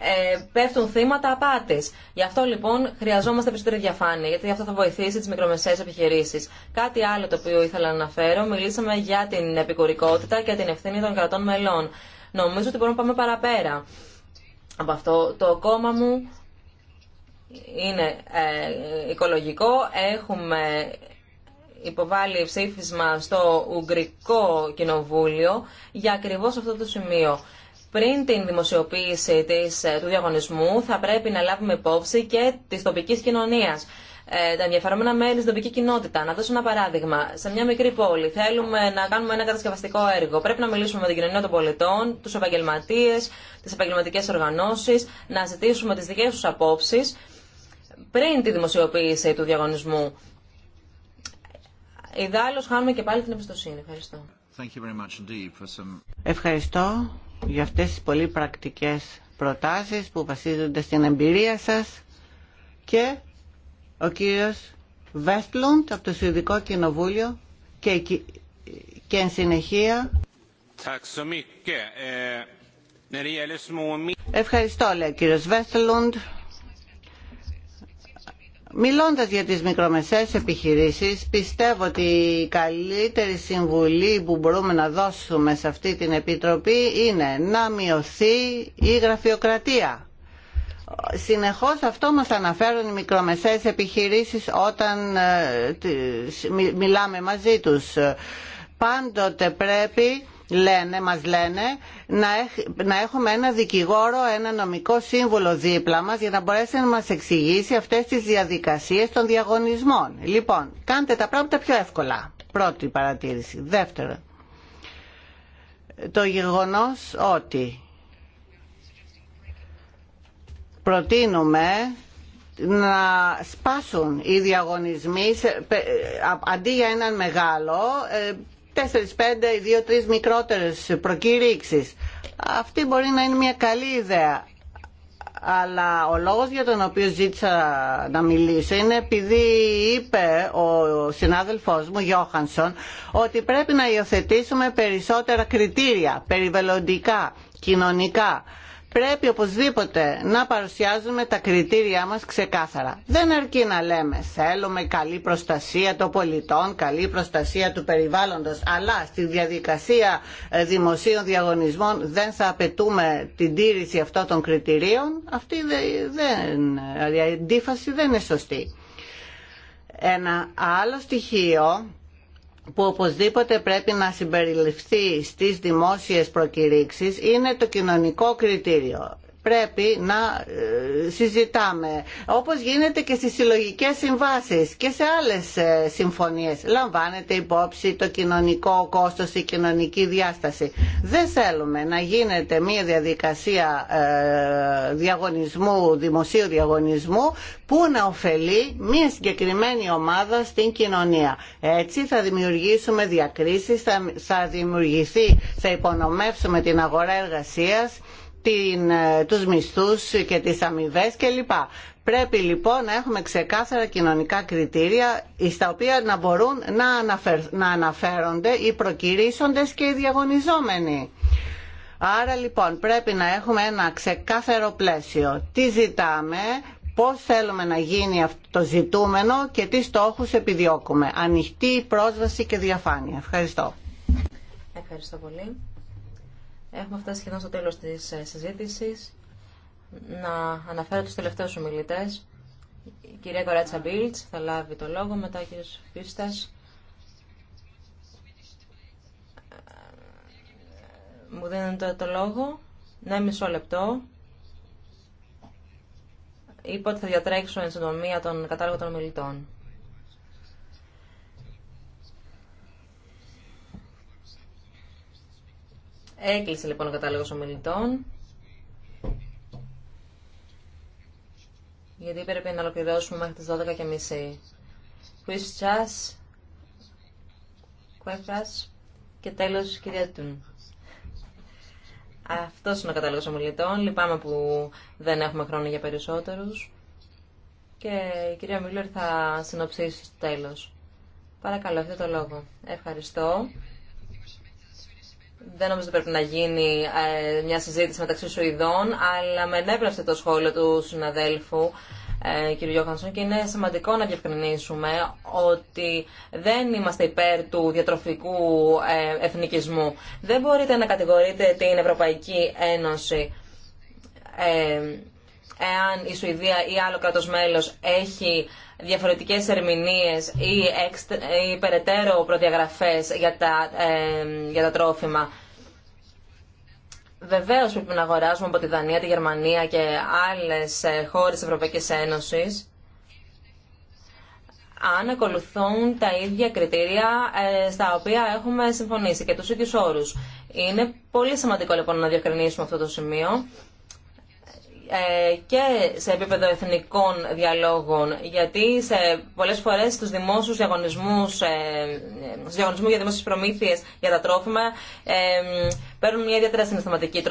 Ε, πέφτουν θύματα απάτη. Γι' αυτό λοιπόν χρειαζόμαστε περισσότερη διαφάνεια, γιατί αυτό θα βοηθήσει τι μικρομεσαίε επιχειρήσει. Κάτι άλλο το οποίο ήθελα να αναφέρω, μιλήσαμε για την επικουρικότητα και την ευθύνη των κρατών μελών. Νομίζω ότι μπορούμε να πάμε παραπέρα από αυτό. Το κόμμα μου είναι ε, οικολογικό. Έχουμε υποβάλει ψήφισμα στο Ουγγρικό Κοινοβούλιο για ακριβώς αυτό το σημείο πριν την δημοσιοποίηση της, ε, του διαγωνισμού θα πρέπει να λάβουμε υπόψη και της τοπικής κοινωνίας. Ε, τα ενδιαφερόμενα μέλη στην τοπική κοινότητα. Να δώσω ένα παράδειγμα. Σε μια μικρή πόλη θέλουμε να κάνουμε ένα κατασκευαστικό έργο. Πρέπει να μιλήσουμε με την κοινωνία των πολιτών, του επαγγελματίε, τι επαγγελματικέ οργανώσει, να ζητήσουμε τι δικέ του απόψει πριν τη δημοσιοποίηση του διαγωνισμού. Ιδάλω χάνουμε και πάλι την εμπιστοσύνη. Ευχαριστώ. Ευχαριστώ για αυτές τις πολύ πρακτικές προτάσεις που βασίζονται στην εμπειρία σας και ο κύριος Βέστλουντ από το Σουηδικό Κοινοβούλιο και, και εν συνεχεία eh, Ευχαριστώ λέει ο κύριος Βέστλουντ Μιλώντας για τις μικρομεσαίες επιχειρήσεις, πιστεύω ότι η καλύτερη συμβουλή που μπορούμε να δώσουμε σε αυτή την Επιτροπή είναι να μειωθεί η γραφειοκρατία. Συνεχώς αυτό μας αναφέρουν οι μικρομεσαίες επιχειρήσεις όταν ε, μιλάμε μαζί τους. Πάντοτε πρέπει λένε, μας λένε να, έχουμε ένα δικηγόρο, ένα νομικό σύμβολο δίπλα μας για να μπορέσει να μας εξηγήσει αυτές τις διαδικασίες των διαγωνισμών. Λοιπόν, κάντε τα πράγματα πιο εύκολα. Πρώτη παρατήρηση. Δεύτερο, το γεγονός ότι προτείνουμε να σπάσουν οι διαγωνισμοί αντί για έναν μεγάλο ε, 4-5 ή 2-3 μικρότερες προκήρυξεις. Αυτή μπορεί να είναι μια καλή ιδέα. Αλλά ο λόγος για τον οποίο ζήτησα να μιλήσω είναι επειδή είπε ο συνάδελφός μου, Γιώχανσον, ότι πρέπει να υιοθετήσουμε περισσότερα κριτήρια περιβαλλοντικά, κοινωνικά πρέπει οπωσδήποτε να παρουσιάζουμε τα κριτήριά μας ξεκάθαρα. Δεν αρκεί να λέμε θέλουμε καλή προστασία των πολιτών, καλή προστασία του περιβάλλοντος, αλλά στη διαδικασία ε, δημοσίων διαγωνισμών δεν θα απαιτούμε την τήρηση αυτών των κριτηρίων. Αυτή δεν, η αντίφαση δεν είναι σωστή. Ένα άλλο στοιχείο που οπωσδήποτε πρέπει να συμπεριληφθεί στις δημόσιες προκηρύξεις είναι το κοινωνικό κριτήριο πρέπει να ε, συζητάμε. Όπως γίνεται και στις συλλογικές συμβάσεις και σε άλλες ε, συμφωνίες. Λαμβάνεται υπόψη το κοινωνικό κόστος, η κοινωνική διάσταση. Δεν θέλουμε να γίνεται μια διαδικασία ε, διαγωνισμού, δημοσίου διαγωνισμού που να ωφελεί μια συγκεκριμένη ομάδα στην κοινωνία. Έτσι θα δημιουργήσουμε διακρίσεις, θα, δημιουργηθεί, θα υπονομεύσουμε την αγορά εργασίας την, ε, τους μισθούς και τις αμοιβέ κλπ. Πρέπει λοιπόν να έχουμε ξεκάθαρα κοινωνικά κριτήρια στα οποία να μπορούν να, να αναφέρονται οι προκυρήσοντες και οι διαγωνιζόμενοι. Άρα λοιπόν πρέπει να έχουμε ένα ξεκάθαρο πλαίσιο. Τι ζητάμε, πώς θέλουμε να γίνει αυτό το ζητούμενο και τι στόχους επιδιώκουμε. Ανοιχτή πρόσβαση και διαφάνεια. Ευχαριστώ. Ευχαριστώ πολύ. Έχουμε φτάσει σχεδόν στο τέλος της ε, συζήτησης. Να αναφέρω τους τελευταίους ομιλητές. Η κυρία Κοράτσα Μπίλτς θα λάβει το λόγο, μετά ο κύριος Φίστας. Μου δίνετε το λόγο. Ναι, μισό λεπτό. Είπα ότι θα διατρέξω εν συντομία τον κατάλογο των ομιλητών. Έκλεισε λοιπόν ο κατάλογος ομιλητών. Γιατί πρέπει να ολοκληρώσουμε μέχρι τις 12.30. Χουίς Τσάς, και τέλος κυρία Τούν. Αυτό είναι ο κατάλογο ομιλητών. Λυπάμαι που δεν έχουμε χρόνο για περισσότερους. Και η κυρία Μίλλερ θα συνοψίσει στο τέλο. Παρακαλώ, αυτό το λόγο. Ευχαριστώ δεν νομίζω ότι πρέπει να γίνει ε, μια συζήτηση μεταξύ Σουηδών, αλλά με ενέπνευσε το σχόλιο του συναδέλφου ε, κ. Γιώχανσον και είναι σημαντικό να διευκρινίσουμε ότι δεν είμαστε υπέρ του διατροφικού ε, εθνικισμού. Δεν μπορείτε να κατηγορείτε την Ευρωπαϊκή Ένωση εάν η Σουηδία ή άλλο κράτος μέλος έχει διαφορετικές ερμηνείες ή, ή περαιτέρω προδιαγραφές για τα, για τα τρόφιμα. Βεβαίω πρέπει να αγοράζουμε από τη Δανία, τη Γερμανία και άλλες ε, χώρες της Ευρωπαϊκής Ένωσης αν ακολουθούν τα ίδια κριτήρια ε, στα οποία έχουμε συμφωνήσει και τους ίδιους όρους. Είναι πολύ σημαντικό λοιπόν να διακρινίσουμε αυτό το σημείο ε, και σε επίπεδο εθνικών διαλόγων, γιατί σε πολλές φορές στους δημόσιους διαγωνισμούς, ε, στους για δημόσιες προμήθειες για τα τρόφιμα, ε, παίρνουν μια ιδιαίτερα συναισθηματική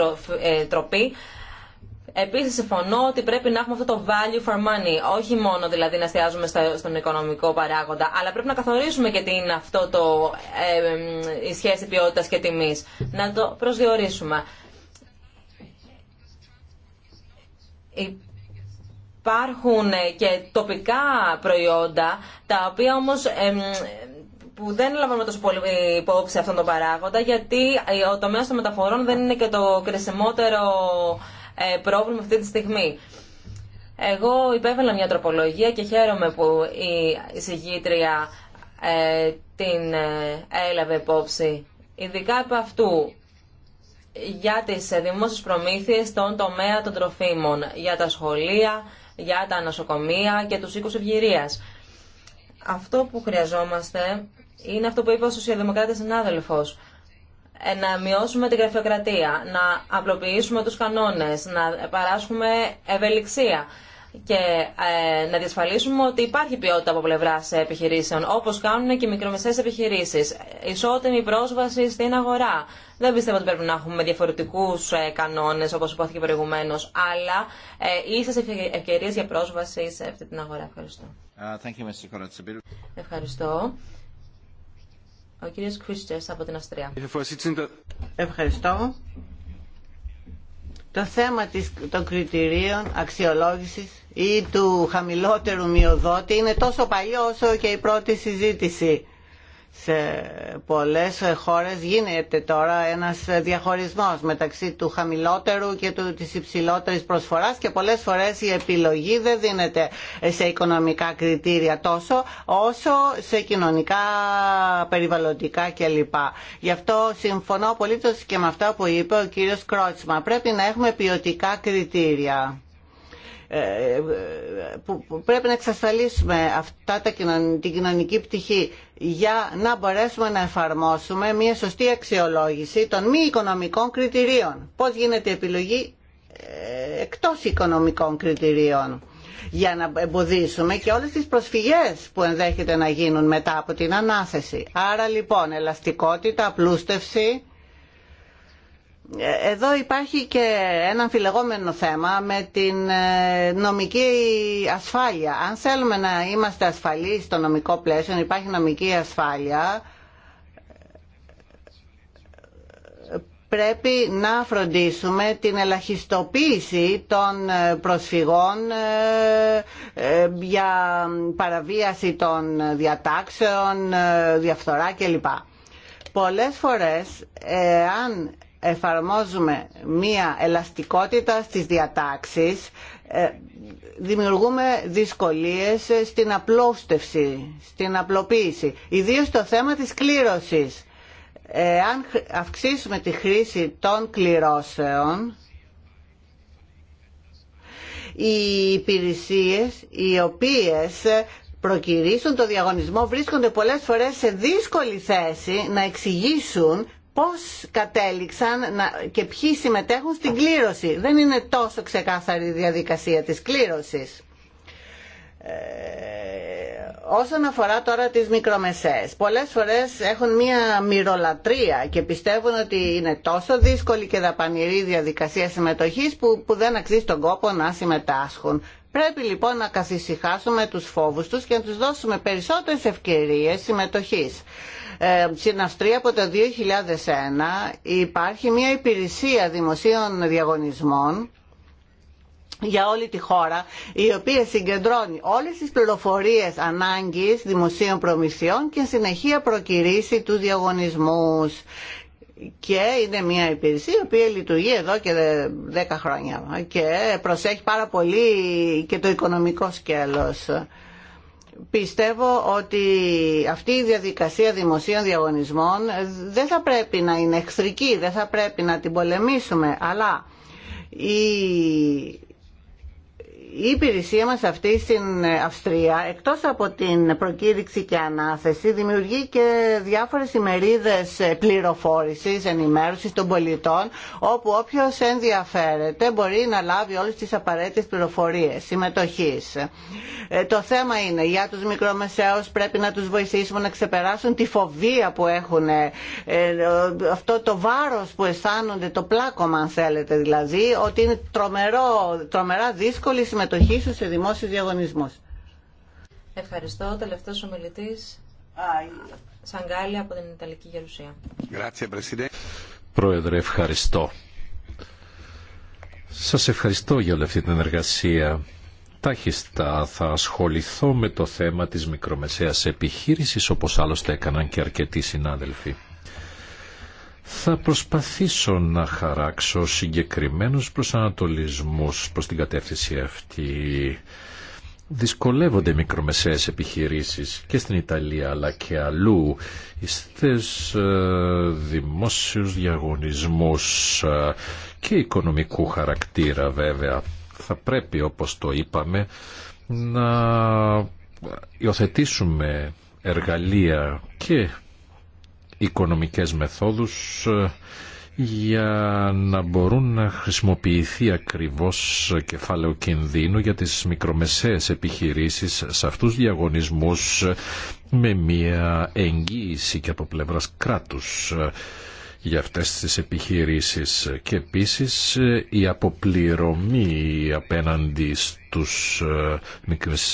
τροπή. Επίσης συμφωνώ ότι πρέπει να έχουμε αυτό το value for money, όχι μόνο δηλαδή να εστιάζουμε στον οικονομικό παράγοντα, αλλά πρέπει να καθορίσουμε και τι είναι αυτό το, η σχέση ποιότητας και τιμής, να το προσδιορίσουμε. υπάρχουν και τοπικά προϊόντα, τα οποία όμως που δεν λαμβάνουμε τόσο πολύ υπόψη αυτόν τον παράγοντα, γιατί ο τομέας των μεταφορών δεν είναι και το κρισιμότερο ε, πρόβλημα αυτή τη στιγμή. Εγώ υπέβαλα μια τροπολογία και χαίρομαι που η συγγήτρια ε, την ε, έλαβε υπόψη. Ειδικά από αυτού για τις δημόσιες προμήθειες στον τομέα των τροφίμων, για τα σχολεία, για τα νοσοκομεία και τους οίκους ευγυρία. Αυτό που χρειαζόμαστε είναι αυτό που είπε ο Σοσιαλδημοκράτης συνάδελφος. Ε, να μειώσουμε την γραφειοκρατία, να απλοποιήσουμε τους κανόνες, να παράσχουμε ευελιξία και ε, να διασφαλίσουμε ότι υπάρχει ποιότητα από πλευρά επιχειρήσεων, όπω κάνουν και οι μικρομεσαίε επιχειρήσει. Ισότιμη πρόσβαση στην αγορά. Δεν πιστεύω ότι πρέπει να έχουμε διαφορετικού ε, κανόνε, όπω υπόθηκε προηγουμένω, αλλά ε, ίσε ευκαιρίε για πρόσβαση σε αυτή την αγορά. Ευχαριστώ. Uh, Ευχαριστώ. Ο κύριος Κρίστερς από την Αυστρία. Ευχαριστώ το θέμα της, των κριτηρίων αξιολόγησης ή του χαμηλότερου μειοδότη είναι τόσο παλιό όσο και η πρώτη συζήτηση σε πολλές χώρες γίνεται τώρα ένας διαχωρισμός μεταξύ του χαμηλότερου και του, της υψηλότερης προσφοράς και πολλές φορές η επιλογή δεν δίνεται σε οικονομικά κριτήρια τόσο όσο σε κοινωνικά, περιβαλλοντικά κλπ. Γι' αυτό συμφωνώ πολύ και με αυτά που είπε ο κύριος Κρότσμα. Πρέπει να έχουμε ποιοτικά κριτήρια ε, που πρέπει να εξασφαλίσουμε αυτά τα, την κοινωνική πτυχή για να μπορέσουμε να εφαρμόσουμε μια σωστή αξιολόγηση των μη οικονομικών κριτηρίων. Πώς γίνεται η επιλογή ε, εκτός οικονομικών κριτηρίων για να εμποδίσουμε και όλες τις προσφυγές που ενδέχεται να γίνουν μετά από την ανάθεση. Άρα λοιπόν ελαστικότητα, απλούστευση ε, εδώ υπάρχει και ένα αμφιλεγόμενο θέμα με την ε, νομική ασφάλεια. Αν θέλουμε να είμαστε ασφαλείς στο νομικό πλαίσιο, υπάρχει νομική ασφάλεια, πρέπει να φροντίσουμε την ελαχιστοποίηση των ε, προσφυγών για παραβίαση των διατάξεων, διαφθορά κλπ. Πολλές φορές, αν εφαρμόζουμε μία ελαστικότητα στις διατάξεις, ε, δημιουργούμε δυσκολίες στην απλώστευση, στην απλοποίηση, ιδίως στο θέμα της κλήρωσης. Ε, αν αυξήσουμε τη χρήση των κληρώσεων, οι υπηρεσίες οι οποίες προκυρήσουν το διαγωνισμό βρίσκονται πολλές φορές σε δύσκολη θέση να εξηγήσουν πώς κατέληξαν και ποιοι συμμετέχουν στην κλήρωση. Δεν είναι τόσο ξεκάθαρη η διαδικασία της κλήρωσης. Ε, όσον αφορά τώρα τις μικρομεσαίες, πολλές φορές έχουν μία μυρολατρεία και πιστεύουν ότι είναι τόσο δύσκολη και δαπανηρή διαδικασία συμμετοχής που, που δεν αξίζει τον κόπο να συμμετάσχουν. Πρέπει λοιπόν να καθησυχάσουμε τους φόβους τους και να τους δώσουμε περισσότερες ευκαιρίες συμμετοχής. Ε, στην Αυστρία από το 2001 υπάρχει μια υπηρεσία δημοσίων διαγωνισμών για όλη τη χώρα, η οποία συγκεντρώνει όλες τις πληροφορίες ανάγκης δημοσίων προμηθειών και συνεχεία προκυρήσει του διαγωνισμούς. Και είναι μια υπηρεσία η οποία λειτουργεί εδώ και 10 χρόνια και προσέχει πάρα πολύ και το οικονομικό σκέλος πιστεύω ότι αυτή η διαδικασία δημοσίων διαγωνισμών δεν θα πρέπει να είναι εχθρική, δεν θα πρέπει να την πολεμήσουμε, αλλά η η υπηρεσία μας αυτή στην Αυστρία, εκτός από την προκήρυξη και ανάθεση, δημιουργεί και διάφορες ημερίδες πληροφόρησης, ενημέρωσης των πολιτών, όπου όποιος ενδιαφέρεται μπορεί να λάβει όλες τις απαραίτητες πληροφορίες συμμετοχής. Ε, το θέμα είναι, για τους μικρομεσαίους πρέπει να τους βοηθήσουμε να ξεπεράσουν τη φοβία που έχουν, ε, αυτό το βάρος που αισθάνονται, το πλάκωμα αν θέλετε δηλαδή, ότι είναι τρομερό, τρομερά δύσκολη συμμετοχή σου σε δημόσιους διαγωνισμούς. Ευχαριστώ. Τελευταίος ομιλητής, Σανγκάλη από την Ιταλική Γερουσία. Πρόεδρε, ευχαριστώ. Σας ευχαριστώ για όλη αυτή την εργασία. Τάχιστα θα ασχοληθώ με το θέμα της μικρομεσαίας επιχείρησης, όπως άλλωστε έκαναν και αρκετοί συνάδελφοι θα προσπαθήσω να χαράξω συγκεκριμένους προσανατολισμούς προς την κατεύθυνση αυτή. Δυσκολεύονται μικρομεσαίες επιχειρήσεις και στην Ιταλία αλλά και αλλού στις ε, δημόσιους διαγωνισμούς ε, και οικονομικού χαρακτήρα βέβαια. Θα πρέπει όπως το είπαμε να υιοθετήσουμε εργαλεία και οικονομικές μεθόδους ε, για να μπορούν να χρησιμοποιηθεί ακριβώς κεφάλαιο κινδύνου για τις μικρομεσαίες επιχειρήσεις σε αυτούς διαγωνισμούς με μια εγγύηση και από πλευράς κράτους για αυτές τις επιχειρήσεις και επίσης η αποπληρωμή απέναντι στους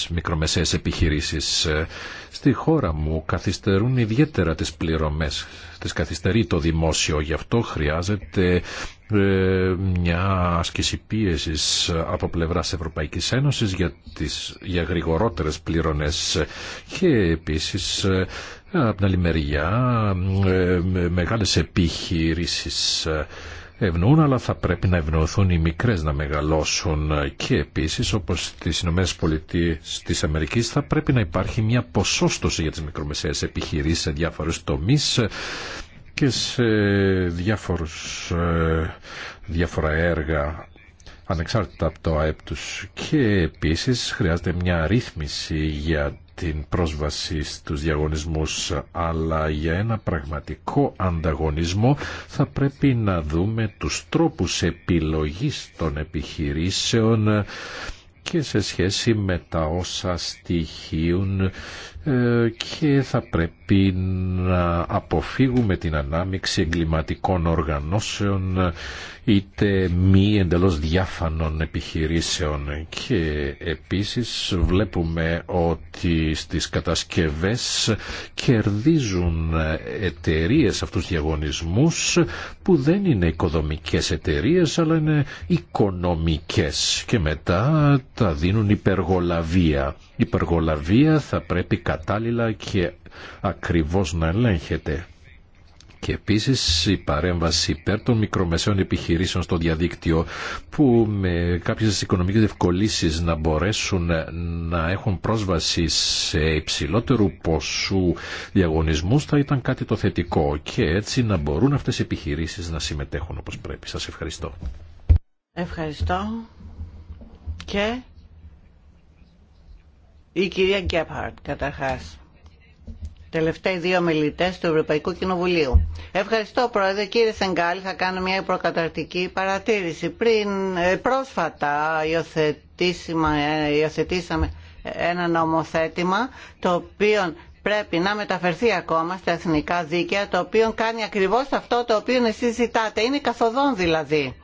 ε, μικρομεσαίες επιχειρήσεις ε, στη χώρα μου καθυστερούν ιδιαίτερα τις πληρωμές τις καθυστερεί το δημόσιο γι' αυτό χρειάζεται μια άσκηση πίεσης από πλευράς Ευρωπαϊκής Ένωσης για, τις, για γρηγορότερες πλήρωνες και επίσης ε, από την άλλη μεριά ε, μεγάλες επιχειρήσεις ε, ευνοούν, αλλά θα πρέπει να ευνοηθούν οι μικρές να μεγαλώσουν και επίσης όπως στις ΗΠΑ Πολιτείες της Αμερικής θα πρέπει να υπάρχει μια ποσόστοση για τις μικρομεσαίες επιχειρήσεις σε διάφορου τομείς και σε διάφορους, ε, διάφορα έργα ανεξάρτητα από το ΑΕΠ τους. Και επίσης χρειάζεται μια ρύθμιση για την πρόσβαση στους διαγωνισμούς αλλά για ένα πραγματικό ανταγωνισμό θα πρέπει να δούμε τους τρόπους επιλογής των επιχειρήσεων και σε σχέση με τα όσα στοιχείουν ε, και θα πρέπει να αποφύγουμε την ανάμειξη εγκληματικών οργανώσεων είτε μη εντελώς διάφανων επιχειρήσεων και επίσης βλέπουμε ότι στις κατασκευές κερδίζουν εταιρείες αυτούς τους διαγωνισμούς που δεν είναι οικοδομικές εταιρείες αλλά είναι οικονομικές και μετά τα δίνουν υπεργολαβία. Η υπεργολαβία θα πρέπει κατάλληλα και ακριβώς να ελέγχεται. Και επίσης η παρέμβαση υπέρ των μικρομεσαίων επιχειρήσεων στο διαδίκτυο που με κάποιες οικονομικές ευκολύσεις να μπορέσουν να έχουν πρόσβαση σε υψηλότερου ποσού διαγωνισμούς θα ήταν κάτι το θετικό και έτσι να μπορούν αυτές οι επιχειρήσεις να συμμετέχουν όπως πρέπει. Σας ευχαριστώ. Ευχαριστώ και η κυρία Γκέπχαρτ, καταρχά. Τελευταίοι δύο μιλητέ του Ευρωπαϊκού Κοινοβουλίου. Ευχαριστώ, Πρόεδρε. Κύριε Σενγκάλη, θα κάνω μια προκαταρτική παρατήρηση. Πριν, ε, πρόσφατα ε, υιοθετήσαμε ένα νομοθέτημα το οποίο πρέπει να μεταφερθεί ακόμα στα εθνικά δίκαια, το οποίο κάνει ακριβώς αυτό το οποίο εσείς ζητάτε. Είναι καθοδόν δηλαδή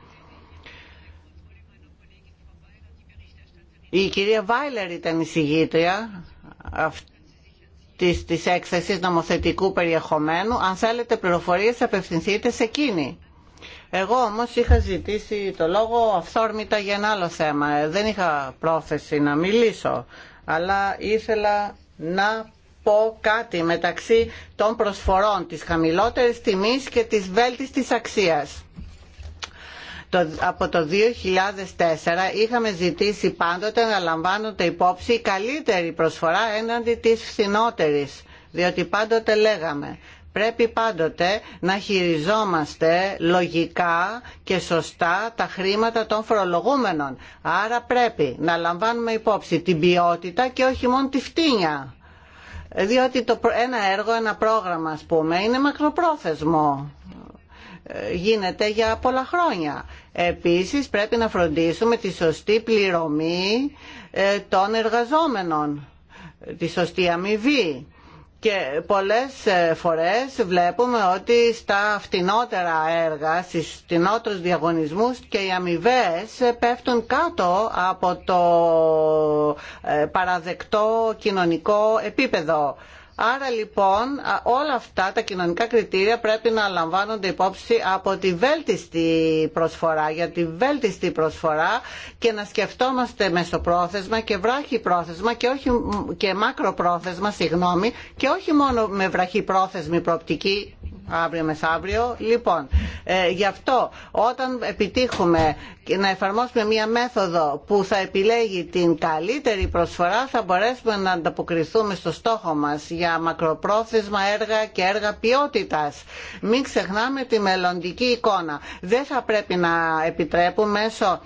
Η κυρία Βάιλερ ήταν η συγγήτρια αυτής της έκθεσης νομοθετικού περιεχομένου. Αν θέλετε πληροφορίες απευθυνθείτε σε εκείνη. Εγώ όμως είχα ζητήσει το λόγο αυθόρμητα για ένα άλλο θέμα. Δεν είχα πρόθεση να μιλήσω, αλλά ήθελα να πω κάτι μεταξύ των προσφορών της χαμηλότερης τιμής και της βέλτιστης αξίας από το 2004 είχαμε ζητήσει πάντοτε να λαμβάνονται υπόψη η καλύτερη προσφορά έναντι της φθηνότερης. Διότι πάντοτε λέγαμε πρέπει πάντοτε να χειριζόμαστε λογικά και σωστά τα χρήματα των φορολογούμενων. Άρα πρέπει να λαμβάνουμε υπόψη την ποιότητα και όχι μόνο τη φτύνια. Διότι το, ένα έργο, ένα πρόγραμμα ας πούμε είναι μακροπρόθεσμο ε, γίνεται για πολλά χρόνια. Επίσης πρέπει να φροντίσουμε τη σωστή πληρωμή ε, των εργαζόμενων, τη σωστή αμοιβή. Και πολλές ε, φορές βλέπουμε ότι στα φτηνότερα έργα, στις φτηνότερους διαγωνισμούς και οι αμοιβέ ε, πέφτουν κάτω από το παραδεκτό κοινωνικό επίπεδο. Άρα λοιπόν όλα αυτά τα κοινωνικά κριτήρια πρέπει να λαμβάνονται υπόψη από τη βέλτιστη προσφορά, για τη βέλτιστη προσφορά και να σκεφτόμαστε μεσοπρόθεσμα και βράχη πρόθεσμα και, όχι, και μακροπρόθεσμα, συγγνώμη, και όχι μόνο με βραχή πρόθεσμη προοπτική αύριο μεθαύριο. Λοιπόν, ε, γι' αυτό όταν επιτύχουμε να εφαρμόσουμε μία μέθοδο που θα επιλέγει την καλύτερη προσφορά θα μπορέσουμε να ανταποκριθούμε στο στόχο μας μακροπρόθεσμα έργα και έργα ποιότητας. Μην ξεχνάμε τη μελλοντική εικόνα. Δεν θα πρέπει να επιτρέπουμε μέσω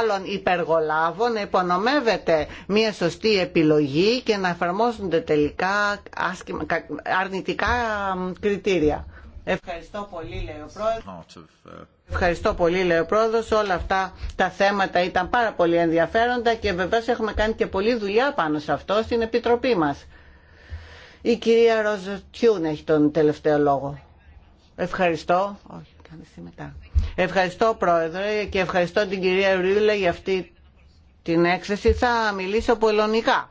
άλλων υπεργολάβων να υπονομεύεται μια σωστή επιλογή και να εφαρμόζονται τελικά αρνητικά κριτήρια. Ευχαριστώ πολύ, λέει ο πρόεδρος. Uh, Ευχαριστώ πολύ, λέει ο πρόεδρος. Όλα αυτά τα θέματα ήταν πάρα πολύ ενδιαφέροντα και βεβαίως έχουμε κάνει και πολλή δουλειά πάνω σε αυτό στην Επιτροπή μας. Η κυρία Ροζοτιούν έχει τον τελευταίο λόγο. Ευχαριστώ. Όχι, μετά. Ευχαριστώ πρόεδρε και ευχαριστώ την κυρία Ρούλε για αυτή την έκθεση. Θα μιλήσω πολωνικά.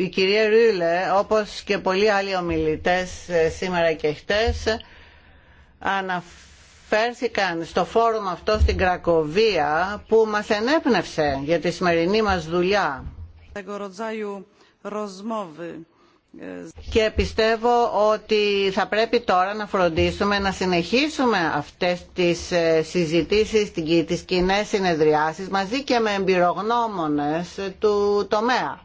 Η, κυρία Ρούλε, όπως και πολλοί άλλοι ομιλητές ε, σήμερα και χτες, αναφέρει φέρθηκαν στο φόρουμ αυτό στην Κρακοβία που μας ενέπνευσε για τη σημερινή μας δουλειά. E, και πιστεύω ότι θα πρέπει τώρα να φροντίσουμε να συνεχίσουμε αυτές τις ε, συζητήσεις, τις κοινέ συνεδριάσεις μαζί και με εμπειρογνώμονες του τομέα.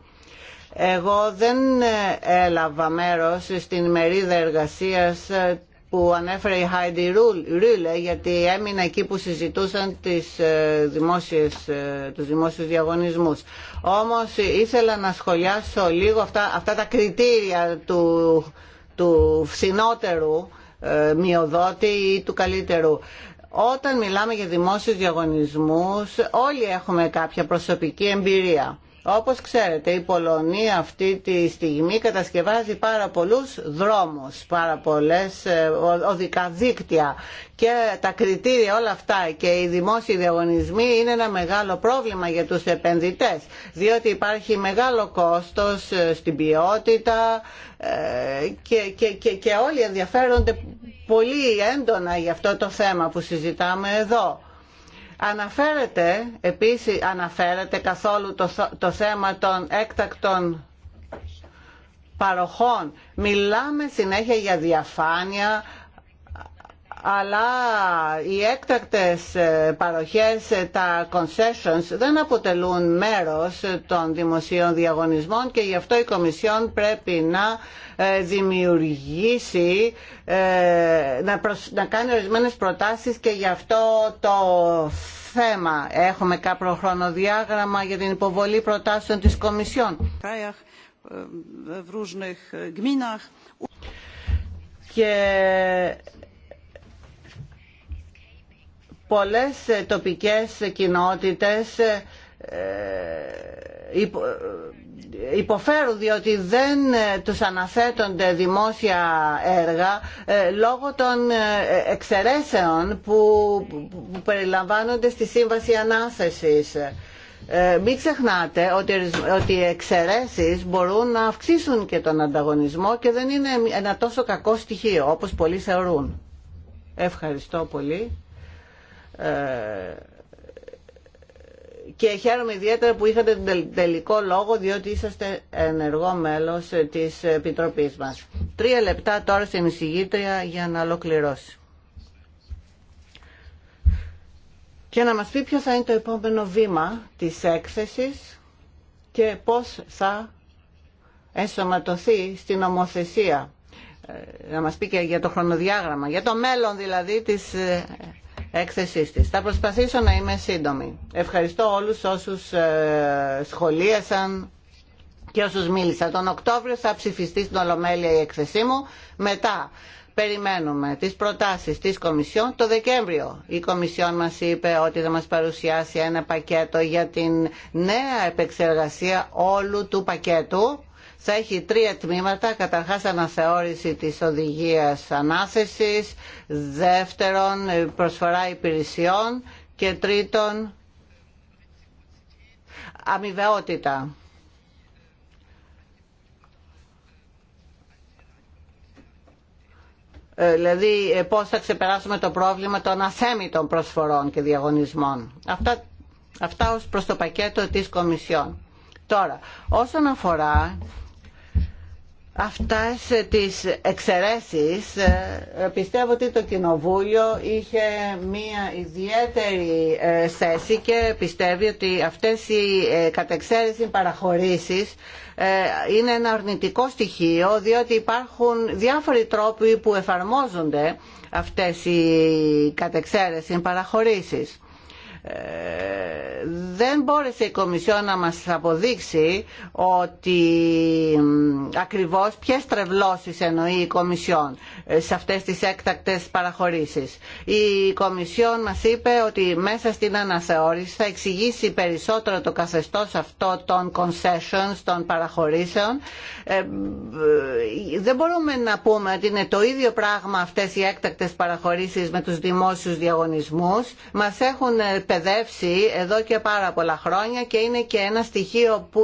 Εγώ δεν ε, έλαβα μέρος στην μερίδα εργασίας ε, που ανέφερε η Χάιντι Ρούλε γιατί έμεινα εκεί που συζητούσαν τις ε, δημόσιες, ε, τους δημόσιους διαγωνισμούς. Όμως ήθελα να σχολιάσω λίγο αυτά, αυτά τα κριτήρια του, του φθηνότερου ε, μειοδότη ή του καλύτερου. Όταν μιλάμε για δημόσιους διαγωνισμούς όλοι έχουμε κάποια προσωπική εμπειρία. Όπως ξέρετε η Πολωνία αυτή τη στιγμή κατασκευάζει πάρα πολλούς δρόμους, πάρα πολλές ε, οδικά δίκτυα και τα κριτήρια όλα αυτά και οι δημόσιοι διαγωνισμοί είναι ένα μεγάλο πρόβλημα για τους επενδυτές διότι υπάρχει μεγάλο κόστος ε, στην ποιότητα ε, και, και, και, και όλοι ενδιαφέρονται πολύ έντονα για αυτό το θέμα που συζητάμε εδώ. Αναφέρεται, επίσης αναφέρεται καθόλου το, το θέμα των έκτακτων παροχών. Μιλάμε συνέχεια για διαφάνεια, αλλά οι έκτακτες ε, παροχές, ε, τα concessions δεν αποτελούν μέρος των δημοσίων διαγωνισμών και γι' αυτό η Κομισιόν πρέπει να ε, δημιουργήσει, να, να κάνει ορισμένες προτάσεις και γι' αυτό το θέμα. Έχουμε κάποιο χρονοδιάγραμμα για την υποβολή προτάσεων της Κομισιόν. Και πολλές ε, τοπικές κοινότητες ε, ε, υποφέρουν διότι δεν τους αναθέτονται δημόσια έργα λόγω των εξαιρέσεων που περιλαμβάνονται στη Σύμβαση Ανάθεσης. Μην ξεχνάτε ότι οι εξαιρέσεις μπορούν να αυξήσουν και τον ανταγωνισμό και δεν είναι ένα τόσο κακό στοιχείο όπως πολλοί θεωρούν. Ευχαριστώ πολύ και χαίρομαι ιδιαίτερα που είχατε τον τελικό λόγο διότι είσαστε ενεργό μέλος της Επιτροπής μας. Τρία λεπτά τώρα στην εισηγήτρια για να ολοκληρώσει. Και να μας πει ποιο θα είναι το επόμενο βήμα της έκθεσης και πώς θα ενσωματωθεί στην ομοθεσία. Ε, να μας πει και για το χρονοδιάγραμμα, για το μέλλον δηλαδή της ε, θα προσπαθήσω να είμαι σύντομη. Ευχαριστώ όλους όσους ε, σχολίασαν και όσους μίλησαν. Τον Οκτώβριο θα ψηφιστεί στην Ολομέλεια η έκθεσή μου. Μετά περιμένουμε τις προτάσεις της Κομισιόν το Δεκέμβριο. Η Κομισιόν μας είπε ότι θα μας παρουσιάσει ένα πακέτο για την νέα επεξεργασία όλου του πακέτου θα έχει τρία τμήματα. Καταρχάς αναθεώρηση της οδηγίας ανάθεσης, δεύτερον προσφορά υπηρεσιών και τρίτον αμοιβαιότητα. Ε, δηλαδή ε, πώς θα ξεπεράσουμε το πρόβλημα των αθέμητων προσφορών και διαγωνισμών. Αυτά, αυτά ως προς το πακέτο της Κομισιόν. Τώρα, όσον αφορά Αυτές τις εξαιρέσεις ε, πιστεύω ότι το Κοινοβούλιο είχε μία ιδιαίτερη ε, θέση και πιστεύει ότι αυτές οι ε, κατεξαίρεση παραχωρήσεις είναι ένα αρνητικό στοιχείο διότι υπάρχουν διάφοροι τρόποι που εφαρμόζονται αυτές οι κατεξαίρεση παραχωρήσεις δεν μπόρεσε η Κομισιό να μας αποδείξει ότι ακριβώς ποιες τρευλώσεις εννοεί η Κομισιόν ε, σε αυτές τις έκτακτες παραχωρήσεις. Η Κομισιόν μας είπε ότι μέσα στην αναθεώρηση θα εξηγήσει περισσότερο το καθεστώς αυτό των concessions, των παραχωρήσεων. Ε, ε, δεν μπορούμε να πούμε ότι είναι το ίδιο πράγμα αυτές οι έκτακτες παραχωρήσεις με τους δημόσιους διαγωνισμούς. Μας έχουν εκπαιδεύσει εδώ και πάρα πολλά χρόνια και είναι και ένα στοιχείο που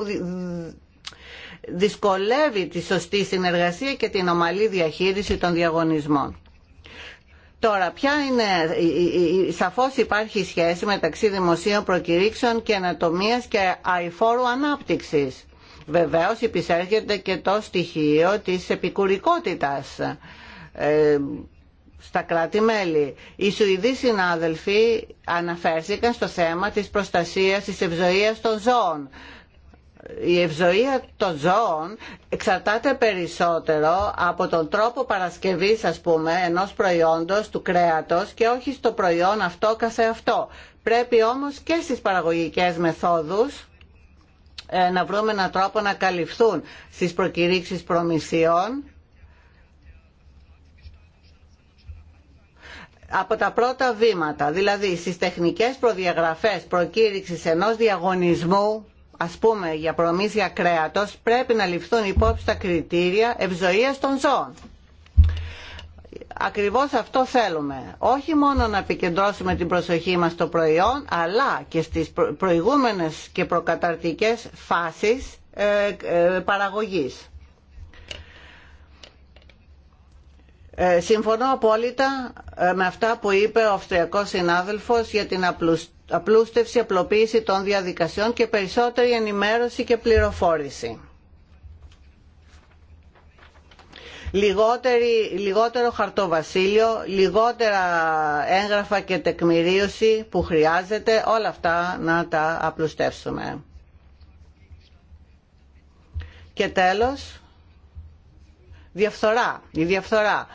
δυσκολεύει τη σωστή συνεργασία και την ομαλή διαχείριση των διαγωνισμών. Τώρα, ποια είναι, σαφώς υπάρχει σχέση μεταξύ δημοσίων προκηρύξεων και ανατομίας και αηφόρου ανάπτυξης. Βεβαίως υπησέρχεται και το στοιχείο της επικουρικότητας ε, στα κράτη-μέλη. Οι Σουηδοί συνάδελφοι αναφέρθηκαν στο θέμα της προστασίας της ευζοίας των ζώων. Η ευζοία των ζώων εξαρτάται περισσότερο από τον τρόπο παρασκευής, ας πούμε, ενός προϊόντος, του κρέατος και όχι στο προϊόν αυτό αυτό. Πρέπει όμως και στις παραγωγικές μεθόδους ε, να βρούμε έναν τρόπο να καλυφθούν στις προκηρύξεις προμηθειών από τα πρώτα βήματα, δηλαδή στις τεχνικές προδιαγραφές προκήρυξης ενός διαγωνισμού ας πούμε για προμήθεια κρέατος πρέπει να ληφθούν υπόψη τα κριτήρια ευζοίας των ζώων. Ακριβώς αυτό θέλουμε. Όχι μόνο να επικεντρώσουμε την προσοχή μας στο προϊόν, αλλά και στις προηγούμενες και προκαταρτικές φάσεις ε, ε, παραγωγής. Ε, συμφωνώ απόλυτα ε, με αυτά που είπε ο Αυστριακός συνάδελφος για την απλούστευση, απλοποίηση των διαδικασιών και περισσότερη ενημέρωση και πληροφόρηση. λιγότερο χαρτοβασίλειο, λιγότερα έγγραφα και τεκμηρίωση που χρειάζεται, όλα αυτά να τα απλουστεύσουμε. Και τέλος, διαφθορά. Η διαφθορά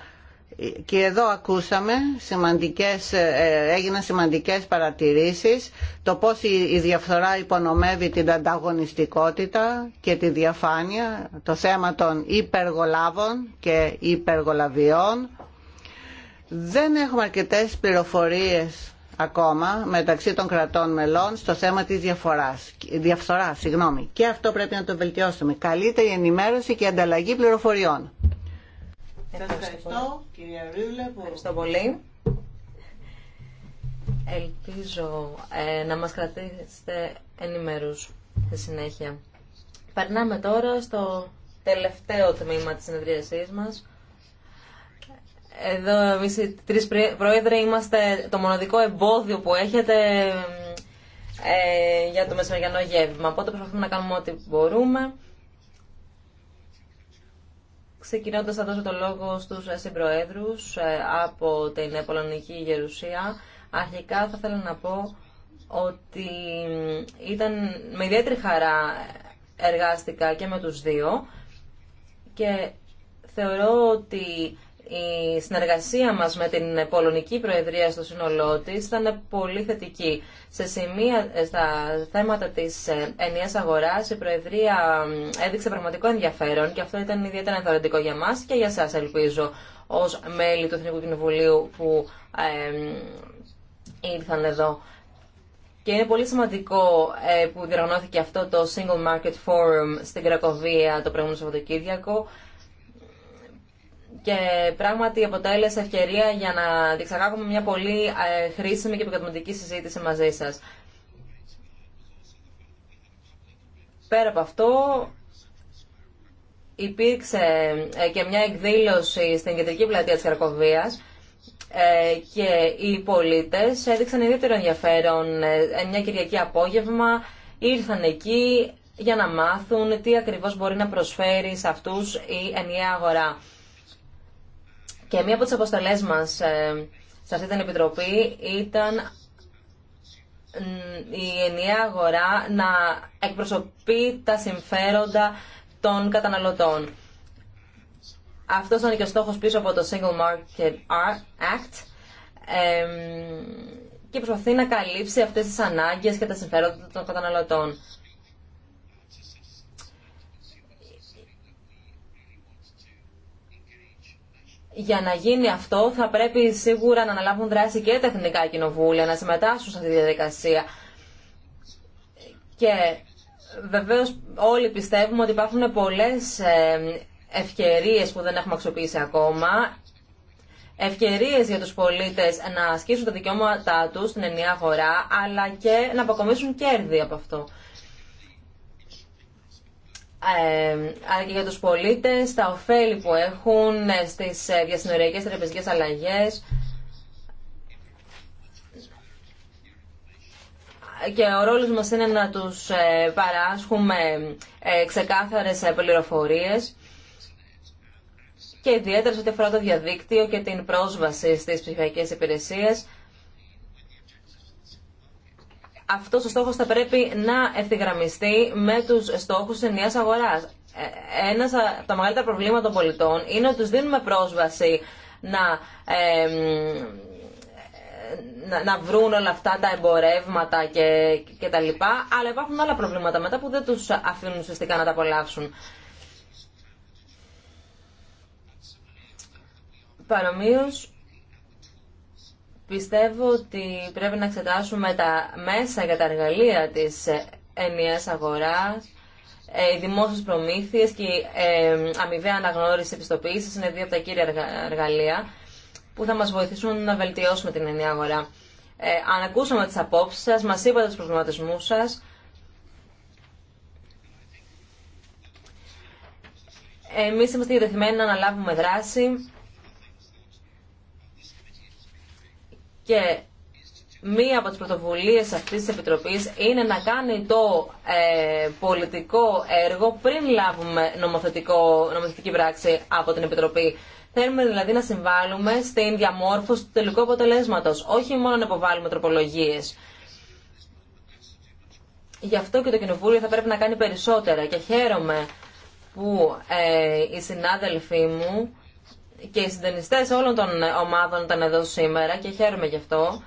και εδώ ακούσαμε, σημαντικές, ε, έγιναν σημαντικές παρατηρήσεις το πώς η διαφθορά υπονομεύει την ανταγωνιστικότητα και τη διαφάνεια, το θέμα των υπεργολάβων και υπεργολαβιών. Δεν έχουμε αρκετές πληροφορίες ακόμα μεταξύ των κρατών μελών στο θέμα της διαφοράς, διαφθοράς. Συγγνώμη. Και αυτό πρέπει να το βελτιώσουμε. Καλύτερη ενημέρωση και ανταλλαγή πληροφοριών. Σας ευχαριστώ, κυρία που Ευχαριστώ πολύ. Ελπίζω ε, να μας κρατήσετε ενημερούς στη συνέχεια. Περνάμε τώρα στο τελευταίο τμήμα της συνεδρίασής μας. Εδώ εμείς οι τρεις πρόεδροι είμαστε το μοναδικό εμπόδιο που έχετε ε, για το μεσημεριανό γεύμα. Οπότε προσπαθούμε να κάνουμε ό,τι μπορούμε ξεκινώντας θα δώσω το λόγο στους ε, συμπροέδρους ε, από την ε, Πολωνική Γερουσία. Αρχικά θα ήθελα να πω ότι ήταν με ιδιαίτερη χαρά εργάστηκα και με τους δύο και θεωρώ ότι η συνεργασία μας με την Πολωνική Προεδρία στο σύνολό τη ήταν πολύ θετική. Σε σημεία, ε, στα θέματα της ε, ενιαίας αγοράς, η Προεδρία έδειξε πραγματικό ενδιαφέρον και αυτό ήταν ιδιαίτερα ενθαρρυντικό για μας και για σας ελπίζω ως μέλη του Εθνικού Κοινοβουλίου που ε, ήρθαν εδώ. Και είναι πολύ σημαντικό ε, που διοργανώθηκε αυτό το Single Market Forum στην Κρακοβία το προηγούμενο Σαββατοκύριακο και πράγματι αποτέλεσε ευκαιρία για να διεξαγάγουμε μια πολύ ε, χρήσιμη και επικοδομητική συζήτηση μαζί σας. Πέρα από αυτό, υπήρξε ε, και μια εκδήλωση στην κεντρική πλατεία της Χαρκοβίας ε, και οι πολίτες έδειξαν ιδιαίτερο ενδιαφέρον μια Κυριακή απόγευμα, ήρθαν εκεί για να μάθουν τι ακριβώς μπορεί να προσφέρει σε αυτούς η ενιαία αγορά. Και μία από τις αποστολές μας ε, σε αυτή την επιτροπή ήταν η ενιαία αγορά να εκπροσωπεί τα συμφέροντα των καταναλωτών. Αυτό ήταν και ο στόχο πίσω από το Single Market Act ε, και προσπαθεί να καλύψει αυτές τις ανάγκες και τα συμφέροντα των καταναλωτών. για να γίνει αυτό θα πρέπει σίγουρα να αναλάβουν δράση και τα εθνικά κοινοβούλια, να συμμετάσχουν σε αυτή τη διαδικασία. Και βεβαίω όλοι πιστεύουμε ότι υπάρχουν πολλέ ε, ευκαιρίε που δεν έχουμε αξιοποιήσει ακόμα, ευκαιρίε για τους πολίτες να ασκήσουν τα δικαιώματά τους στην ενιαία αγορά, αλλά και να αποκομίσουν κέρδη από αυτό αλλά και για τους πολίτες, τα ωφέλη που έχουν ε, στις ε, διασυνοριακές τραπεζικές αλλαγές και ο ρόλος μας είναι να τους ε, παράσχουμε ξεκάθαρες πληροφορίες και ιδιαίτερα σε ό,τι αφορά το διαδίκτυο και την πρόσβαση στις ψηφιακές υπηρεσίες αυτός ο στόχος θα πρέπει να ευθυγραμμιστεί με τους στόχους της ενιαίας αγοράς. Ε, Ένα από τα μεγαλύτερα προβλήματα των πολιτών είναι ότι τους δίνουμε πρόσβαση να, ε, να, να, βρουν όλα αυτά τα εμπορεύματα και, και τα λοιπά, αλλά υπάρχουν άλλα προβλήματα μετά που δεν τους αφήνουν ουσιαστικά να τα απολαύσουν. Παρομοίως, Πιστεύω ότι πρέπει να εξετάσουμε τα μέσα για τα εργαλεία της ενιαίας αγοράς, ε, οι δημόσιες προμήθειες και η ε, αμοιβαία αναγνώριση επιστοποίησης είναι δύο από τα κύρια εργαλεία που θα μας βοηθήσουν να βελτιώσουμε την ενιαία αγορά. Ανακούσαμε αν ακούσαμε τις απόψεις σας, μας είπατε τους προβληματισμούς σας. Εμείς είμαστε διατεθειμένοι να αναλάβουμε δράση Και μία από τις πρωτοβουλίες αυτής της Επιτροπής είναι να κάνει το ε, πολιτικό έργο πριν λάβουμε νομοθετικό, νομοθετική πράξη από την Επιτροπή. Θέλουμε δηλαδή να συμβάλλουμε στην διαμόρφωση του τελικού αποτελέσματος, όχι μόνο να υποβάλουμε τροπολογίες. Γι' αυτό και το Κοινοβούλιο θα πρέπει να κάνει περισσότερα και χαίρομαι που ε, οι συνάδελφοί μου και οι συντονιστέ όλων των ομάδων ήταν εδώ σήμερα και χαίρομαι γι' αυτό.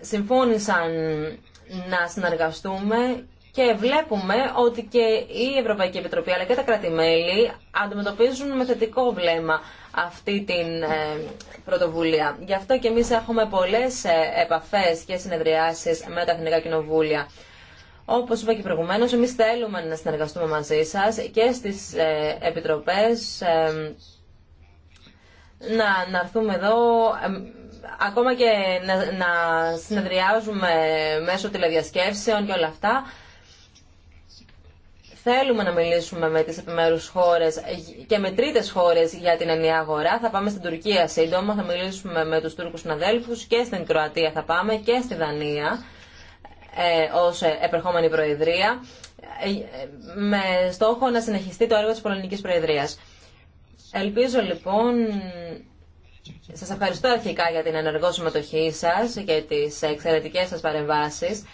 Συμφώνησαν να συνεργαστούμε και βλέπουμε ότι και η Ευρωπαϊκή Επιτροπή αλλά και τα κράτη-μέλη αντιμετωπίζουν με θετικό βλέμμα αυτή την ε, πρωτοβουλία. Γι' αυτό και εμείς έχουμε πολλές ε, επαφές και συνεδριάσεις με τα Εθνικά Κοινοβούλια. Όπως είπα και προηγουμένως, εμείς θέλουμε να συνεργαστούμε μαζί σας και στις ε, επιτροπές να, να έρθουμε εδώ ακόμα και να, να συνεδριάζουμε μέσω τηλεδιασκέψεων και όλα αυτά. Θέλουμε να μιλήσουμε με τις επιμέρους χώρες και με τρίτες χώρες για την ενιαία αγορά. Θα πάμε στην Τουρκία σύντομα, θα μιλήσουμε με τους Τούρκους συναδέλφους και στην Κροατία θα πάμε και στη Δανία ε, ως επερχόμενη Προεδρία ε, με στόχο να συνεχιστεί το έργο της Πολωνικής Προεδρίας. Ελπίζω λοιπόν, σας ευχαριστώ αρχικά για την ενεργό συμμετοχή σας και τις εξαιρετικές σας παρεμβάσεις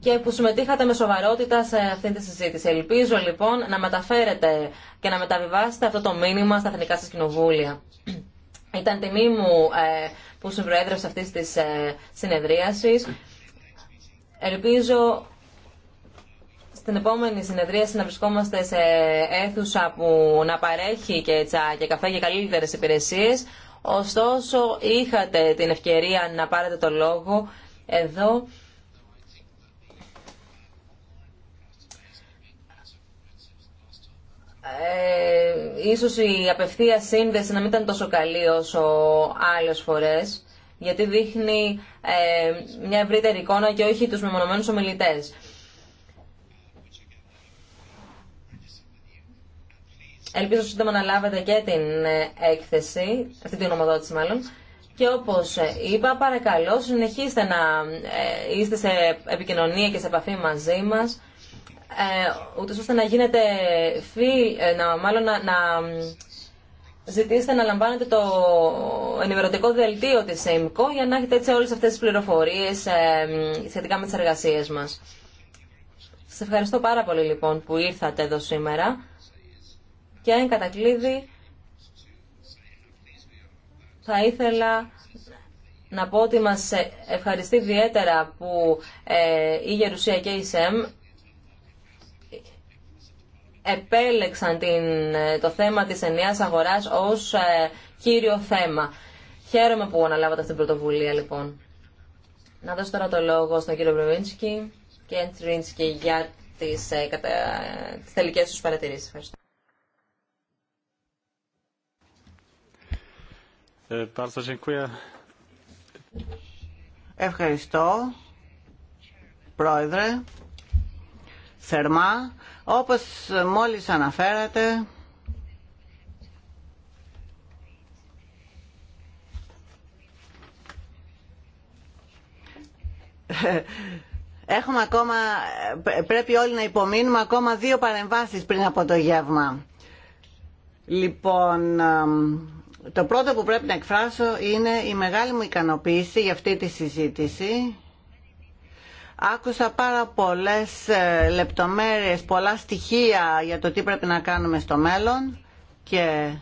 και που συμμετείχατε με σοβαρότητα σε αυτή τη συζήτηση. Ελπίζω λοιπόν να μεταφέρετε και να μεταβιβάσετε αυτό το μήνυμα στα εθνικά σας κοινοβούλια. Ήταν τιμή μου ε, που συμπροέδρευσα αυτής της ε, συνεδρίασης. Ελπίζω στην επόμενη συνεδρία να βρισκόμαστε σε αίθουσα που να παρέχει και τσά και καφέ και καλύτερε υπηρεσίε. Ωστόσο, είχατε την ευκαιρία να πάρετε το λόγο εδώ. Ε, ίσως η απευθεία σύνδεση να μην ήταν τόσο καλή όσο άλλες φορές, γιατί δείχνει ε, μια ευρύτερη εικόνα και όχι τους μεμονωμένους ομιλητές. Ελπίζω σύντομα να λάβετε και την ε, έκθεση, αυτή την ομοδότηση μάλλον. Και όπως ε, είπα, παρακαλώ, συνεχίστε να ε, είστε σε επικοινωνία και σε επαφή μαζί μας, ούτω ώστε να γίνετε φίλοι, να, μάλλον να, να ζητήστε να λαμβάνετε το ενημερωτικό δελτίο τη ΕΜΚΟ για να έχετε έτσι όλες αυτές τις πληροφορίες σχετικά με τι εργασίε μα. Σα ευχαριστώ πάρα πολύ λοιπόν που ήρθατε εδώ σήμερα και εν κατακλείδη θα ήθελα να πω ότι μας ευχαριστεί ιδιαίτερα που ε, η Γερουσία και η ΣΕΜ επέλεξαν την, το θέμα της ενιαίας αγοράς ως ε, κύριο θέμα. Χαίρομαι που αναλάβατε αυτή την πρωτοβουλία λοιπόν. Να δώσω τώρα το λόγο στον κύριο Μπρεβίνσκι και Τρίνσκι για τις, ε, κατα... τις τελικές τους παρατηρήσεις. Ε, Ευχαριστώ, Πρόεδρε, θερμά. Όπως μόλις αναφέρατε, Έχουμε ακόμα, πρέπει όλοι να υπομείνουμε ακόμα δύο παρεμβάσεις πριν από το γεύμα. Λοιπόν, το πρώτο που πρέπει να εκφράσω είναι η μεγάλη μου ικανοποίηση για αυτή τη συζήτηση. Άκουσα πάρα πολλές ε, λεπτομέρειες, πολλά στοιχεία για το τι πρέπει να κάνουμε στο μέλλον και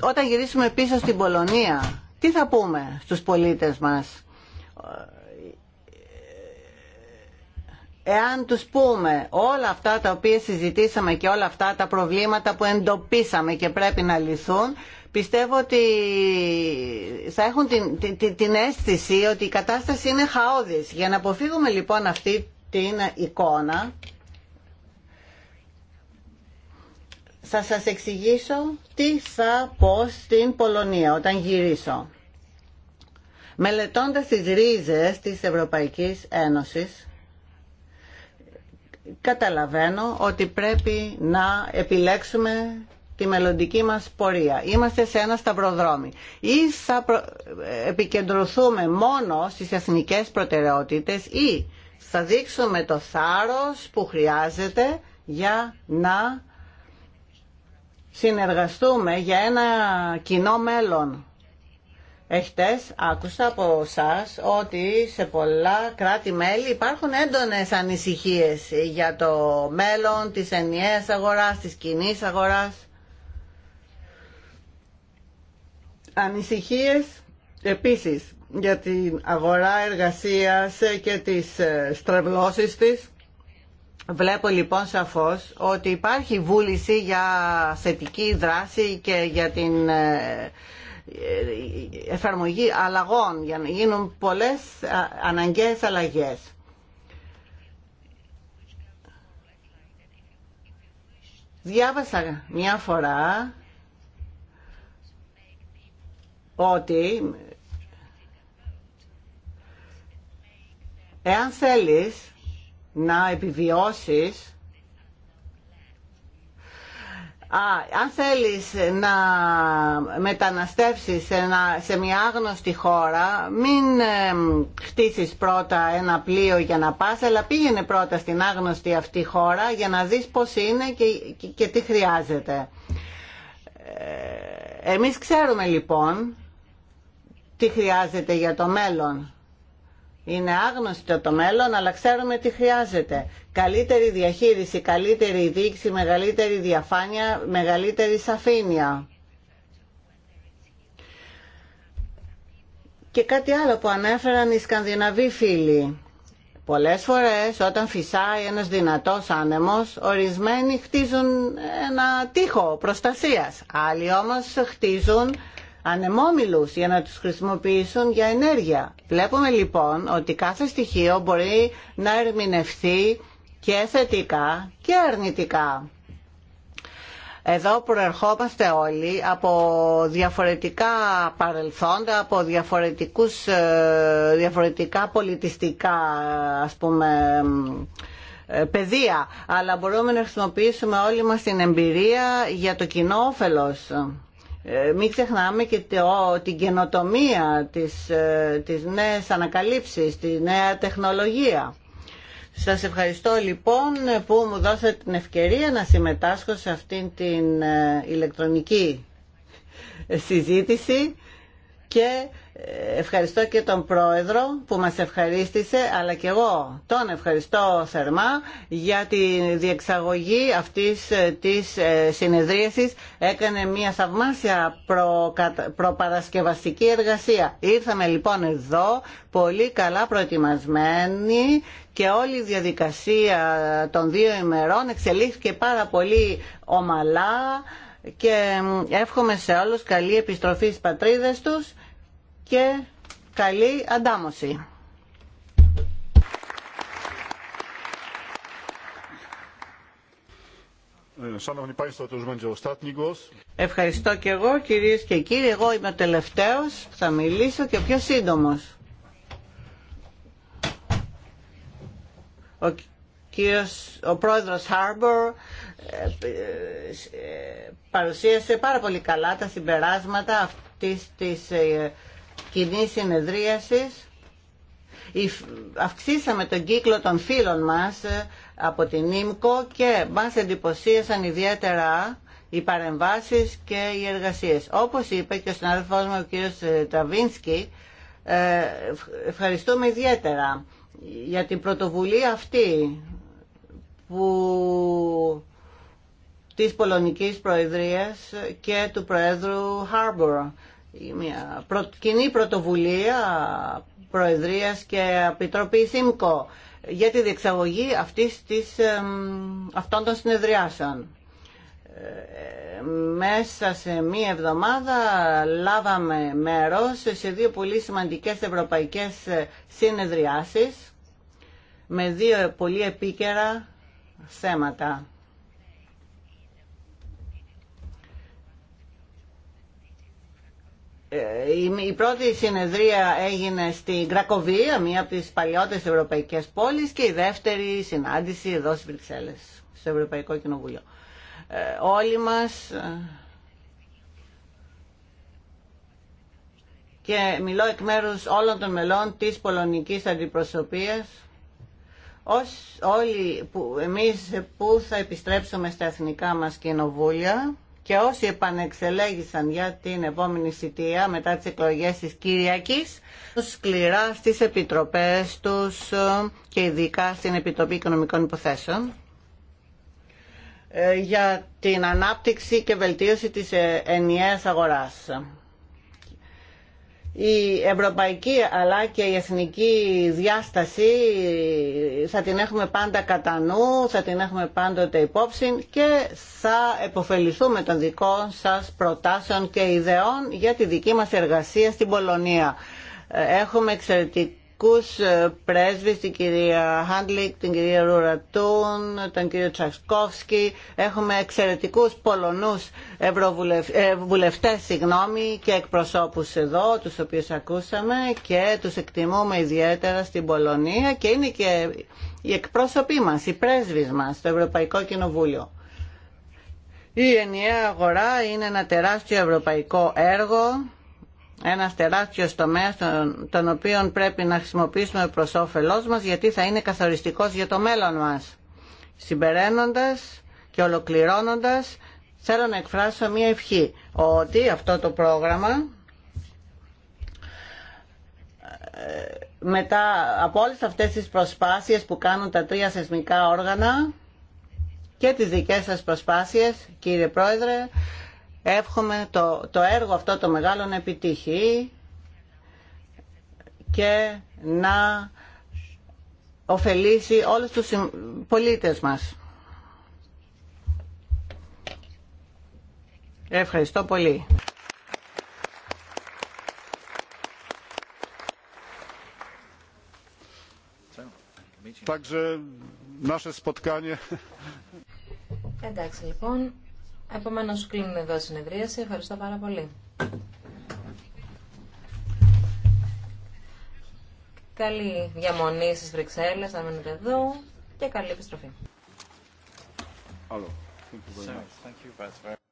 όταν γυρίσουμε πίσω στην Πολωνία, τι θα πούμε στους πολίτες μας εάν τους πούμε όλα αυτά τα οποία συζητήσαμε και όλα αυτά τα προβλήματα που εντοπίσαμε και πρέπει να λυθούν, πιστεύω ότι θα έχουν την, την, την αίσθηση ότι η κατάσταση είναι χαόδης. Για να αποφύγουμε λοιπόν αυτή την εικόνα, θα σας εξηγήσω τι θα πω στην Πολωνία όταν γυρίσω. Μελετώντας τις ρίζες της Ευρωπαϊκής Ένωσης, καταλαβαίνω ότι πρέπει να επιλέξουμε τη μελλοντική μας πορεία. Είμαστε σε ένα σταυροδρόμι. Ή θα επικεντρωθούμε μόνο στις εθνικές προτεραιότητες ή θα δείξουμε το θάρρος που χρειάζεται για να συνεργαστούμε για ένα κοινό μέλλον έχτες άκουσα από εσά ότι σε πολλά κράτη-μέλη υπάρχουν έντονες ανησυχίες για το μέλλον της ενιαίας αγοράς, της κοινή αγοράς. Ανησυχίες επίσης για την αγορά εργασίας και τις ε, στρεβλώσεις της. Βλέπω λοιπόν σαφώς ότι υπάρχει βούληση για θετική δράση και για την ε, εφαρμογή αλλαγών για να γίνουν πολλές αναγκαίες αλλαγές. Διάβασα μια φορά ότι εάν θέλεις να επιβιώσεις αν θέλεις να μεταναστεύσεις σε, μια άγνωστη χώρα, μην ε, χτίσεις πρώτα ένα πλοίο για να πας, αλλά πήγαινε πρώτα στην άγνωστη αυτή χώρα για να δεις πώς είναι και, και τι χρειάζεται. Ε, εμείς ξέρουμε λοιπόν τι χρειάζεται για το μέλλον είναι άγνωστο το μέλλον, αλλά ξέρουμε τι χρειάζεται. Καλύτερη διαχείριση, καλύτερη δίκηση, μεγαλύτερη διαφάνεια, μεγαλύτερη σαφήνεια. Και κάτι άλλο που ανέφεραν οι Σκανδιναβοί φίλοι. Πολλές φορές όταν φυσάει ένας δυνατός άνεμος, ορισμένοι χτίζουν ένα τείχο προστασίας. Άλλοι όμως χτίζουν ανεμόμυλους για να τους χρησιμοποιήσουν για ενέργεια. Βλέπουμε λοιπόν ότι κάθε στοιχείο μπορεί να ερμηνευθεί και θετικά και αρνητικά. Εδώ προερχόμαστε όλοι από διαφορετικά παρελθόντα, από διαφορετικούς, ε, διαφορετικά πολιτιστικά ας πούμε, ε, παιδεία, αλλά μπορούμε να χρησιμοποιήσουμε όλοι μας την εμπειρία για το κοινό όφελος. Ε, μην ξεχνάμε και το, την καινοτομία, της ε, της νέες ανακαλύψεις, τη νέα τεχνολογία. Σας ευχαριστώ λοιπόν που μου δώσατε την ευκαιρία να συμμετάσχω σε αυτήν την ε, ηλεκτρονική συζήτηση και Ευχαριστώ και τον Πρόεδρο που μας ευχαρίστησε, αλλά και εγώ τον ευχαριστώ θερμά για τη διεξαγωγή αυτής ε, της ε, συνεδρίασης. Έκανε μια θαυμάσια προπαρασκευαστική εργασία. Ήρθαμε λοιπόν εδώ πολύ καλά προετοιμασμένοι και όλη η διαδικασία των δύο ημερών εξελίχθηκε πάρα πολύ ομαλά και εύχομαι σε όλους καλή επιστροφή στις πατρίδες τους και καλή αντάμωση. Ε, Ευχαριστώ και εγώ κυρίες και κύριοι. Εγώ είμαι ο τελευταίος που θα μιλήσω και ο πιο σύντομος. Ο, κύριος, ο πρόεδρος Χάρμπορ ε, ε, παρουσίασε πάρα πολύ καλά τα συμπεράσματα αυτής της κοινή συνεδρίαση. αυξήσαμε τον κύκλο των φίλων μας ε, από την ΙΜΚΟ και μας εντυπωσίασαν ιδιαίτερα οι παρεμβάσεις και οι εργασίες. Όπως είπε και ο συνάδελφός μου ο κ. Ε, Ταβίνσκι, ε, ευχαριστούμε ιδιαίτερα για την πρωτοβουλία αυτή που της Πολωνικής Προεδρίας και του Προέδρου Χάρμπορ μια κοινή πρωτοβουλία Προεδρίας και Επιτροπή ΣΥΜΚΟ για τη διεξαγωγή αυτής της, αυτών των συνεδριάσεων. Ε, μέσα σε μία εβδομάδα λάβαμε μέρος σε δύο πολύ σημαντικές ευρωπαϊκές συνεδριάσεις με δύο πολύ επίκαιρα θέματα. Ε, η πρώτη συνεδρία έγινε στην Κρακοβία, μία από τις παλιότερες ευρωπαϊκές πόλεις και η δεύτερη συνάντηση εδώ στις Βρυξέλλες, στο Ευρωπαϊκό Κοινοβούλιο. Ε, όλοι μας ε, και μιλώ εκ μέρους όλων των μελών της πολωνικής αντιπροσωπείας ως όλοι που, εμείς που θα επιστρέψουμε στα εθνικά μας κοινοβούλια και όσοι επανεξελέγησαν για την επόμενη σητεία μετά τις εκλογές της Κυριακής σκληρά στις επιτροπές τους και ειδικά στην Επιτροπή Οικονομικών Υποθέσεων ε, για την ανάπτυξη και βελτίωση της ε, ενιαίας αγοράς η ευρωπαϊκή αλλά και η εθνική διάσταση θα την έχουμε πάντα κατά νου, θα την έχουμε πάντοτε υπόψη και θα επωφεληθούμε των δικών σας προτάσεων και ιδεών για τη δική μας εργασία στην Πολωνία. Ε, έχουμε εξαιρετική Ακούς ε, πρέσβεις, την κυρία Χάντλικ, την κυρία Ρουρατούν, τον κύριο Τσασκόφσκι. Έχουμε εξαιρετικούς Πολωνούς ε, βουλευτές συγγνώμη, και εκπροσώπους εδώ, τους οποίους ακούσαμε και τους εκτιμούμε ιδιαίτερα στην Πολωνία και είναι και οι εκπρόσωποι μας, οι πρέσβεις μας στο Ευρωπαϊκό Κοινοβούλιο. Η ενιαία αγορά είναι ένα τεράστιο ευρωπαϊκό έργο ένα τεράστιο τομέα τον, τον οποίο πρέπει να χρησιμοποιήσουμε προς όφελός μας γιατί θα είναι καθοριστικός για το μέλλον μας. Συμπεραίνοντας και ολοκληρώνοντας θέλω να εκφράσω μία ευχή ότι αυτό το πρόγραμμα μετά από όλες αυτές τις προσπάσεις που κάνουν τα τρία θεσμικά όργανα και τις δικές σας προσπάσεις κύριε Πρόεδρε Εύχομαι το, το έργο αυτό το μεγάλο να επιτύχει και να ωφελήσει όλους τους πολίτες μας. Ευχαριστώ πολύ. Εντάξει λοιπόν, Επομένως κλείνουμε εδώ τη συνεδρίαση. Ευχαριστώ πάρα πολύ. Καλή διαμονή στις Βρυξέλλες, να μείνετε εδώ και καλή επιστροφή. Hello. Thank you very much.